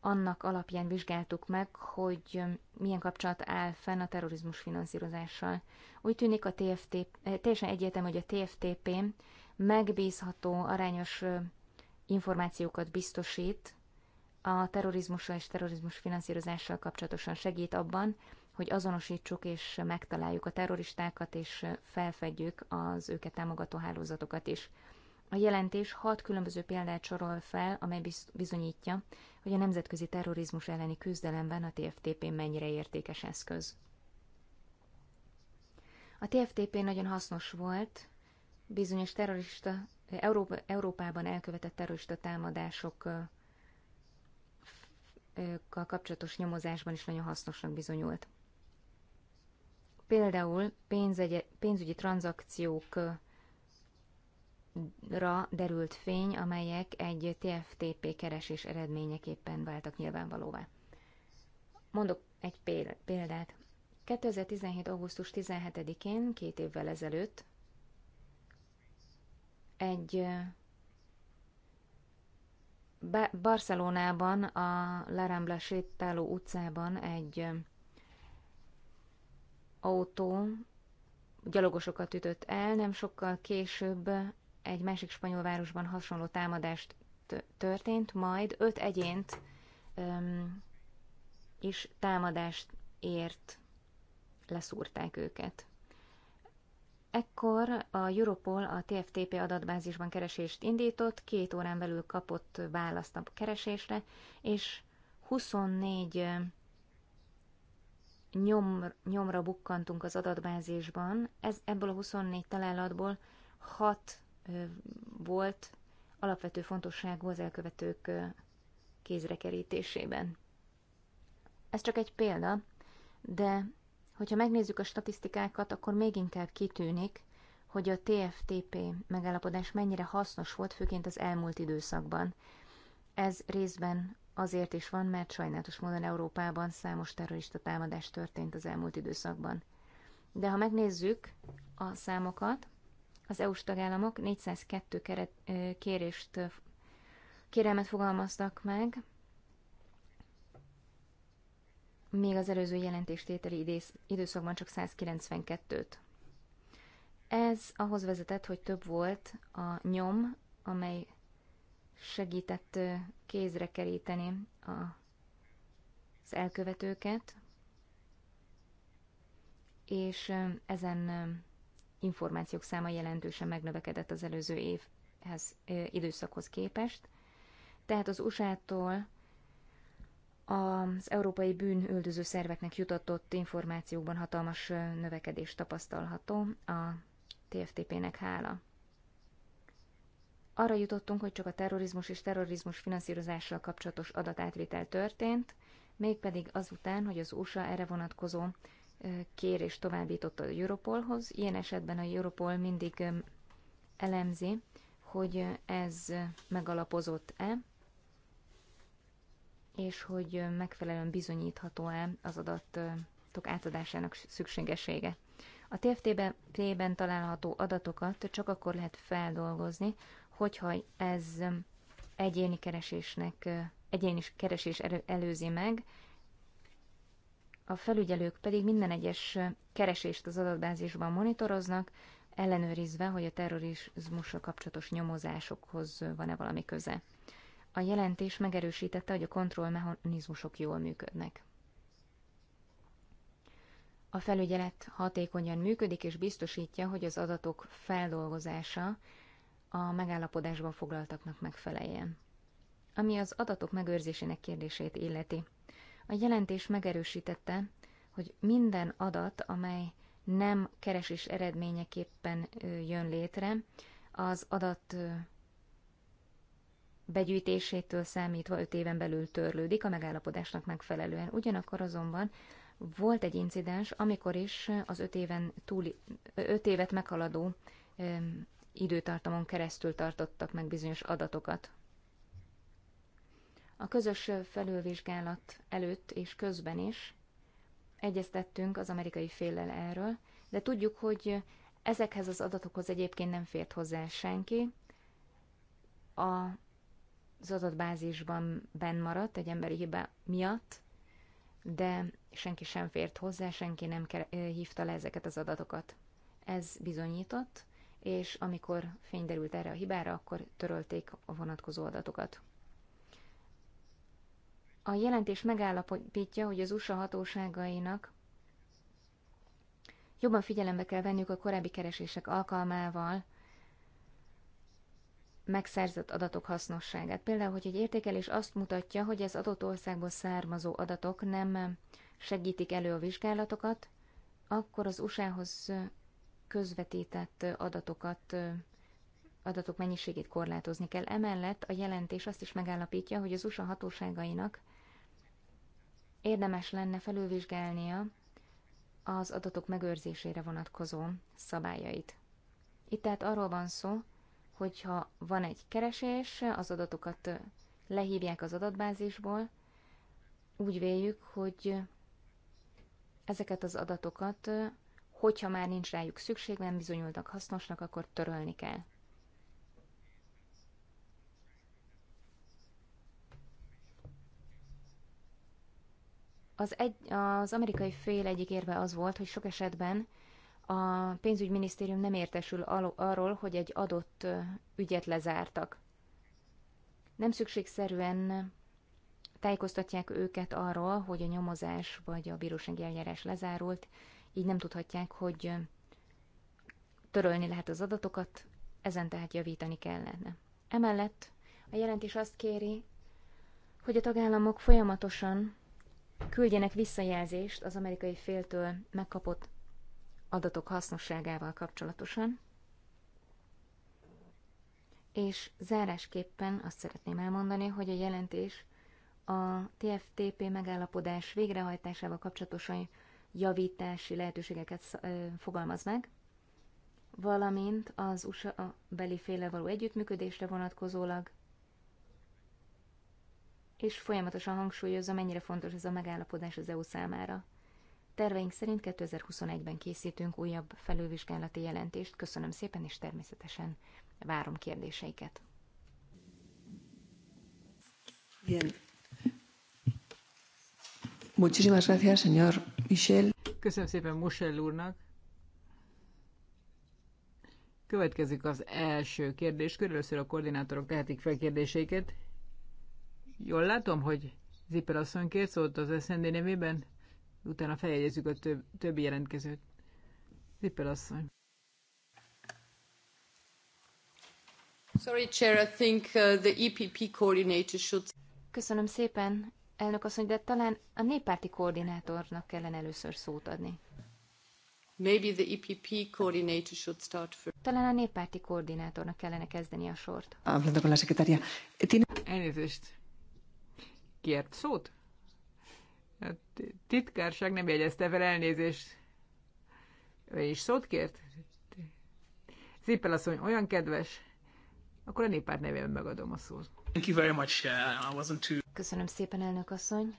annak alapján vizsgáltuk meg, hogy milyen kapcsolat áll fenn a terrorizmus finanszírozással. Úgy tűnik a TFT, eh, teljesen egyértelmű, hogy a TFTP megbízható, arányos információkat biztosít a terrorizmussal és terrorizmus finanszírozással kapcsolatosan segít abban, hogy azonosítsuk és megtaláljuk a terroristákat, és felfedjük az őket támogató hálózatokat is. A jelentés hat különböző példát sorol fel, amely bizonyítja, hogy a nemzetközi terrorizmus elleni küzdelemben a TFTP mennyire értékes eszköz. A TFTP nagyon hasznos volt, bizonyos terrorista, Európa, Európában elkövetett terrorista támadásokkal kapcsolatos nyomozásban is nagyon hasznosnak bizonyult. Például pénzügyi tranzakciók ra derült fény, amelyek egy TFTP keresés eredményeképpen váltak nyilvánvalóvá. Mondok egy példát. 2017. augusztus 17-én, két évvel ezelőtt, egy Barcelonában, a La Rambla sétáló utcában egy autó gyalogosokat ütött el, nem sokkal később egy másik spanyol városban hasonló támadást történt, majd öt egyént öm, is támadást ért, leszúrták őket. Ekkor a Europol a TFTP adatbázisban keresést indított, két órán belül kapott választ a keresésre, és 24 nyom, nyomra bukkantunk az adatbázisban. Ez, ebből a 24 találatból 6 volt alapvető fontosságú az elkövetők kézrekerítésében. Ez csak egy példa, de hogyha megnézzük a statisztikákat, akkor még inkább kitűnik, hogy a TFTP megállapodás mennyire hasznos volt, főként az elmúlt időszakban. Ez részben azért is van, mert sajnálatos módon Európában számos terrorista támadás történt az elmúlt időszakban. De ha megnézzük a számokat, az EU-s tagállamok 402 keret, kérést, kérelmet fogalmaztak meg, még az előző jelentéstételi időszakban csak 192-t. Ez ahhoz vezetett, hogy több volt a nyom, amely segített kézre keríteni az elkövetőket, és ezen információk száma jelentősen megnövekedett az előző évhez, időszakhoz képest. Tehát az USA-tól az európai bűnöldöző szerveknek jutatott információkban hatalmas növekedés tapasztalható a TFTP-nek hála. Arra jutottunk, hogy csak a terrorizmus és terrorizmus finanszírozással kapcsolatos adatátvétel történt, mégpedig azután, hogy az USA erre vonatkozó kérés továbbított a Europolhoz. Ilyen esetben a Europol mindig elemzi, hogy ez megalapozott-e, és hogy megfelelően bizonyítható-e az adatok átadásának szükségessége. A TFT-ben található adatokat csak akkor lehet feldolgozni, hogyha ez egyéni keresésnek, egyéni keresés előzi meg, a felügyelők pedig minden egyes keresést az adatbázisban monitoroznak, ellenőrizve, hogy a terrorizmussal kapcsolatos nyomozásokhoz van-e valami köze. A jelentés megerősítette, hogy a kontrollmechanizmusok jól működnek. A felügyelet hatékonyan működik és biztosítja, hogy az adatok feldolgozása a megállapodásban foglaltaknak megfeleljen. Ami az adatok megőrzésének kérdését illeti. A jelentés megerősítette, hogy minden adat, amely nem keresés eredményeképpen jön létre, az adat begyűjtésétől számítva 5 éven belül törlődik a megállapodásnak megfelelően. Ugyanakkor azonban volt egy incidens, amikor is az 5 éven túli, 5 évet meghaladó időtartamon keresztül tartottak meg bizonyos adatokat. A közös felülvizsgálat előtt és közben is egyeztettünk az amerikai féllel erről, de tudjuk, hogy ezekhez az adatokhoz egyébként nem fért hozzá senki. A, az adatbázisban benn maradt egy emberi hiba miatt, de senki sem fért hozzá, senki nem eh, hívta le ezeket az adatokat. Ez bizonyított, és amikor fény derült erre a hibára, akkor törölték a vonatkozó adatokat. A jelentés megállapítja, hogy az USA hatóságainak jobban figyelembe kell venniük a korábbi keresések alkalmával megszerzett adatok hasznosságát. Például, hogy egy értékelés azt mutatja, hogy az adott országból származó adatok nem segítik elő a vizsgálatokat, akkor az USA-hoz közvetített adatokat, adatok mennyiségét korlátozni kell. Emellett a jelentés azt is megállapítja, hogy az USA hatóságainak érdemes lenne felülvizsgálnia az adatok megőrzésére vonatkozó szabályait. Itt tehát arról van szó, hogyha van egy keresés, az adatokat lehívják az adatbázisból, úgy véljük, hogy ezeket az adatokat, hogyha már nincs rájuk szükség, nem bizonyultak hasznosnak, akkor törölni kell. Az, egy, az amerikai fél egyik érve az volt, hogy sok esetben a pénzügyminisztérium nem értesül arról, hogy egy adott ügyet lezártak. Nem szükségszerűen tájékoztatják őket arról, hogy a nyomozás vagy a bírósági eljárás lezárult, így nem tudhatják, hogy törölni lehet az adatokat, ezen tehát javítani kellene. Emellett a jelentés azt kéri, hogy a tagállamok folyamatosan küldjenek visszajelzést az amerikai féltől megkapott adatok hasznosságával kapcsolatosan. És zárásképpen azt szeretném elmondani, hogy a jelentés a TFTP megállapodás végrehajtásával kapcsolatosan javítási lehetőségeket fogalmaz meg, valamint az USA beli féle való együttműködésre vonatkozólag és folyamatosan hangsúlyozza, mennyire fontos ez a megállapodás az EU számára. Terveink szerint 2021-ben készítünk újabb felülvizsgálati jelentést. Köszönöm szépen, és természetesen várom kérdéseiket. Bien. Muchísimas gracias, señor Michel. Köszönöm szépen Michel úrnak. Következik az első kérdés. Körülösször a koordinátorok tehetik fel kérdéseiket. Jól látom, hogy Zipper asszony kért szólt az SZND nevében, utána feljegyezzük a töb- többi jelentkezőt. Zipper asszony. Sorry, Chair, I think uh, the EPP coordinator should... Köszönöm szépen, elnök asszony, de talán a néppárti koordinátornak kellene először szót adni. Maybe the EPP coordinator should start first. Talán a néppárti koordinátornak kellene kezdeni a sort. Hablando con la secretaria. Elnézést, kért szót? A hát, titkárság nem jegyezte fel elnézést. Ő is szót kért? Zippel asszony olyan kedves. Akkor a néppár nevében megadom a szót. Thank you very much. Uh, I wasn't too... Köszönöm szépen, elnök asszony.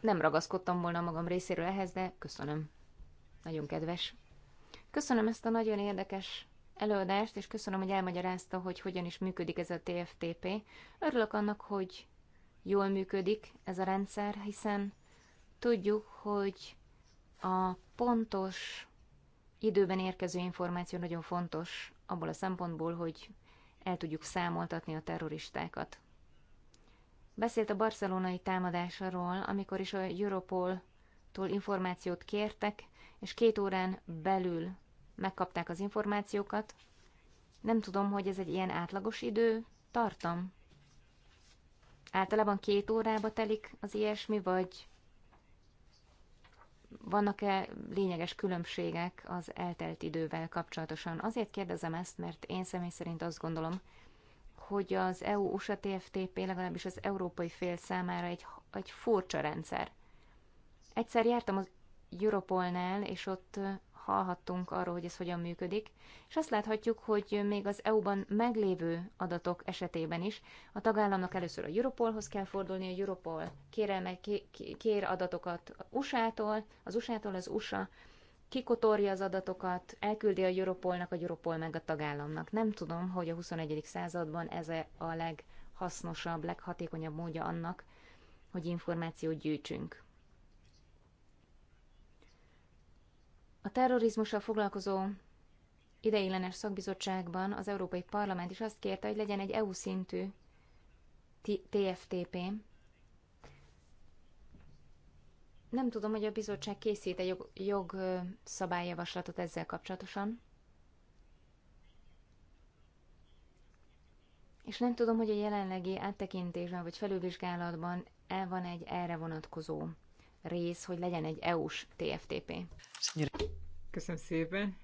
Nem ragaszkodtam volna magam részéről ehhez, de köszönöm. Nagyon kedves. Köszönöm ezt a nagyon érdekes előadást, és köszönöm, hogy elmagyarázta, hogy hogyan is működik ez a TFTP. Örülök annak, hogy jól működik ez a rendszer, hiszen tudjuk, hogy a pontos időben érkező információ nagyon fontos abból a szempontból, hogy el tudjuk számoltatni a terroristákat. Beszélt a barcelonai támadásról, amikor is a Europol-tól információt kértek, és két órán belül megkapták az információkat. Nem tudom, hogy ez egy ilyen átlagos idő tartam. Általában két órába telik az ilyesmi, vagy vannak-e lényeges különbségek az eltelt idővel kapcsolatosan? Azért kérdezem ezt, mert én személy szerint azt gondolom, hogy az EU-USA TFTP legalábbis az európai fél számára egy, egy furcsa rendszer. Egyszer jártam az Europolnál, és ott hallhattunk arról, hogy ez hogyan működik, és azt láthatjuk, hogy még az EU-ban meglévő adatok esetében is a tagállamnak először a Europolhoz kell fordulni, a Europol kérelme, kér adatokat USA-tól, az USA-tól az USA kikotorja az adatokat, elküldi a Europolnak, a Europol meg a tagállamnak. Nem tudom, hogy a 21. században ez -e a leghasznosabb, leghatékonyabb módja annak, hogy információt gyűjtsünk. A terrorizmussal foglalkozó ideiglenes szakbizottságban az Európai Parlament is azt kérte, hogy legyen egy EU szintű TFTP. Nem tudom, hogy a bizottság készít egy jog, jogszabályjavaslatot ezzel kapcsolatosan. És nem tudom, hogy a jelenlegi áttekintésben vagy felülvizsgálatban el van egy erre vonatkozó rész, hogy legyen egy EU-s TFTP. Köszönöm szépen.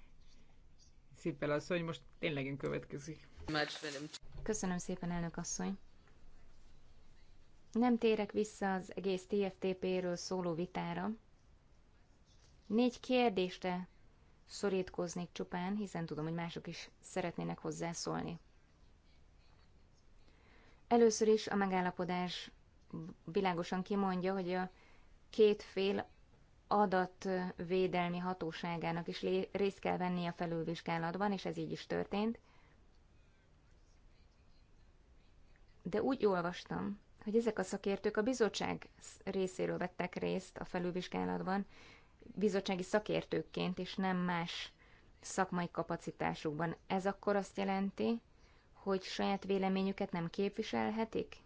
Szépen az, hogy most tényleg én következik. Köszönöm szépen, elnök asszony. Nem térek vissza az egész TFTP-ről szóló vitára. Négy kérdésre szorítkoznék csupán, hiszen tudom, hogy mások is szeretnének hozzászólni. Először is a megállapodás világosan kimondja, hogy a két fél adatvédelmi hatóságának is részt kell venni a felülvizsgálatban, és ez így is történt. De úgy olvastam, hogy ezek a szakértők a bizottság részéről vettek részt a felülvizsgálatban, bizottsági szakértőkként, és nem más szakmai kapacitásukban. Ez akkor azt jelenti, hogy saját véleményüket nem képviselhetik,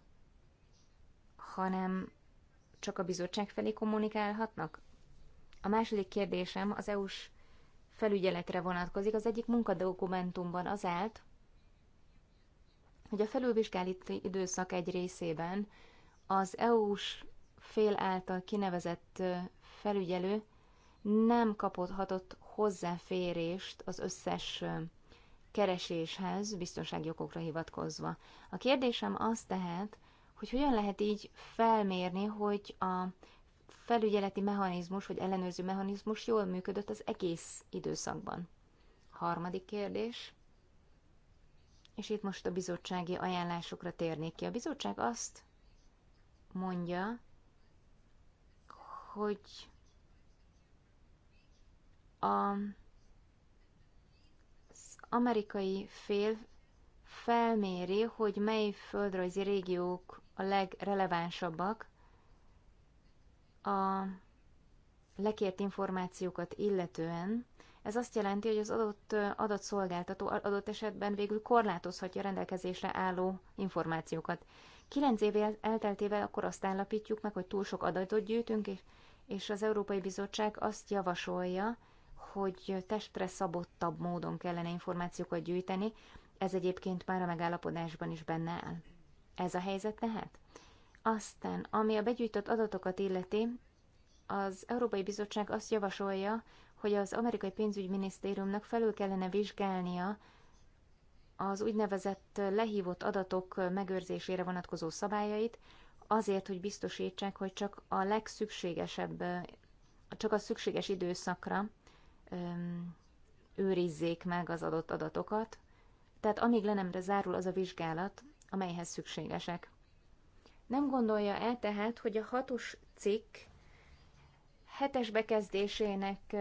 hanem csak a bizottság felé kommunikálhatnak? A második kérdésem az EU-s felügyeletre vonatkozik. Az egyik munkadokumentumban az állt, hogy a felülvizsgálati időszak egy részében az EU-s fél által kinevezett felügyelő nem kapodhatott hozzáférést az összes kereséshez, biztonsági okokra hivatkozva. A kérdésem az tehát, hogy hogyan lehet így felmérni, hogy a felügyeleti mechanizmus vagy ellenőrző mechanizmus jól működött az egész időszakban. Harmadik kérdés. És itt most a bizottsági ajánlásokra térnék ki. A bizottság azt mondja, hogy a amerikai fél felméri, hogy mely földrajzi régiók a legrelevánsabbak a lekért információkat illetően. Ez azt jelenti, hogy az adott adatszolgáltató adott esetben végül korlátozhatja a rendelkezésre álló információkat. Kilenc év elteltével akkor azt állapítjuk meg, hogy túl sok adatot gyűjtünk, és, és az Európai Bizottság azt javasolja, hogy testre szabottabb módon kellene információkat gyűjteni, ez egyébként már a megállapodásban is benne áll. Ez a helyzet tehát? Aztán, ami a begyűjtött adatokat illeti, az Európai Bizottság azt javasolja, hogy az amerikai pénzügyminisztériumnak felül kellene vizsgálnia az úgynevezett lehívott adatok megőrzésére vonatkozó szabályait, azért, hogy biztosítsák, hogy csak a legszükségesebb, csak a szükséges időszakra öm, őrizzék meg az adott adatokat. Tehát amíg le nem zárul az a vizsgálat, amelyhez szükségesek. Nem gondolja el tehát, hogy a hatos cikk hetes bekezdésének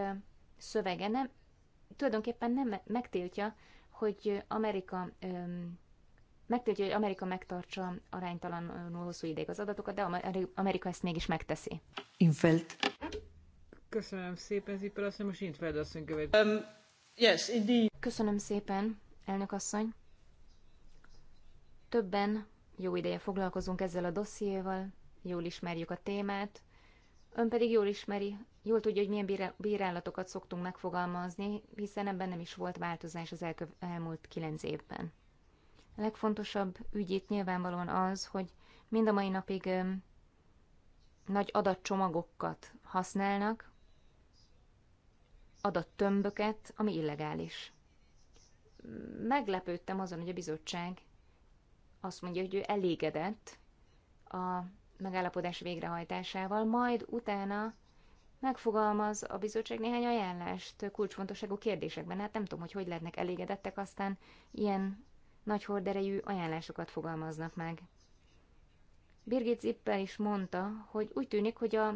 szövege nem, tulajdonképpen nem megtiltja, hogy Amerika megtiltja, hogy Amerika megtartsa aránytalanul hosszú ideig az adatokat, de Amerika ezt mégis megteszi. Infeld. Köszönöm szépen, Zippel, azt most Infeld asszony követ. Um, yes, indeed. Köszönöm szépen, elnök asszony. Többen jó ideje foglalkozunk ezzel a dossziéval, jól ismerjük a témát, ön pedig jól ismeri, jól tudja, hogy milyen bírálatokat szoktunk megfogalmazni, hiszen ebben nem is volt változás az elkö- elmúlt kilenc évben. A legfontosabb ügy itt nyilvánvalóan az, hogy mind a mai napig ö, nagy adatcsomagokat használnak, adattömböket, ami illegális. Meglepődtem azon, hogy a bizottság azt mondja, hogy ő elégedett a megállapodás végrehajtásával, majd utána megfogalmaz a bizottság néhány ajánlást kulcsfontosságú kérdésekben. Hát nem tudom, hogy hogy lehetnek elégedettek, aztán ilyen nagy horderejű ajánlásokat fogalmaznak meg. Birgit Zippel is mondta, hogy úgy tűnik, hogy a,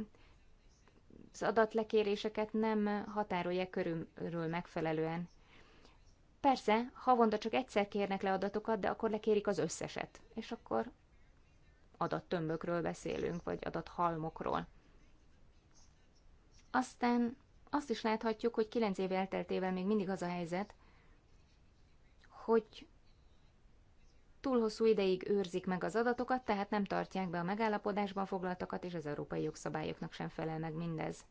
az adatlekéréseket nem határolják körülről megfelelően. Persze, havonta csak egyszer kérnek le adatokat, de akkor lekérik az összeset, és akkor adattömbökről beszélünk, vagy adathalmokról. Aztán azt is láthatjuk, hogy kilenc év elteltével még mindig az a helyzet, hogy túl hosszú ideig őrzik meg az adatokat, tehát nem tartják be a megállapodásban foglaltakat, és az európai jogszabályoknak sem felel meg mindez.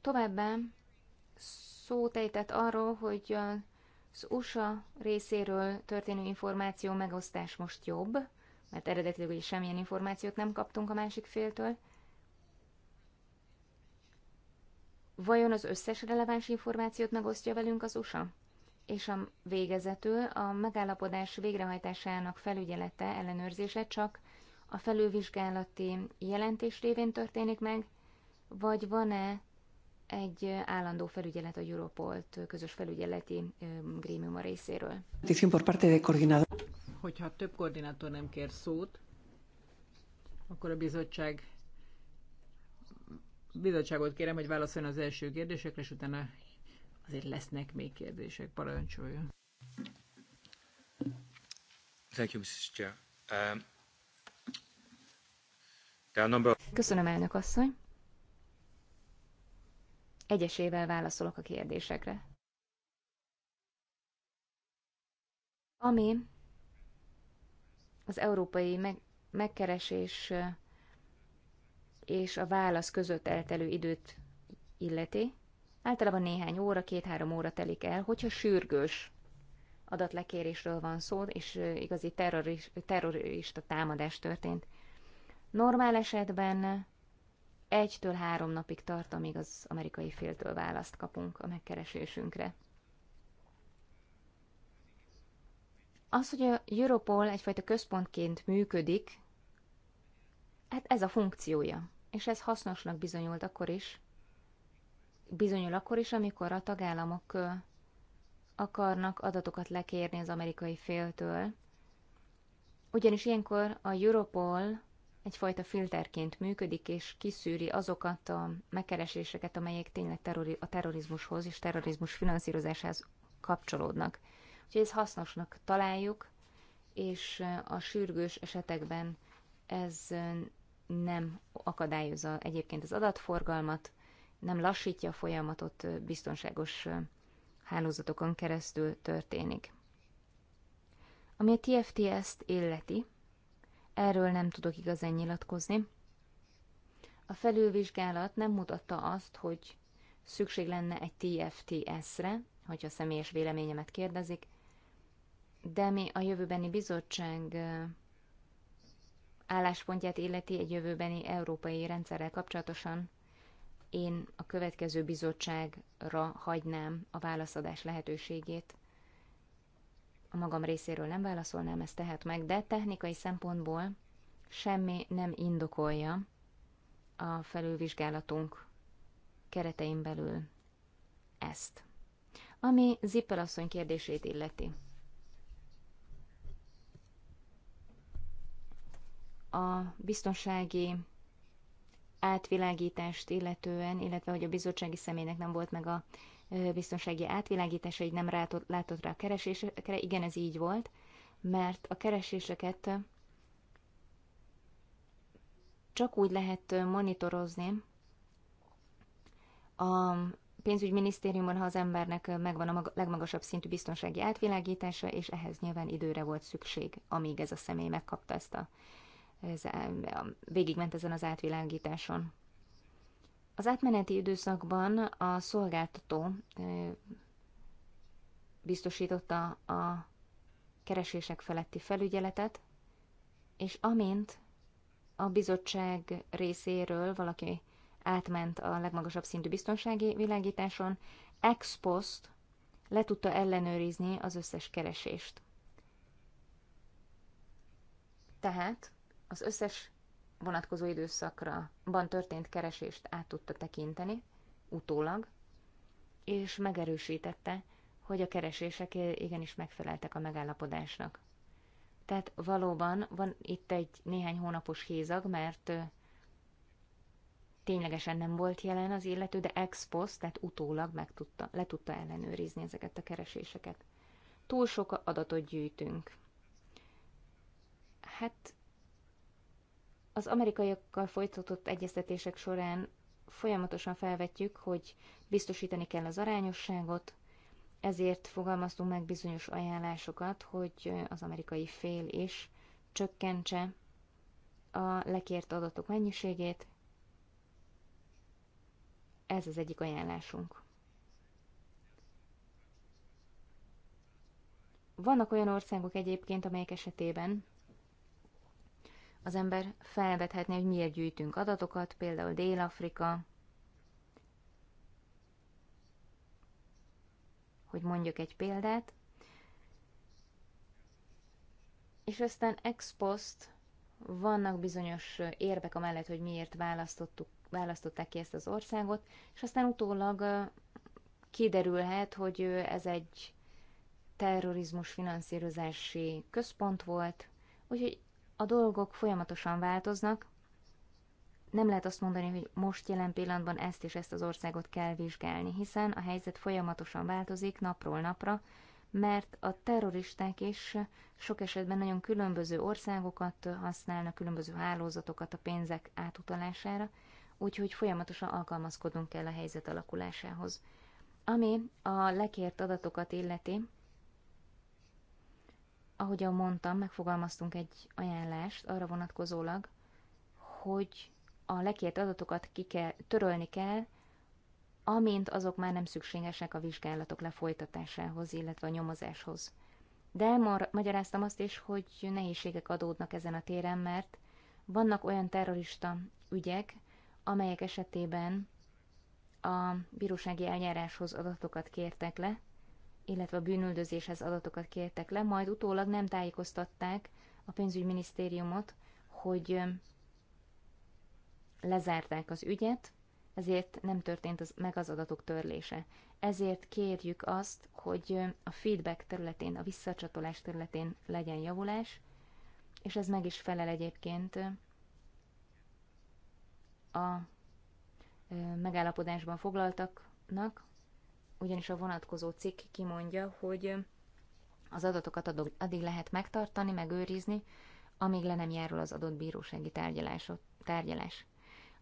Továbbá szótejtett arról, hogy az USA részéről történő információ megosztás most jobb, mert eredetileg ugye semmilyen információt nem kaptunk a másik féltől. Vajon az összes releváns információt megosztja velünk az USA? És a végezetül a megállapodás végrehajtásának felügyelete, ellenőrzése csak a felülvizsgálati jelentés révén történik meg, vagy van-e egy állandó felügyelet a Europolt közös felügyeleti grémiuma részéről. Hogyha több koordinátor nem kér szót, akkor a bizottság bizottságot kérem, hogy válaszoljon az első kérdésekre, és utána azért lesznek még kérdések. Parancsoljon. Thank you, Mrs. Chair. Um, Köszönöm, elnök asszony egyesével válaszolok a kérdésekre. Ami az európai meg, megkeresés és a válasz között eltelő időt illeti, általában néhány óra, két-három óra telik el, hogyha sürgős adatlekérésről van szó, és igazi terroris, terrorista támadás történt. Normál esetben egytől három napig tart, amíg az amerikai féltől választ kapunk a megkeresésünkre. Az, hogy a Europol egyfajta központként működik, hát ez a funkciója, és ez hasznosnak bizonyult akkor is, bizonyul akkor is, amikor a tagállamok akarnak adatokat lekérni az amerikai féltől, ugyanis ilyenkor a Europol egyfajta filterként működik, és kiszűri azokat a megkereséseket, amelyek tényleg terori- a terrorizmushoz és terrorizmus finanszírozásához kapcsolódnak. Úgyhogy ezt hasznosnak találjuk, és eh, a sürgős esetekben ez eh, nem akadályozza egyébként az adatforgalmat, nem lassítja a folyamatot, eh, biztonságos hálózatokon keresztül történik. Ami a TFTS-t illeti, Erről nem tudok igazán nyilatkozni. A felülvizsgálat nem mutatta azt, hogy szükség lenne egy TFTS-re, hogyha személyes véleményemet kérdezik, de mi a jövőbeni bizottság álláspontját illeti egy jövőbeni európai rendszerrel kapcsolatosan, én a következő bizottságra hagynám a válaszadás lehetőségét a magam részéről nem válaszolnám ezt tehet meg, de technikai szempontból semmi nem indokolja a felülvizsgálatunk keretein belül ezt. Ami Zippel asszony kérdését illeti. A biztonsági átvilágítást illetően, illetve hogy a bizottsági személynek nem volt meg a biztonsági átvilágítása, így nem rátott, látott rá a keresésekre. Igen, ez így volt, mert a kereséseket csak úgy lehet monitorozni a pénzügyminisztériumban, ha az embernek megvan a legmagasabb szintű biztonsági átvilágítása, és ehhez nyilván időre volt szükség, amíg ez a személy megkapta ezt a, ez a végigment ezen az átvilágításon. Az átmeneti időszakban a szolgáltató biztosította a keresések feletti felügyeletet, és amint a bizottság részéről valaki átment a legmagasabb szintű biztonsági világításon, ex post le tudta ellenőrizni az összes keresést. Tehát az összes vonatkozó időszakra ban történt keresést át tudta tekinteni, utólag, és megerősítette, hogy a keresések igenis megfeleltek a megállapodásnak. Tehát valóban van itt egy néhány hónapos hézag, mert ténylegesen nem volt jelen az illető, de ex post, tehát utólag meg tudta, le tudta ellenőrizni ezeket a kereséseket. Túl sok adatot gyűjtünk. Hát az amerikaiakkal folytatott egyeztetések során folyamatosan felvetjük, hogy biztosítani kell az arányosságot, ezért fogalmaztunk meg bizonyos ajánlásokat, hogy az amerikai fél is csökkentse a lekért adatok mennyiségét. Ez az egyik ajánlásunk. Vannak olyan országok egyébként, amelyek esetében az ember felvethetné, hogy miért gyűjtünk adatokat, például Dél-Afrika, hogy mondjuk egy példát, és aztán ex post vannak bizonyos érvek a mellett, hogy miért választottuk, választották ki ezt az országot, és aztán utólag kiderülhet, hogy ez egy terrorizmus finanszírozási központ volt, úgyhogy a dolgok folyamatosan változnak, nem lehet azt mondani, hogy most jelen pillanatban ezt és ezt az országot kell vizsgálni, hiszen a helyzet folyamatosan változik napról napra, mert a terroristák is sok esetben nagyon különböző országokat használnak, különböző hálózatokat a pénzek átutalására, úgyhogy folyamatosan alkalmazkodunk kell a helyzet alakulásához. Ami a lekért adatokat illeti, ahogy mondtam, megfogalmaztunk egy ajánlást arra vonatkozólag, hogy a lekért adatokat ki kell, törölni kell, amint azok már nem szükségesek a vizsgálatok lefolytatásához, illetve a nyomozáshoz. De mar- magyaráztam azt is, hogy nehézségek adódnak ezen a téren, mert vannak olyan terrorista ügyek, amelyek esetében a bírósági eljáráshoz adatokat kértek le, illetve a bűnöldözéshez adatokat kértek le, majd utólag nem tájékoztatták a pénzügyminisztériumot, hogy lezárták az ügyet, ezért nem történt az, meg az adatok törlése. Ezért kérjük azt, hogy a feedback területén, a visszacsatolás területén legyen javulás, és ez meg is felel egyébként a megállapodásban foglaltaknak, ugyanis a vonatkozó cikk kimondja, hogy az adatokat addig lehet megtartani, megőrizni, amíg le nem járul az adott bírósági tárgyalás.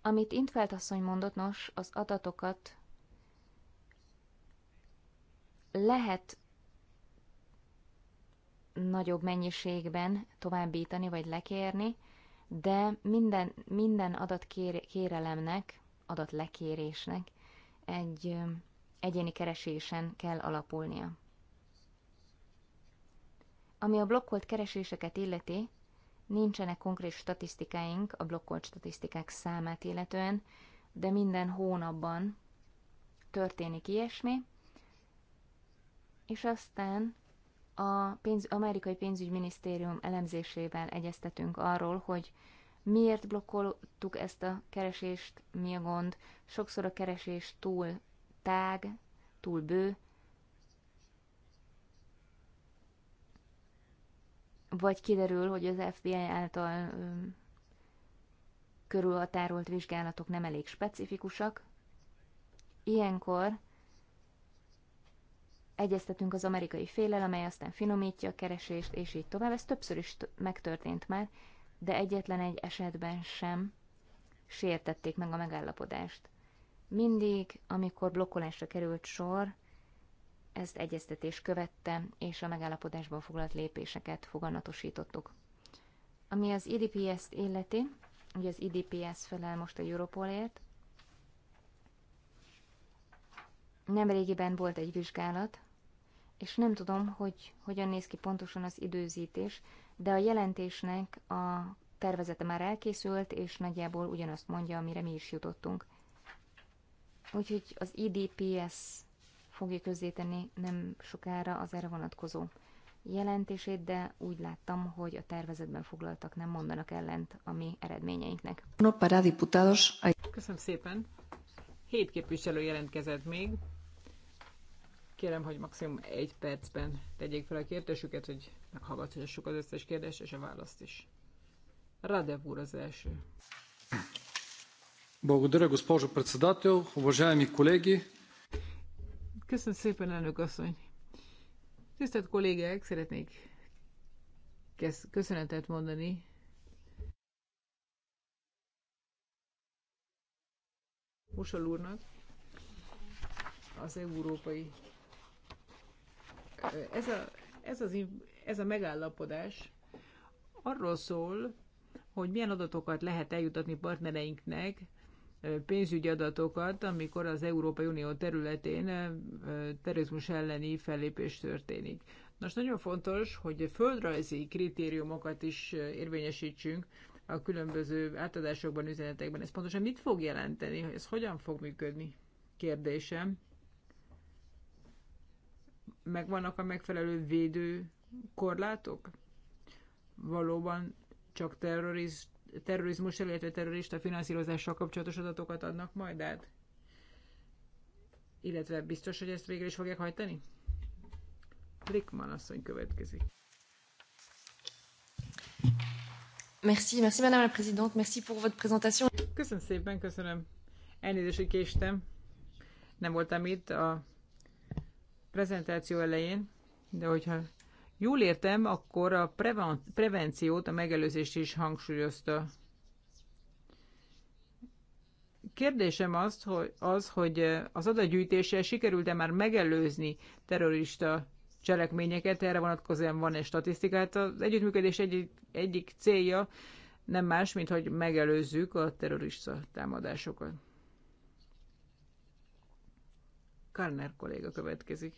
Amit Intfelt asszony mondott, nos, az adatokat lehet nagyobb mennyiségben továbbítani vagy lekérni, de minden, minden adatkérelemnek, adatlekérésnek egy egyéni keresésen kell alapulnia. Ami a blokkolt kereséseket illeti, nincsenek konkrét statisztikáink a blokkolt statisztikák számát illetően, de minden hónapban történik ilyesmi, és aztán a pénz, amerikai pénzügyminisztérium elemzésével egyeztetünk arról, hogy miért blokkoltuk ezt a keresést, mi a gond. Sokszor a keresés túl tág, túl bő, vagy kiderül, hogy az FBI által körülhatárolt vizsgálatok nem elég specifikusak. Ilyenkor egyeztetünk az amerikai félel, amely aztán finomítja a keresést, és így tovább. Ez többször is megtörtént már, de egyetlen egy esetben sem sértették meg a megállapodást. Mindig, amikor blokkolásra került sor, ezt egyeztetés követte, és a megállapodásban foglalt lépéseket foganatosítottuk. Ami az IDPS-t illeti, ugye az IDPS felel most a Europolért, nemrégiben volt egy vizsgálat, és nem tudom, hogy hogyan néz ki pontosan az időzítés, de a jelentésnek a tervezete már elkészült, és nagyjából ugyanazt mondja, amire mi is jutottunk. Úgyhogy az IDPS e fogja közzétenni nem sokára az erre vonatkozó jelentését, de úgy láttam, hogy a tervezetben foglaltak nem mondanak ellent a mi eredményeinknek. No, para diputados. Köszönöm szépen. Hét képviselő jelentkezett még. Kérem, hogy maximum egy percben tegyék fel a kérdésüket, hogy meghallgathassuk az összes kérdést és a választ is. Radev úr az első. Благодаря, госпожо председател. Уважаеми Köszönöm szépen, elnök asszony! Tisztelt kollégák, szeretnék köszönetet mondani Musol úrnak az európai. Ez a, ez, az, ez a megállapodás arról szól, hogy milyen adatokat lehet eljutatni partnereinknek pénzügyi adatokat, amikor az Európai Unió területén terrorizmus elleni fellépés történik. Most nagyon fontos, hogy földrajzi kritériumokat is érvényesítsünk a különböző átadásokban, üzenetekben. Ez pontosan mit fog jelenteni, hogy ez hogyan fog működni? Kérdésem. Megvannak a megfelelő védő korlátok? Valóban csak terrorist terrorizmus, illetve terrorista finanszírozással kapcsolatos adatokat adnak majd át? Illetve biztos, hogy ezt végre is fogják hajtani? Rickman asszony következik. Merci, merci Madame la Présidente, merci pour votre présentation. Köszönöm szépen, köszönöm. Elnézést, hogy késtem. Nem voltam itt a prezentáció elején, de hogyha jól értem, akkor a prevenciót, a megelőzést is hangsúlyozta. Kérdésem az, hogy, az, hogy eh, az adatgyűjtéssel sikerült-e már megelőzni terrorista cselekményeket, erre vonatkozóan van-e statisztikát. Az együttműködés egy, egyik célja nem más, mint hogy megelőzzük a terrorista támadásokat. Karner kolléga következik.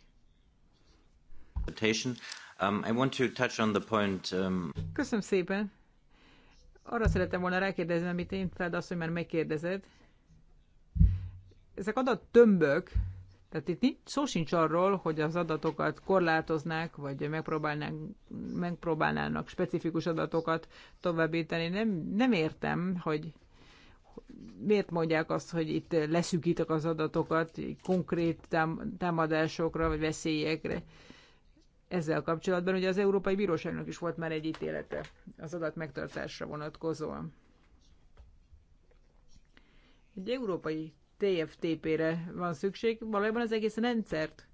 Um, um, Köszönöm szépen. Arra szerettem volna rákérdezni, amit én feld azt, hogy már megkérdezed. Ezek tömbök, tehát itt nincs, szó sincs arról, hogy az adatokat korlátoznák, vagy megpróbálnánk, megpróbálnának specifikus adatokat továbbítani. Nem, nem értem, hogy miért mondják azt, hogy itt leszűkítek az adatokat konkrét támadásokra, vagy veszélyekre ezzel kapcsolatban. Ugye az Európai Bíróságnak is volt már egy ítélete az adat megtartásra vonatkozóan. Egy európai TFTP-re van szükség, valójában az egész rendszert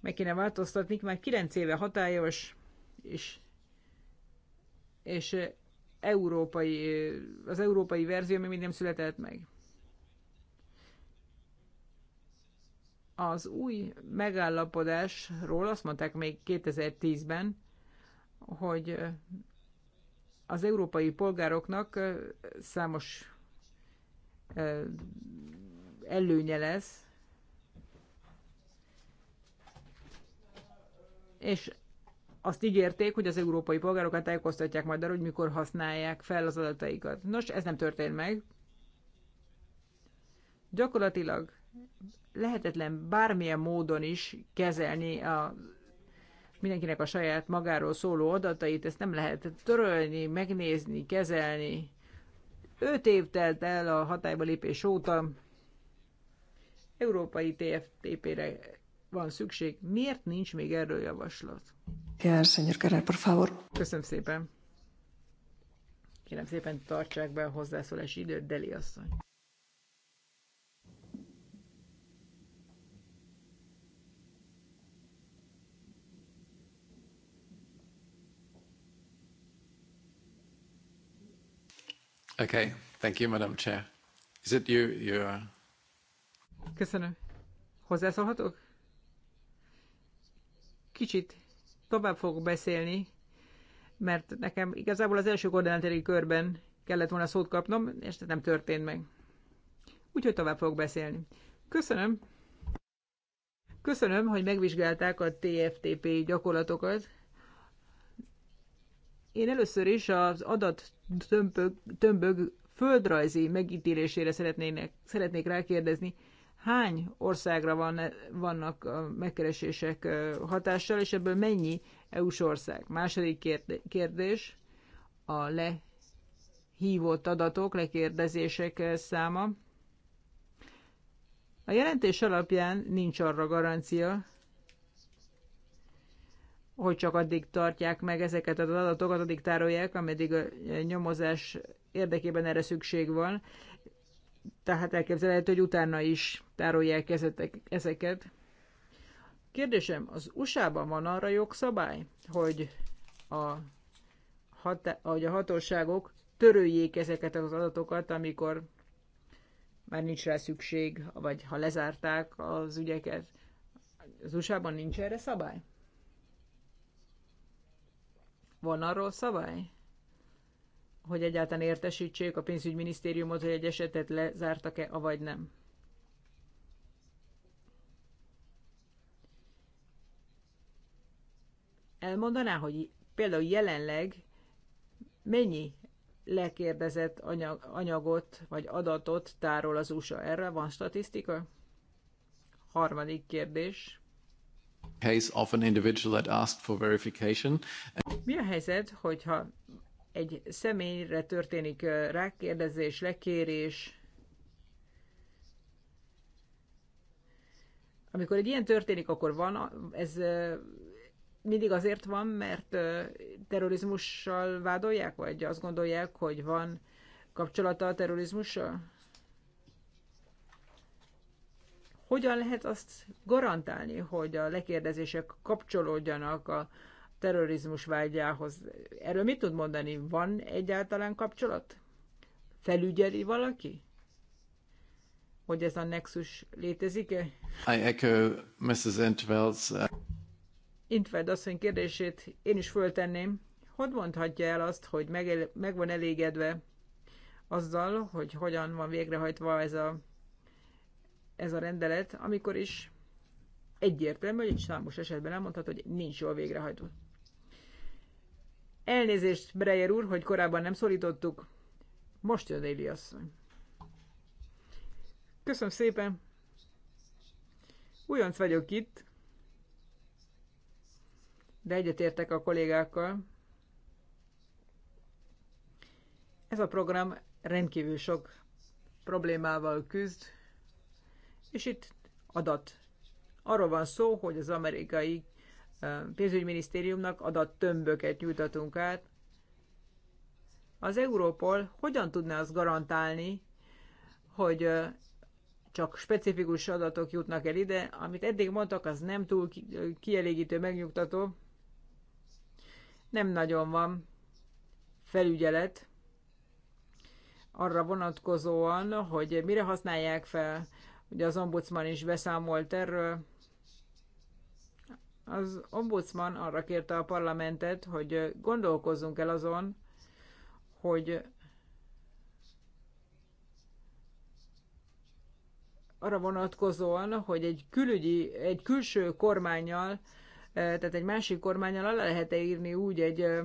meg kéne változtatni, már 9 éve hatályos, és, és eh, európai, eh, az európai verzió még nem született meg. Az új megállapodásról azt mondták még 2010-ben, hogy az európai polgároknak számos előnye lesz, és azt ígérték, hogy az európai polgárokat tájékoztatják majd arra, hogy mikor használják fel az adataikat. Nos, ez nem történt meg. Gyakorlatilag lehetetlen bármilyen módon is kezelni a mindenkinek a saját magáról szóló adatait, ezt nem lehet törölni, megnézni, kezelni. Öt év telt el a hatályba lépés óta, európai TFTP-re van szükség. Miért nincs még erről javaslat? señor por favor. Köszönöm szépen. Kérem szépen tartsák be a hozzászólási időt, Deli asszony. Okay, thank you, Madam Chair. Is it you? you are... Uh, Köszönöm. Hozzászólhatok? Kicsit tovább fogok beszélni, mert nekem igazából az első koordinátori körben kellett volna szót kapnom, és nem történt meg. Úgyhogy tovább fogok beszélni. Köszönöm. Köszönöm, hogy megvizsgálták a TFTP gyakorlatokat. Én először is az adat tömbög, tömbög földrajzi megítélésére szeretnének, szeretnék rákérdezni, hány országra van, vannak a megkeresések hatással, és ebből mennyi EU-s ország? Második kérdés, a lehívott adatok, lekérdezések száma. A jelentés alapján nincs arra garancia, hogy csak addig tartják meg ezeket az adatokat, addig tárolják, ameddig a nyomozás érdekében erre szükség van. Tehát elképzelhető, hogy utána is tárolják ezeket. Kérdésem, az USA-ban van arra jogszabály, hogy a, hatá- hogy a hatóságok töröljék ezeket az adatokat, amikor már nincs rá szükség, vagy ha lezárták az ügyeket. Az USA-ban nincs erre szabály? Van arról szabály? Hogy egyáltalán értesítsék a pénzügyminisztériumot, hogy egy esetet lezártak-e, avagy nem. Elmondaná, hogy például jelenleg mennyi lekérdezett anyag, anyagot vagy adatot tárol az USA? Erre van statisztika? Harmadik kérdés. Case of an individual that asked for verification. Mi a helyzet, hogyha egy személyre történik rákérdezés, lekérés, Amikor egy ilyen történik, akkor van, ez mindig azért van, mert terrorizmussal vádolják, vagy azt gondolják, hogy van kapcsolata a terrorizmussal? Hogyan lehet azt garantálni, hogy a lekérdezések kapcsolódjanak a terrorizmus vágyához? Erről mit tud mondani? Van egyáltalán kapcsolat? Felügyeli valaki? Hogy ez a nexus létezik-e? I echo Mrs. Intveld's... Uh... Intveld asszony kérdését én is föltenném. Hogy mondhatja el azt, hogy meg, meg van elégedve azzal, hogy hogyan van végrehajtva ez a ez a rendelet, amikor is egyértelmű, hogy számos esetben elmondhat, hogy nincs jól végrehajtó. Elnézést, Breyer úr, hogy korábban nem szólítottuk. Most jön Éli asszony. Köszönöm szépen. Újonc vagyok itt, de egyetértek a kollégákkal. Ez a program rendkívül sok problémával küzd, és itt adat. Arról van szó, hogy az amerikai pénzügyminisztériumnak adat tömböket nyújtatunk át. Az Európol hogyan tudná azt garantálni, hogy csak specifikus adatok jutnak el ide, amit eddig mondtak, az nem túl kielégítő, megnyugtató. Nem nagyon van felügyelet arra vonatkozóan, hogy mire használják fel Ugye az ombudsman is beszámolt erről. Az ombudsman arra kérte a parlamentet, hogy gondolkozzunk el azon, hogy arra vonatkozóan, hogy egy, külügyi, egy külső kormányjal, eh, tehát egy másik kormányjal alá lehet-e írni úgy egy eh,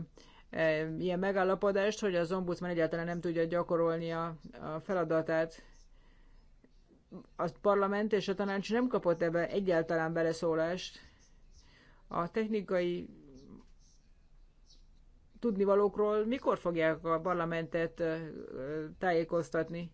eh, ilyen megállapodást, hogy az ombudsman egyáltalán nem tudja gyakorolni a, a feladatát a parlament és a tanács nem kapott ebbe egyáltalán beleszólást. A technikai tudnivalókról mikor fogják a parlamentet tájékoztatni?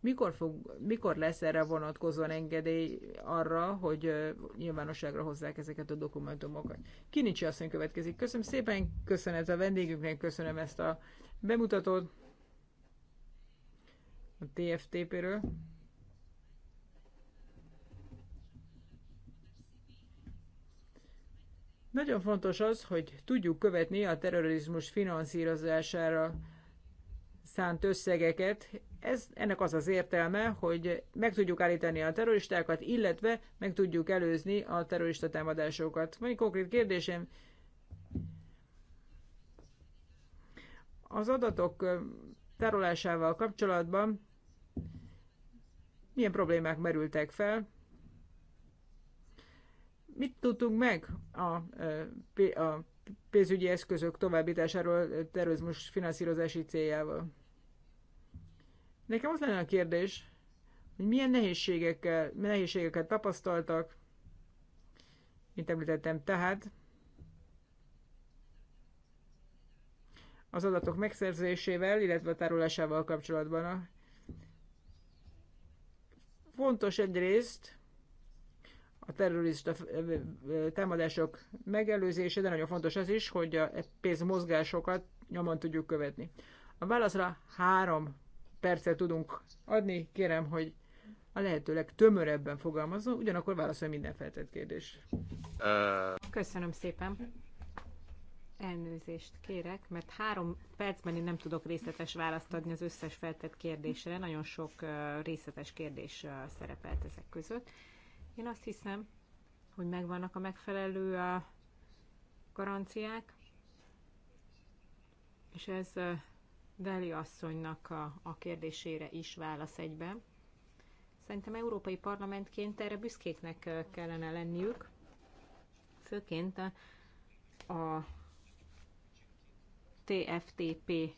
Mikor, fog, mikor lesz erre vonatkozóan engedély arra, hogy nyilvánosságra hozzák ezeket a dokumentumokat? Kinicsi asszony következik. Köszönöm szépen, köszönet a vendégünknek, köszönöm ezt a bemutatót a TFTP-ről. Nagyon fontos az, hogy tudjuk követni a terrorizmus finanszírozására szánt összegeket. Ez, ennek az az értelme, hogy meg tudjuk állítani a terroristákat, illetve meg tudjuk előzni a terrorista támadásokat. Van egy konkrét kérdésem. Az adatok tárolásával kapcsolatban milyen problémák merültek fel, mit tudtunk meg a, a pénzügyi eszközök továbbításáról terrorizmus finanszírozási céljával. Nekem az lenne a kérdés, hogy milyen nehézségekkel, nehézségeket tapasztaltak, mint említettem, tehát az adatok megszerzésével, illetve a tárolásával kapcsolatban a Fontos egyrészt a terrorista támadások megelőzése, de nagyon fontos az is, hogy a pénzmozgásokat nyomon tudjuk követni. A válaszra három percet tudunk adni. Kérem, hogy a lehetőleg tömörebben fogalmazzon, ugyanakkor válaszol minden feltett kérdés. Köszönöm szépen elnőzést kérek, mert három percben én nem tudok részletes választ adni az összes feltett kérdésre. Nagyon sok részletes kérdés szerepelt ezek között. Én azt hiszem, hogy megvannak a megfelelő garanciák, és ez Deli asszonynak a, a kérdésére is válasz egyben. Szerintem Európai Parlamentként erre büszkéknek kellene lenniük, főként a, a TFTP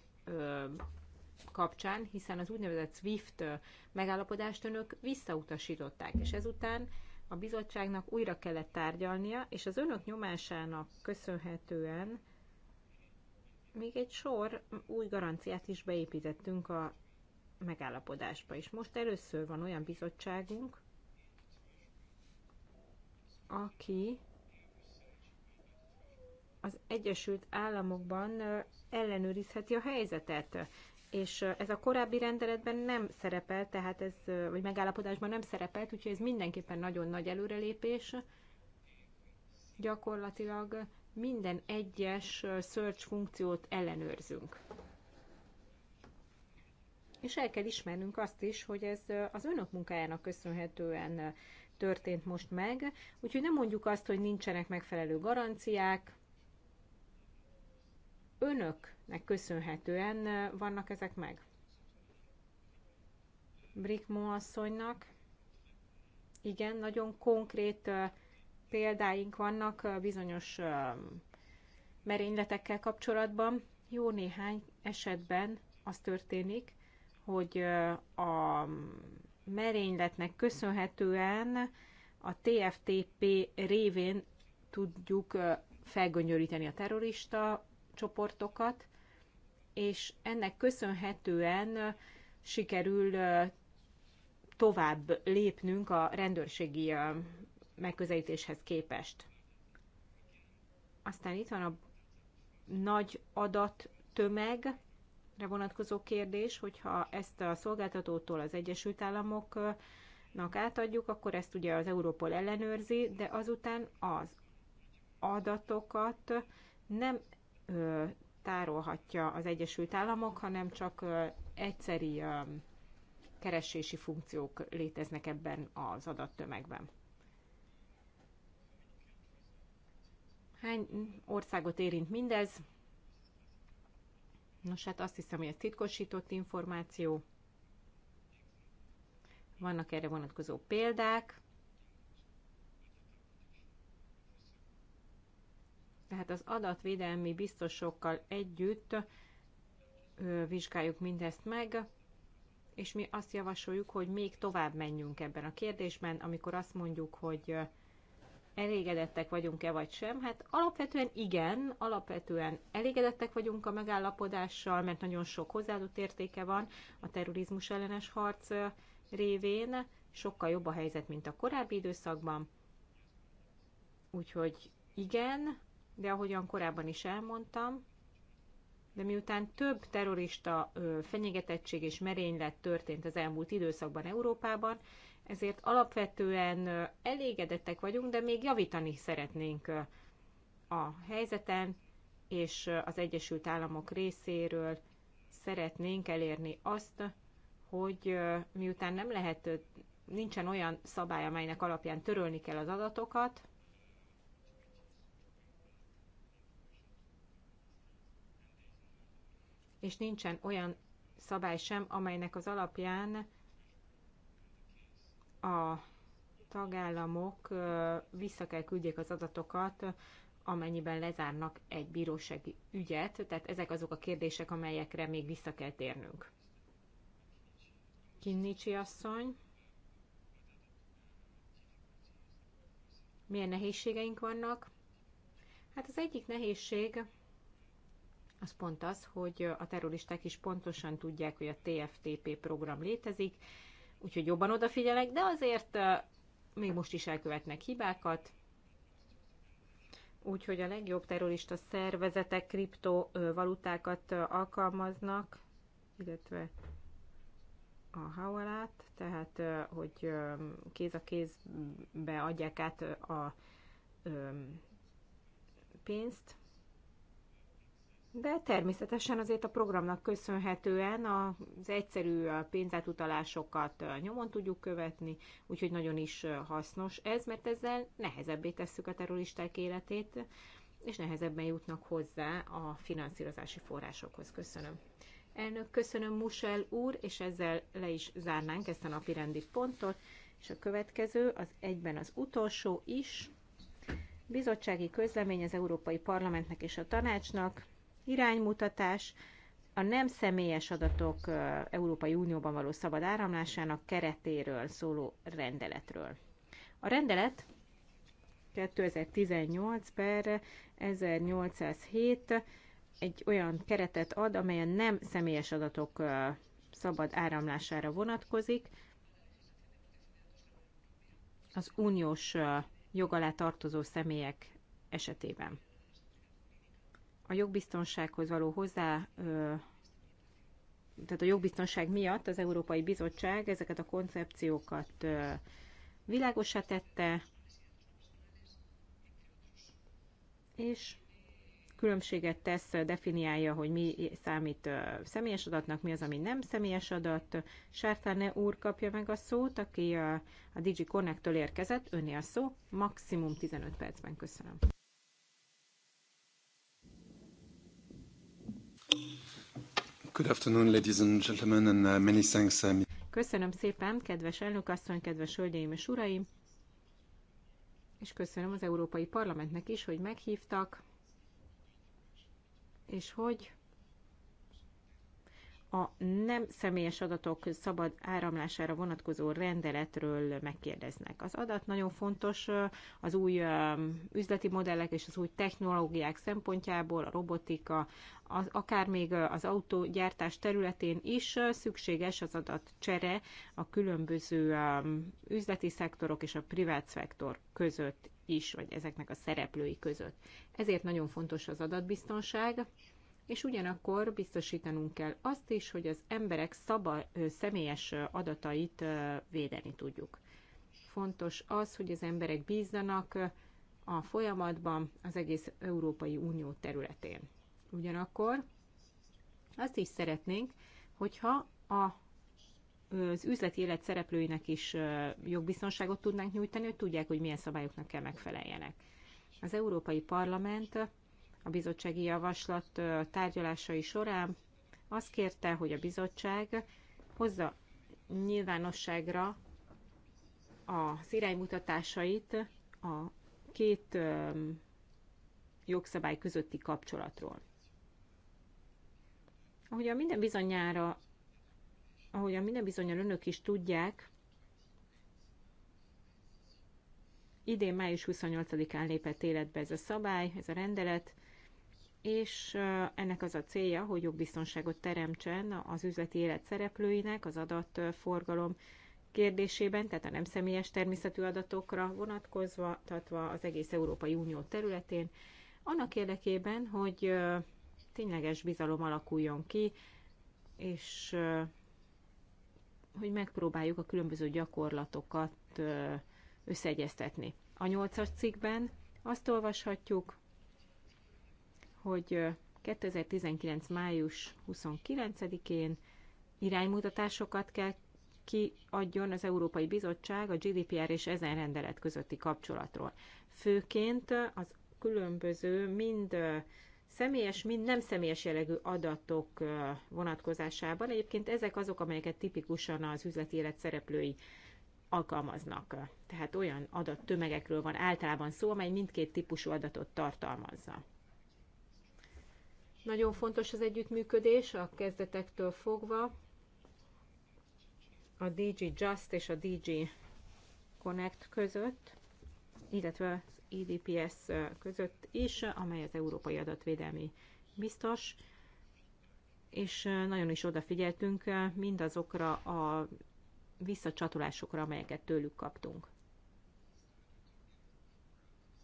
kapcsán, hiszen az úgynevezett SWIFT megállapodást önök visszautasították, és ezután a bizottságnak újra kellett tárgyalnia, és az önök nyomásának köszönhetően még egy sor új garanciát is beépítettünk a megállapodásba. És most először van olyan bizottságunk, aki az Egyesült Államokban ellenőrizheti a helyzetet. És ez a korábbi rendeletben nem szerepel, tehát ez, vagy megállapodásban nem szerepelt, úgyhogy ez mindenképpen nagyon nagy előrelépés. Gyakorlatilag minden egyes search funkciót ellenőrzünk. És el kell ismernünk azt is, hogy ez az önök munkájának köszönhetően történt most meg, úgyhogy nem mondjuk azt, hogy nincsenek megfelelő garanciák, önöknek köszönhetően vannak ezek meg. Brickmo asszonynak. Igen, nagyon konkrét példáink vannak bizonyos merényletekkel kapcsolatban. Jó néhány esetben az történik, hogy a merényletnek köszönhetően a TFTP révén tudjuk felgönyöríteni a terrorista csoportokat, és ennek köszönhetően sikerül tovább lépnünk a rendőrségi megközelítéshez képest. Aztán itt van a nagy adat adattömeg, vonatkozó kérdés, hogyha ezt a szolgáltatótól az Egyesült Államoknak átadjuk, akkor ezt ugye az Európol ellenőrzi, de azután az adatokat nem tárolhatja az Egyesült Államok, hanem csak egyszeri keresési funkciók léteznek ebben az adattömegben. Hány országot érint mindez? Nos, hát azt hiszem, hogy ez titkosított információ. Vannak erre vonatkozó példák. Tehát az adatvédelmi biztosokkal együtt vizsgáljuk mindezt meg, és mi azt javasoljuk, hogy még tovább menjünk ebben a kérdésben, amikor azt mondjuk, hogy elégedettek vagyunk-e vagy sem? Hát alapvetően igen, alapvetően elégedettek vagyunk a megállapodással, mert nagyon sok hozzáadott értéke van a terrorizmus ellenes harc révén, sokkal jobb a helyzet, mint a korábbi időszakban. Úgyhogy igen, de ahogyan korábban is elmondtam, de miután több terrorista fenyegetettség és merénylet történt az elmúlt időszakban Európában, ezért alapvetően elégedettek vagyunk, de még javítani szeretnénk a helyzeten, és az Egyesült Államok részéről szeretnénk elérni azt, hogy miután nem lehet, nincsen olyan szabály, amelynek alapján törölni kell az adatokat, és nincsen olyan szabály sem, amelynek az alapján a tagállamok vissza kell küldjék az adatokat, amennyiben lezárnak egy bírósági ügyet, tehát ezek azok a kérdések, amelyekre még vissza kell térnünk. Kinnicsi asszony. Milyen nehézségeink vannak? Hát az egyik nehézség az pont az, hogy a terroristák is pontosan tudják, hogy a TFTP program létezik, úgyhogy jobban odafigyelek, de azért még most is elkövetnek hibákat, úgyhogy a legjobb terrorista szervezetek kriptovalutákat alkalmaznak, illetve a hawalát, tehát hogy kéz a kézbe adják át a pénzt, de természetesen azért a programnak köszönhetően az egyszerű pénzátutalásokat nyomon tudjuk követni, úgyhogy nagyon is hasznos ez, mert ezzel nehezebbé tesszük a terroristák életét, és nehezebben jutnak hozzá a finanszírozási forrásokhoz. Köszönöm. Elnök, köszönöm Musel úr, és ezzel le is zárnánk ezt a napi rendi pontot, és a következő az egyben az utolsó is. Bizottsági közlemény az Európai Parlamentnek és a Tanácsnak iránymutatás a nem személyes adatok Európai Unióban való szabad áramlásának keretéről szóló rendeletről. A rendelet 2018 per 1807 egy olyan keretet ad, amelyen nem személyes adatok szabad áramlására vonatkozik. Az uniós jog alá tartozó személyek esetében a jogbiztonsághoz való hozzá, tehát a jogbiztonság miatt az Európai Bizottság ezeket a koncepciókat világosá tette, és különbséget tesz, definiálja, hogy mi számít személyes adatnak, mi az, ami nem személyes adat. Sártáne úr kapja meg a szót, aki a, a DigiConnect-től érkezett, önni a szó, maximum 15 percben köszönöm. Good afternoon, ladies and gentlemen, and uh, many thanks. Uh, köszönöm szépen, kedves elnökasszony, kedves hölgyeim és uraim, és köszönöm az Európai Parlamentnek is, hogy meghívtak, és hogy a nem személyes adatok szabad áramlására vonatkozó rendeletről megkérdeznek. Az adat nagyon fontos az új üzleti modellek és az új technológiák szempontjából, a robotika, az, akár még az autógyártás területén is szükséges az adatcsere a különböző üzleti szektorok és a privát szektor között is, vagy ezeknek a szereplői között. Ezért nagyon fontos az adatbiztonság, és ugyanakkor biztosítanunk kell azt is, hogy az emberek szaba, személyes adatait védeni tudjuk. Fontos az, hogy az emberek bízzanak a folyamatban az egész Európai Unió területén. Ugyanakkor azt is szeretnénk, hogyha a az üzleti élet szereplőinek is jogbiztonságot tudnánk nyújtani, hogy tudják, hogy milyen szabályoknak kell megfeleljenek. Az Európai Parlament a bizottsági javaslat tárgyalásai során azt kérte, hogy a bizottság hozza nyilvánosságra az iránymutatásait a két jogszabály közötti kapcsolatról. a minden bizonyára, a minden bizonyal önök is tudják, idén május 28-án lépett életbe ez a szabály, ez a rendelet, és ennek az a célja, hogy jogbiztonságot teremtsen az üzleti élet szereplőinek az adatforgalom kérdésében, tehát a nem személyes természetű adatokra vonatkozva, tatva az egész Európai Unió területén, annak érdekében, hogy tényleges bizalom alakuljon ki, és hogy megpróbáljuk a különböző gyakorlatokat összeegyeztetni. A nyolcas cikkben azt olvashatjuk, hogy 2019. május 29-én iránymutatásokat kell kiadjon az Európai Bizottság a GDPR és ezen rendelet közötti kapcsolatról. Főként az különböző mind személyes, mind nem személyes jellegű adatok vonatkozásában. Egyébként ezek azok, amelyeket tipikusan az üzleti élet szereplői alkalmaznak. Tehát olyan adattömegekről van általában szó, amely mindkét típusú adatot tartalmazza. Nagyon fontos az együttműködés a kezdetektől fogva. A DG Just és a DG Connect között, illetve az IDPS e között is, amely az Európai Adatvédelmi Biztos, és nagyon is odafigyeltünk mindazokra a visszacsatolásokra, amelyeket tőlük kaptunk.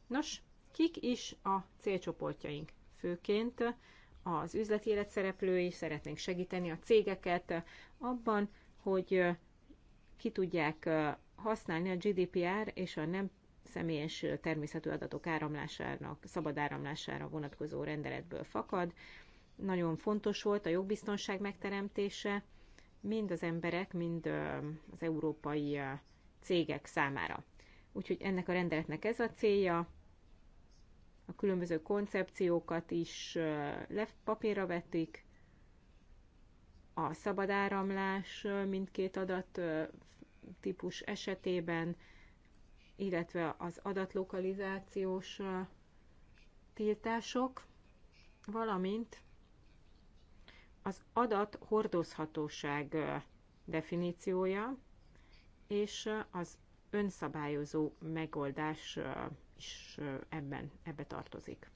Nos, kik is a célcsoportjaink? Főként az üzleti élet szereplői, szeretnénk segíteni a cégeket abban, hogy ki tudják használni a GDPR és a nem személyes természetű adatok áramlásának, szabad áramlására vonatkozó rendeletből fakad. Nagyon fontos volt a jogbiztonság megteremtése, mind az emberek, mind az európai cégek számára. Úgyhogy ennek a rendeletnek ez a célja, a különböző koncepciókat is papírra vetik, a szabad áramlás mindkét adat típus esetében, illetve az adatlokalizációs tiltások, valamint az adat hordozhatóság definíciója és az önszabályozó megoldás is ebben, ebbe tartozik.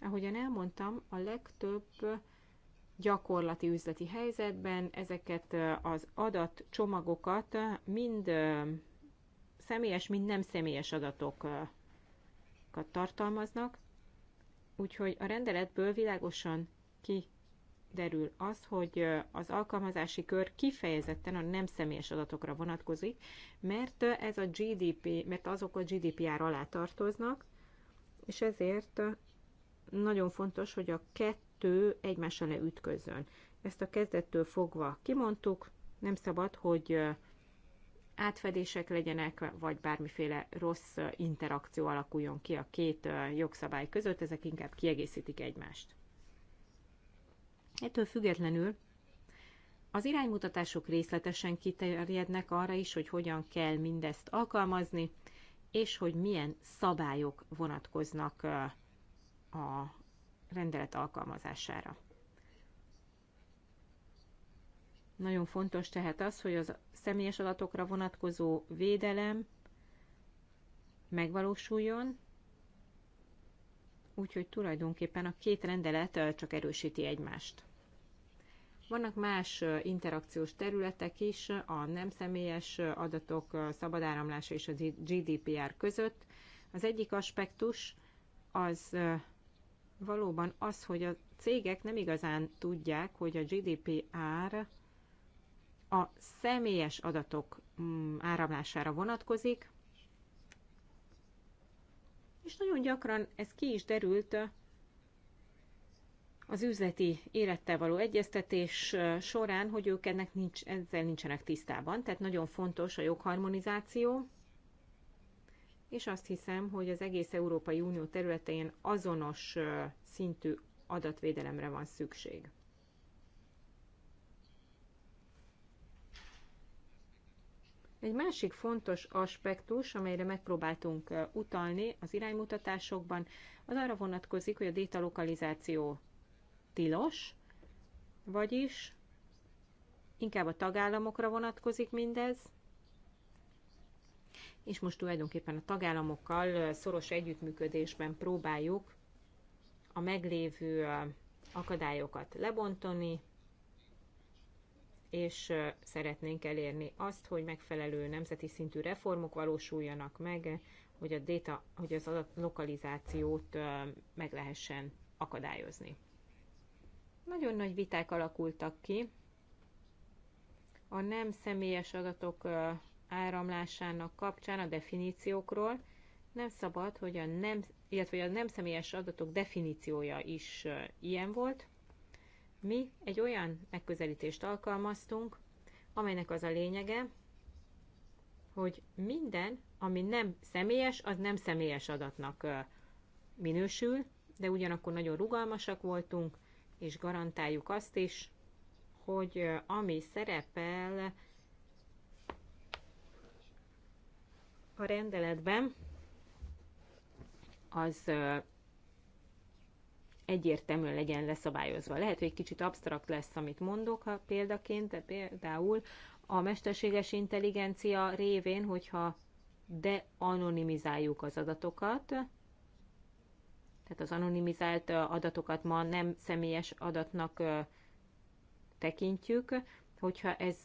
Ahogyan elmondtam, a legtöbb gyakorlati üzleti helyzetben ezeket az adatcsomagokat mind személyes, mind nem személyes adatokat tartalmaznak, úgyhogy a rendeletből világosan ki derül az, hogy az alkalmazási kör kifejezetten a nem személyes adatokra vonatkozik, mert ez a GDP, mert azok a GDPR alá tartoznak, és ezért nagyon fontos, hogy a kettő egymással ne ütközön. Ezt a kezdettől fogva kimondtuk, nem szabad, hogy átfedések legyenek, vagy bármiféle rossz interakció alakuljon ki a két jogszabály között, ezek inkább kiegészítik egymást. Ettől függetlenül az iránymutatások részletesen kiterjednek arra is, hogy hogyan kell mindezt alkalmazni, és hogy milyen szabályok vonatkoznak a rendelet alkalmazására. Nagyon fontos tehát az, hogy az személyes adatokra vonatkozó védelem megvalósuljon, Úgyhogy tulajdonképpen a két rendelet csak erősíti egymást. Vannak más interakciós területek is, a nem személyes adatok szabadáramlása és a GDPR között. Az egyik aspektus az valóban az, hogy a cégek nem igazán tudják, hogy a GDPR a személyes adatok mm, áramlására vonatkozik, és nagyon gyakran ez ki is derült az üzleti élettel való egyeztetés során, hogy ők ennek nincs, ezzel nincsenek tisztában, tehát nagyon fontos a jogharmonizáció, és azt hiszem, hogy az egész Európai Unió területén azonos szintű adatvédelemre van szükség. Egy másik fontos aspektus, amelyre megpróbáltunk utalni az iránymutatásokban, az arra vonatkozik, hogy a détalokalizáció tilos, vagyis inkább a tagállamokra vonatkozik mindez, és most tulajdonképpen a tagállamokkal szoros együttműködésben próbáljuk a meglévő akadályokat lebontani, és szeretnénk elérni azt, hogy megfelelő nemzeti szintű reformok valósuljanak meg, hogy, a data, hogy az adat lokalizációt meg lehessen akadályozni. Nagyon nagy viták alakultak ki. A nem személyes adatok áramlásának kapcsán a definíciókról nem szabad, hogy a nem, illetve a nem személyes adatok definíciója is ilyen volt, mi egy olyan megközelítést alkalmaztunk, amelynek az a lényege, hogy minden, ami nem személyes, az nem személyes adatnak minősül, de ugyanakkor nagyon rugalmasak voltunk, és garantáljuk azt is, hogy ami szerepel a rendeletben, az egyértelműen legyen leszabályozva. Lehet, hogy egy kicsit absztrakt lesz, amit mondok ha példaként, de például a mesterséges intelligencia révén, hogyha de-anonimizáljuk az adatokat, tehát az anonimizált adatokat ma nem személyes adatnak tekintjük, hogyha ez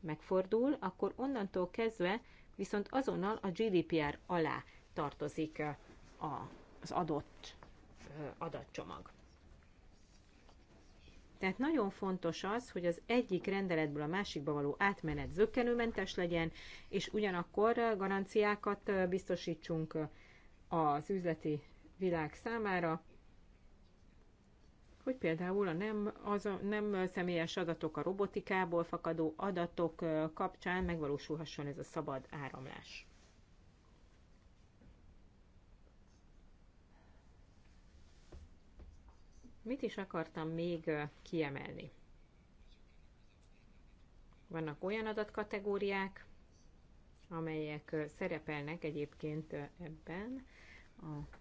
megfordul, akkor onnantól kezdve viszont azonnal a GDPR alá tartozik az adott adatcsomag. Tehát nagyon fontos az, hogy az egyik rendeletből a másikba való átmenet zöggenőmentes legyen, és ugyanakkor garanciákat biztosítsunk az üzleti világ számára, hogy például a nem, az a nem személyes adatok, a robotikából fakadó adatok kapcsán megvalósulhasson ez a szabad áramlás. Mit is akartam még kiemelni? Vannak olyan adatkategóriák, amelyek szerepelnek egyébként ebben. A,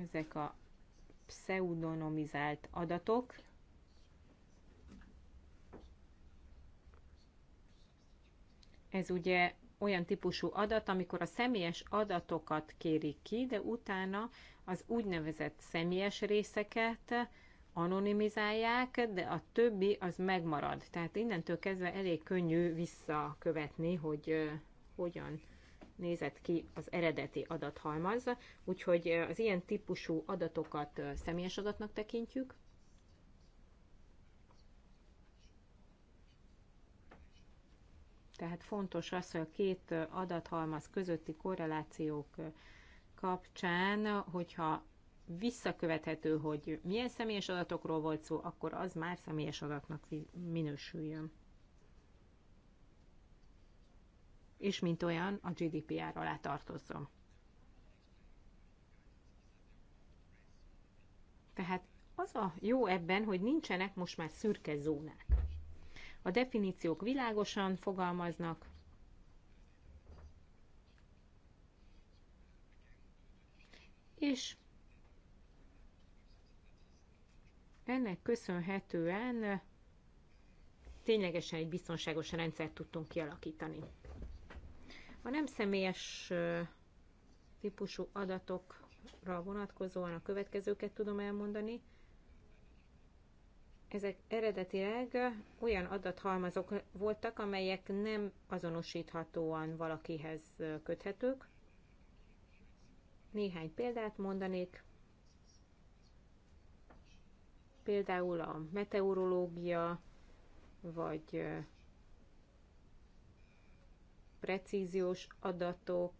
ezek a pseudonomizált adatok, Ez ugye olyan típusú adat, amikor a személyes adatokat kérik ki, de utána az úgynevezett személyes részeket anonimizálják, de a többi az megmarad. Tehát innentől kezdve elég könnyű visszakövetni, hogy hogyan nézett ki az eredeti adathalmaz, úgyhogy az ilyen típusú adatokat személyes adatnak tekintjük, Tehát fontos az, hogy a két adathalmaz közötti korrelációk kapcsán, hogyha visszakövethető, hogy milyen személyes adatokról volt szó, akkor az már személyes adatnak minősüljön. És mint olyan a GDPR alá tartozzon. Tehát az a jó ebben, hogy nincsenek most már szürke zónák a definíciók világosan fogalmaznak, és ennek köszönhetően ténylegesen egy biztonságos rendszert tudtunk kialakítani. A nem személyes típusú adatokra vonatkozóan a következőket tudom elmondani ezek eredetileg olyan adathalmazok voltak, amelyek nem azonosíthatóan valakihez köthetők. Néhány példát mondanék. Például a meteorológia, vagy precíziós adatok,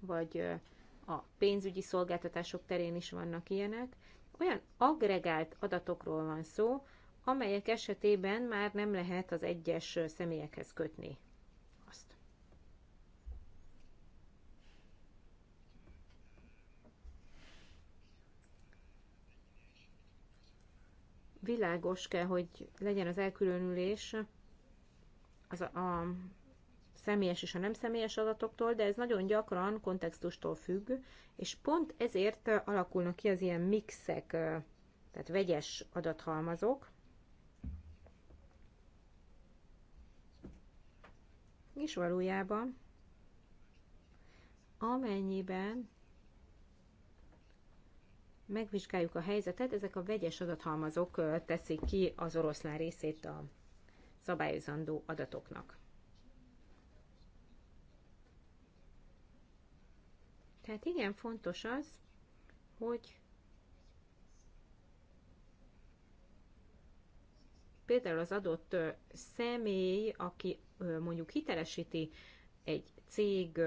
vagy a pénzügyi szolgáltatások terén is vannak ilyenek olyan agregált adatokról van szó, amelyek esetében már nem lehet az egyes személyekhez kötni azt. Világos kell, hogy legyen az elkülönülés az a, a személyes és a nem személyes adatoktól, de ez nagyon gyakran kontextustól függ, és pont ezért alakulnak ki az ilyen mixek, tehát vegyes adathalmazok. És valójában, amennyiben megvizsgáljuk a helyzetet, ezek a vegyes adathalmazok teszik ki az oroszlán részét a szabályozandó adatoknak. Tehát igen, fontos az, hogy például az adott személy, aki mondjuk hitelesíti egy cég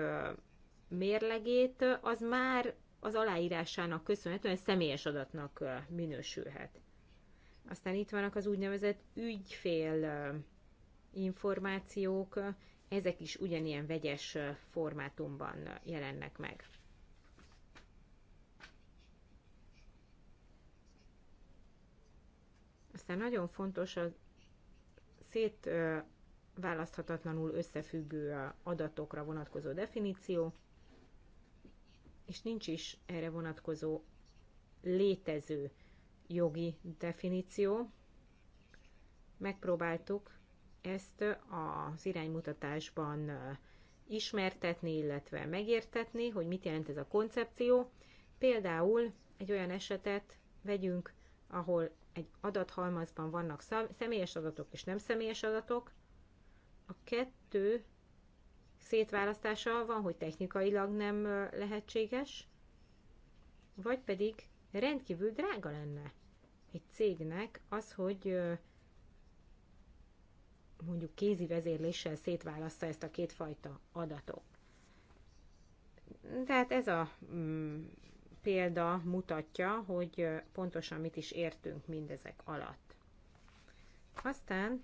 mérlegét, az már az aláírásának köszönhetően személyes adatnak minősülhet. Aztán itt vannak az úgynevezett ügyfél információk, ezek is ugyanilyen vegyes formátumban jelennek meg. Aztán nagyon fontos a szétválaszthatatlanul összefüggő adatokra vonatkozó definíció, és nincs is erre vonatkozó létező jogi definíció. Megpróbáltuk ezt az iránymutatásban ismertetni, illetve megértetni, hogy mit jelent ez a koncepció. Például egy olyan esetet vegyünk, ahol egy adathalmazban vannak személyes adatok és nem személyes adatok, a kettő szétválasztása van, hogy technikailag nem lehetséges, vagy pedig rendkívül drága lenne egy cégnek az, hogy mondjuk kézi vezérléssel szétválasztja ezt a kétfajta adatot. Tehát ez a mm, példa mutatja, hogy pontosan mit is értünk mindezek alatt. Aztán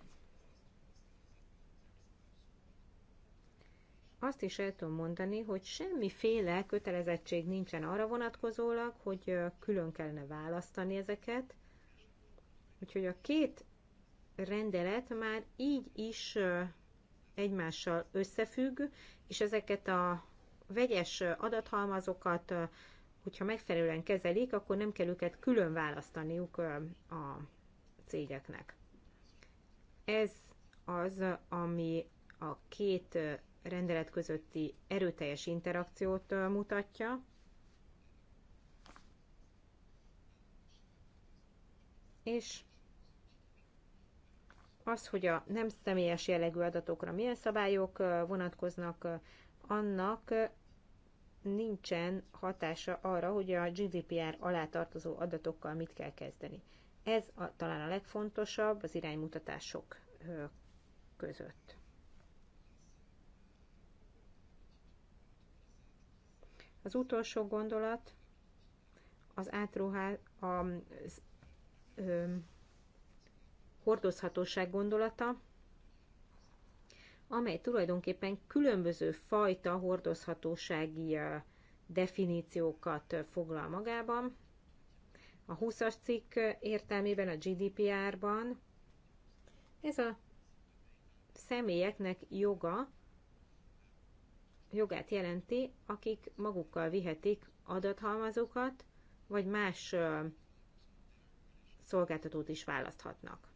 azt is el tudom mondani, hogy semmiféle kötelezettség nincsen arra vonatkozólag, hogy külön kellene választani ezeket. Úgyhogy a két rendelet már így is egymással összefügg, és ezeket a vegyes adathalmazokat hogyha megfelelően kezelik, akkor nem kell őket külön választaniuk a cégeknek. Ez az, ami a két rendelet közötti erőteljes interakciót mutatja. És az, hogy a nem személyes jellegű adatokra milyen szabályok vonatkoznak, annak nincsen hatása arra, hogy a GDPR alá tartozó adatokkal mit kell kezdeni. Ez a, talán a legfontosabb az iránymutatások között. Az utolsó gondolat az átruház, az ö, hordozhatóság gondolata amely tulajdonképpen különböző fajta hordozhatósági definíciókat foglal magában. A 20-as cikk értelmében a GDPR-ban ez a személyeknek joga, jogát jelenti, akik magukkal vihetik adathalmazokat, vagy más szolgáltatót is választhatnak.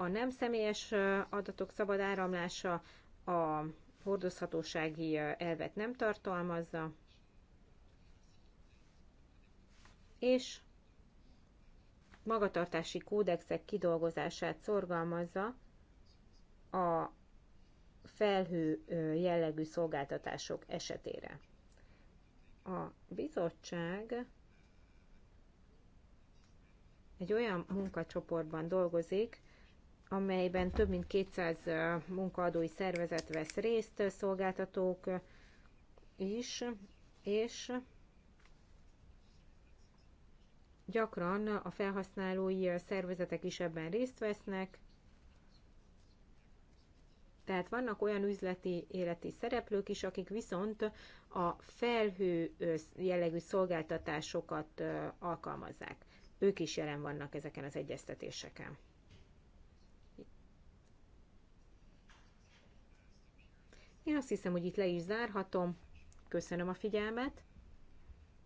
a nem személyes adatok szabad áramlása a hordozhatósági elvet nem tartalmazza, és magatartási kódexek kidolgozását szorgalmazza a felhő jellegű szolgáltatások esetére. A bizottság egy olyan munkacsoportban dolgozik, amelyben több mint 200 munkaadói szervezet vesz részt, szolgáltatók is, és gyakran a felhasználói szervezetek is ebben részt vesznek, tehát vannak olyan üzleti életi szereplők is, akik viszont a felhő jellegű szolgáltatásokat alkalmazzák. Ők is jelen vannak ezeken az egyeztetéseken. Én azt hiszem, hogy itt le is zárhatom. Köszönöm a figyelmet,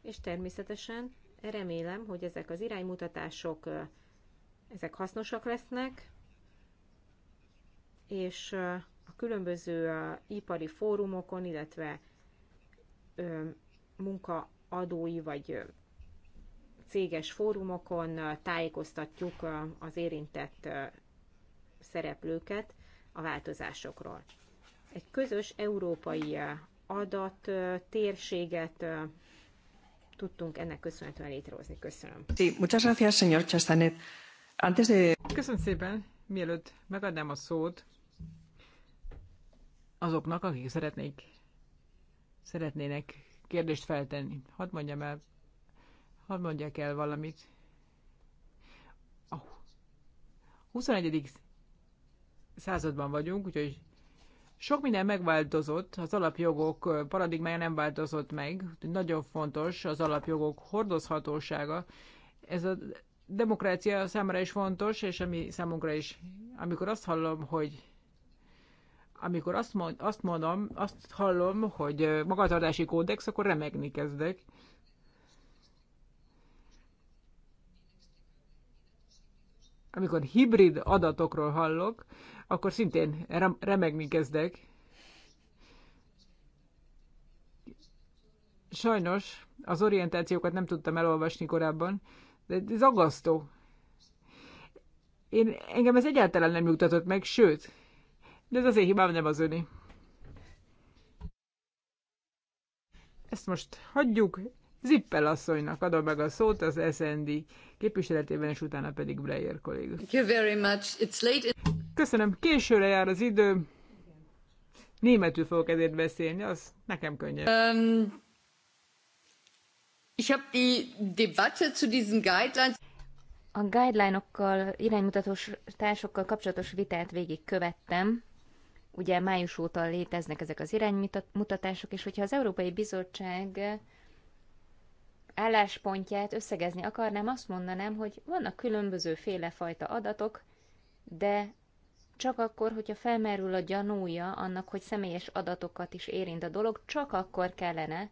és természetesen remélem, hogy ezek az iránymutatások ezek hasznosak lesznek, és a különböző ipari fórumokon, illetve munkaadói vagy céges fórumokon tájékoztatjuk az érintett szereplőket a változásokról egy közös európai eh, adat eh, térséget eh, tudtunk ennek köszönhetően létrehozni. Köszönöm. Sí, muchas gracias, señor Chastanet. Antes de... Köszönöm szépen. Mielőtt megadnám a szót azoknak, akik szeretnék, szeretnének kérdést feltenni. Hadd mondjam el, hadd mondjak el valamit. A 21. században vagyunk, úgyhogy sok minden megváltozott, az alapjogok paradigmája nem változott meg, nagyon fontos az alapjogok hordozhatósága. Ez a demokrácia számára is fontos, és ami számunkra is, amikor azt hallom, hogy amikor azt, mond, azt mondom, azt hallom, hogy magatartási kódex, akkor remegni kezdek. Amikor hibrid adatokról hallok, akkor szintén remegni kezdek. Sajnos az orientációkat nem tudtam elolvasni korábban, de ez aggasztó. Én, engem ez egyáltalán nem nyugtatott meg, sőt, de ez az én hibám nem az öné. Ezt most hagyjuk, Zippel asszonynak adom meg a szót az SND képviseletében, és utána pedig Breyer kollégus. Thank you very much. It's late. Köszönöm, későre jár az idő. Németül fogok ezért beszélni, az nekem könnyebb. Um, ich habe die Debatte zu diesen Guidelines a guideline-okkal, iránymutatós társokkal kapcsolatos vitát végig követtem. Ugye május óta léteznek ezek az iránymutatások, és hogyha az Európai Bizottság álláspontját összegezni akarnám, azt mondanám, hogy vannak különböző féle fajta adatok, de csak akkor, hogyha felmerül a gyanúja annak, hogy személyes adatokat is érint a dolog, csak akkor kellene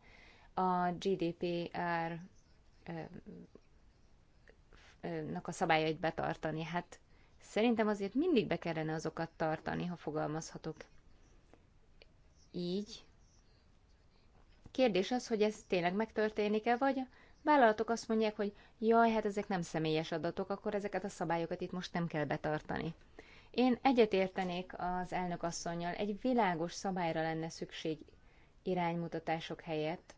a GDPR nak a szabályait betartani. Hát szerintem azért mindig be kellene azokat tartani, ha fogalmazhatok így. Kérdés az, hogy ez tényleg megtörténik-e, vagy a vállalatok azt mondják, hogy jaj, hát ezek nem személyes adatok, akkor ezeket a szabályokat itt most nem kell betartani. Én egyetértenék az elnök asszonynal, egy világos szabályra lenne szükség iránymutatások helyett.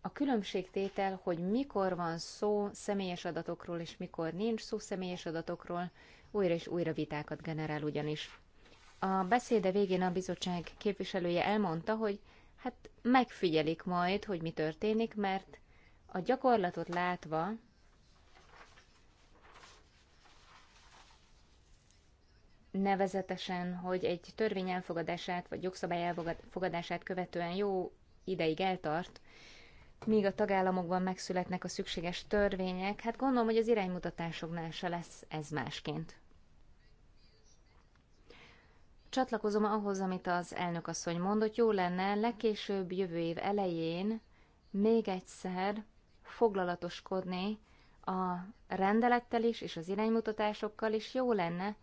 A különbségtétel, hogy mikor van szó személyes adatokról, és mikor nincs szó személyes adatokról, újra és újra vitákat generál ugyanis. A beszéde végén a bizottság képviselője elmondta, hogy hát megfigyelik majd, hogy mi történik, mert a gyakorlatot látva nevezetesen, hogy egy törvény elfogadását vagy jogszabály elfogadását követően jó ideig eltart, míg a tagállamokban megszületnek a szükséges törvények, hát gondolom, hogy az iránymutatásoknál se lesz ez másként. Csatlakozom ahhoz, amit az elnök asszony mondott, jó lenne legkésőbb jövő év elején még egyszer foglalatoskodni a rendelettel is és az iránymutatásokkal is, jó lenne,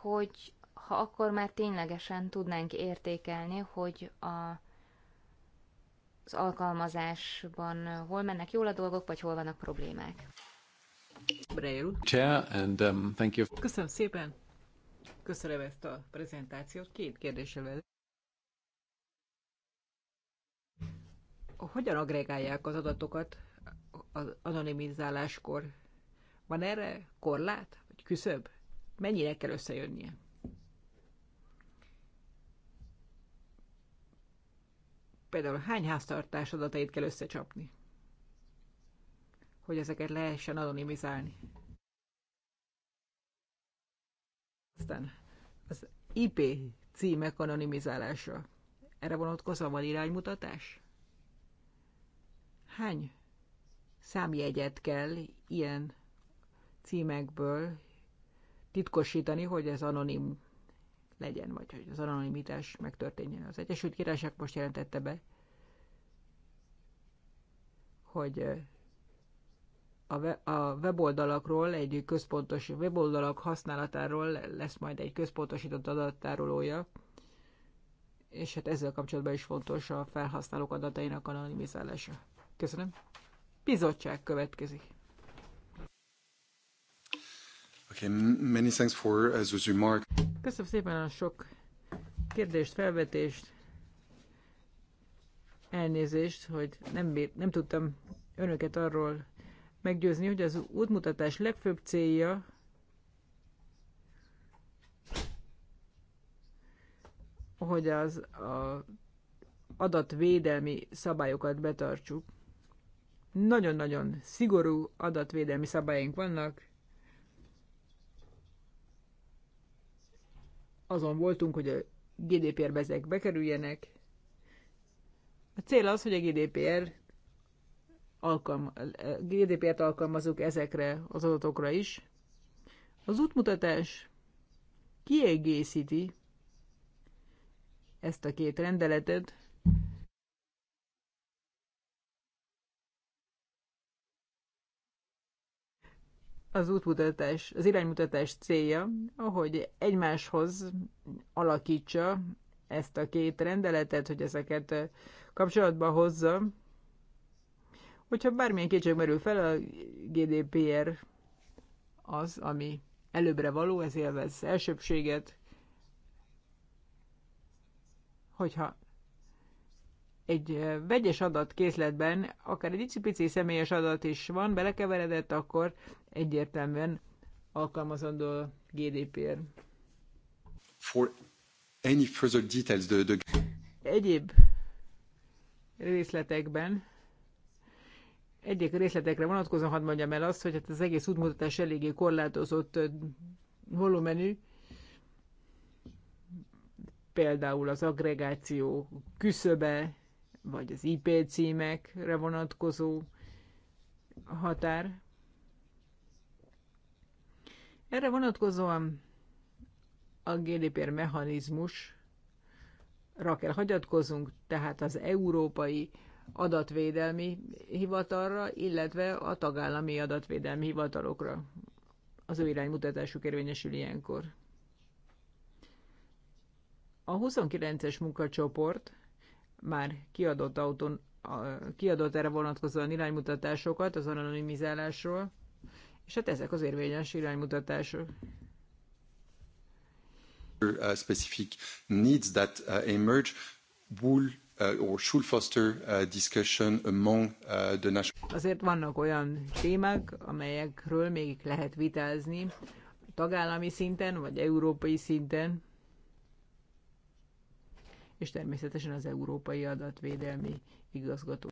hogy ha akkor már ténylegesen tudnánk értékelni, hogy a, az alkalmazásban hol mennek jól a dolgok, vagy hol vannak problémák. Chair, and, um, thank you. Köszönöm szépen! Köszönöm ezt a prezentációt. Két kérdésevel. Hogyan agregálják az adatokat az anonimizáláskor? Van erre korlát, vagy küszöb? mennyire kell összejönnie. Például hány háztartás adatait kell összecsapni, hogy ezeket lehessen anonimizálni. Aztán az IP címek anonimizálása. Erre vonatkozóan van iránymutatás? Hány számjegyet kell ilyen címekből, titkosítani, hogy ez anonim legyen, vagy hogy az anonimitás megtörténjen. Az Egyesült Királyság most jelentette be, hogy a weboldalakról, egy központos weboldalak használatáról lesz majd egy központosított adattárolója, és hát ezzel kapcsolatban is fontos a felhasználók adatainak anonimizálása. Köszönöm. Bizottság következik. Okay, many thanks for was uh, remark. Köszönöm szépen a sok kérdést, felvetést, elnézést, hogy nem, bír, nem tudtam önöket arról meggyőzni, hogy az útmutatás legfőbb célja hogy az a adatvédelmi szabályokat betartsuk. Nagyon-nagyon szigorú adatvédelmi szabályunk vannak, azon voltunk, hogy a GDPR-be ezek bekerüljenek. A cél az, hogy a GDPR alkalm, GDPR-t alkalmazunk ezekre az adatokra is. Az útmutatás kiegészíti ezt a két rendeletet, az útmutatás, az iránymutatás célja, hogy egymáshoz alakítsa ezt a két rendeletet, hogy ezeket kapcsolatba hozza. Hogyha bármilyen kétség merül fel, a GDPR az, ami előbbre való, ez élvez elsőbséget. Hogyha egy vegyes adat készletben, akár egy icipici személyes adat is van belekeveredett, akkor egyértelműen alkalmazandó GDPR. For any further details, the, the... Egyéb részletekben egyik részletekre vonatkozóan hadd mondjam el azt, hogy hát az egész útmutatás eléggé korlátozott volumenű, például az agregáció küszöbe, vagy az IP címekre vonatkozó határ. Erre vonatkozóan a GDPR mechanizmusra kell hagyatkozunk, tehát az európai adatvédelmi hivatalra, illetve a tagállami adatvédelmi hivatalokra. Az ő iránymutatásuk érvényesül ilyenkor. A 29-es munkacsoport már kiadott, autón, kiadott erre vonatkozóan iránymutatásokat az anonimizálásról, és hát ezek az érvényes iránymutatások. Uh, specific needs that uh, emerge will uh, or should foster discussion among the national. Azért vannak olyan témák, amelyekről még lehet vitázni tagállami szinten vagy európai szinten és természetesen az Európai Adatvédelmi Igazgató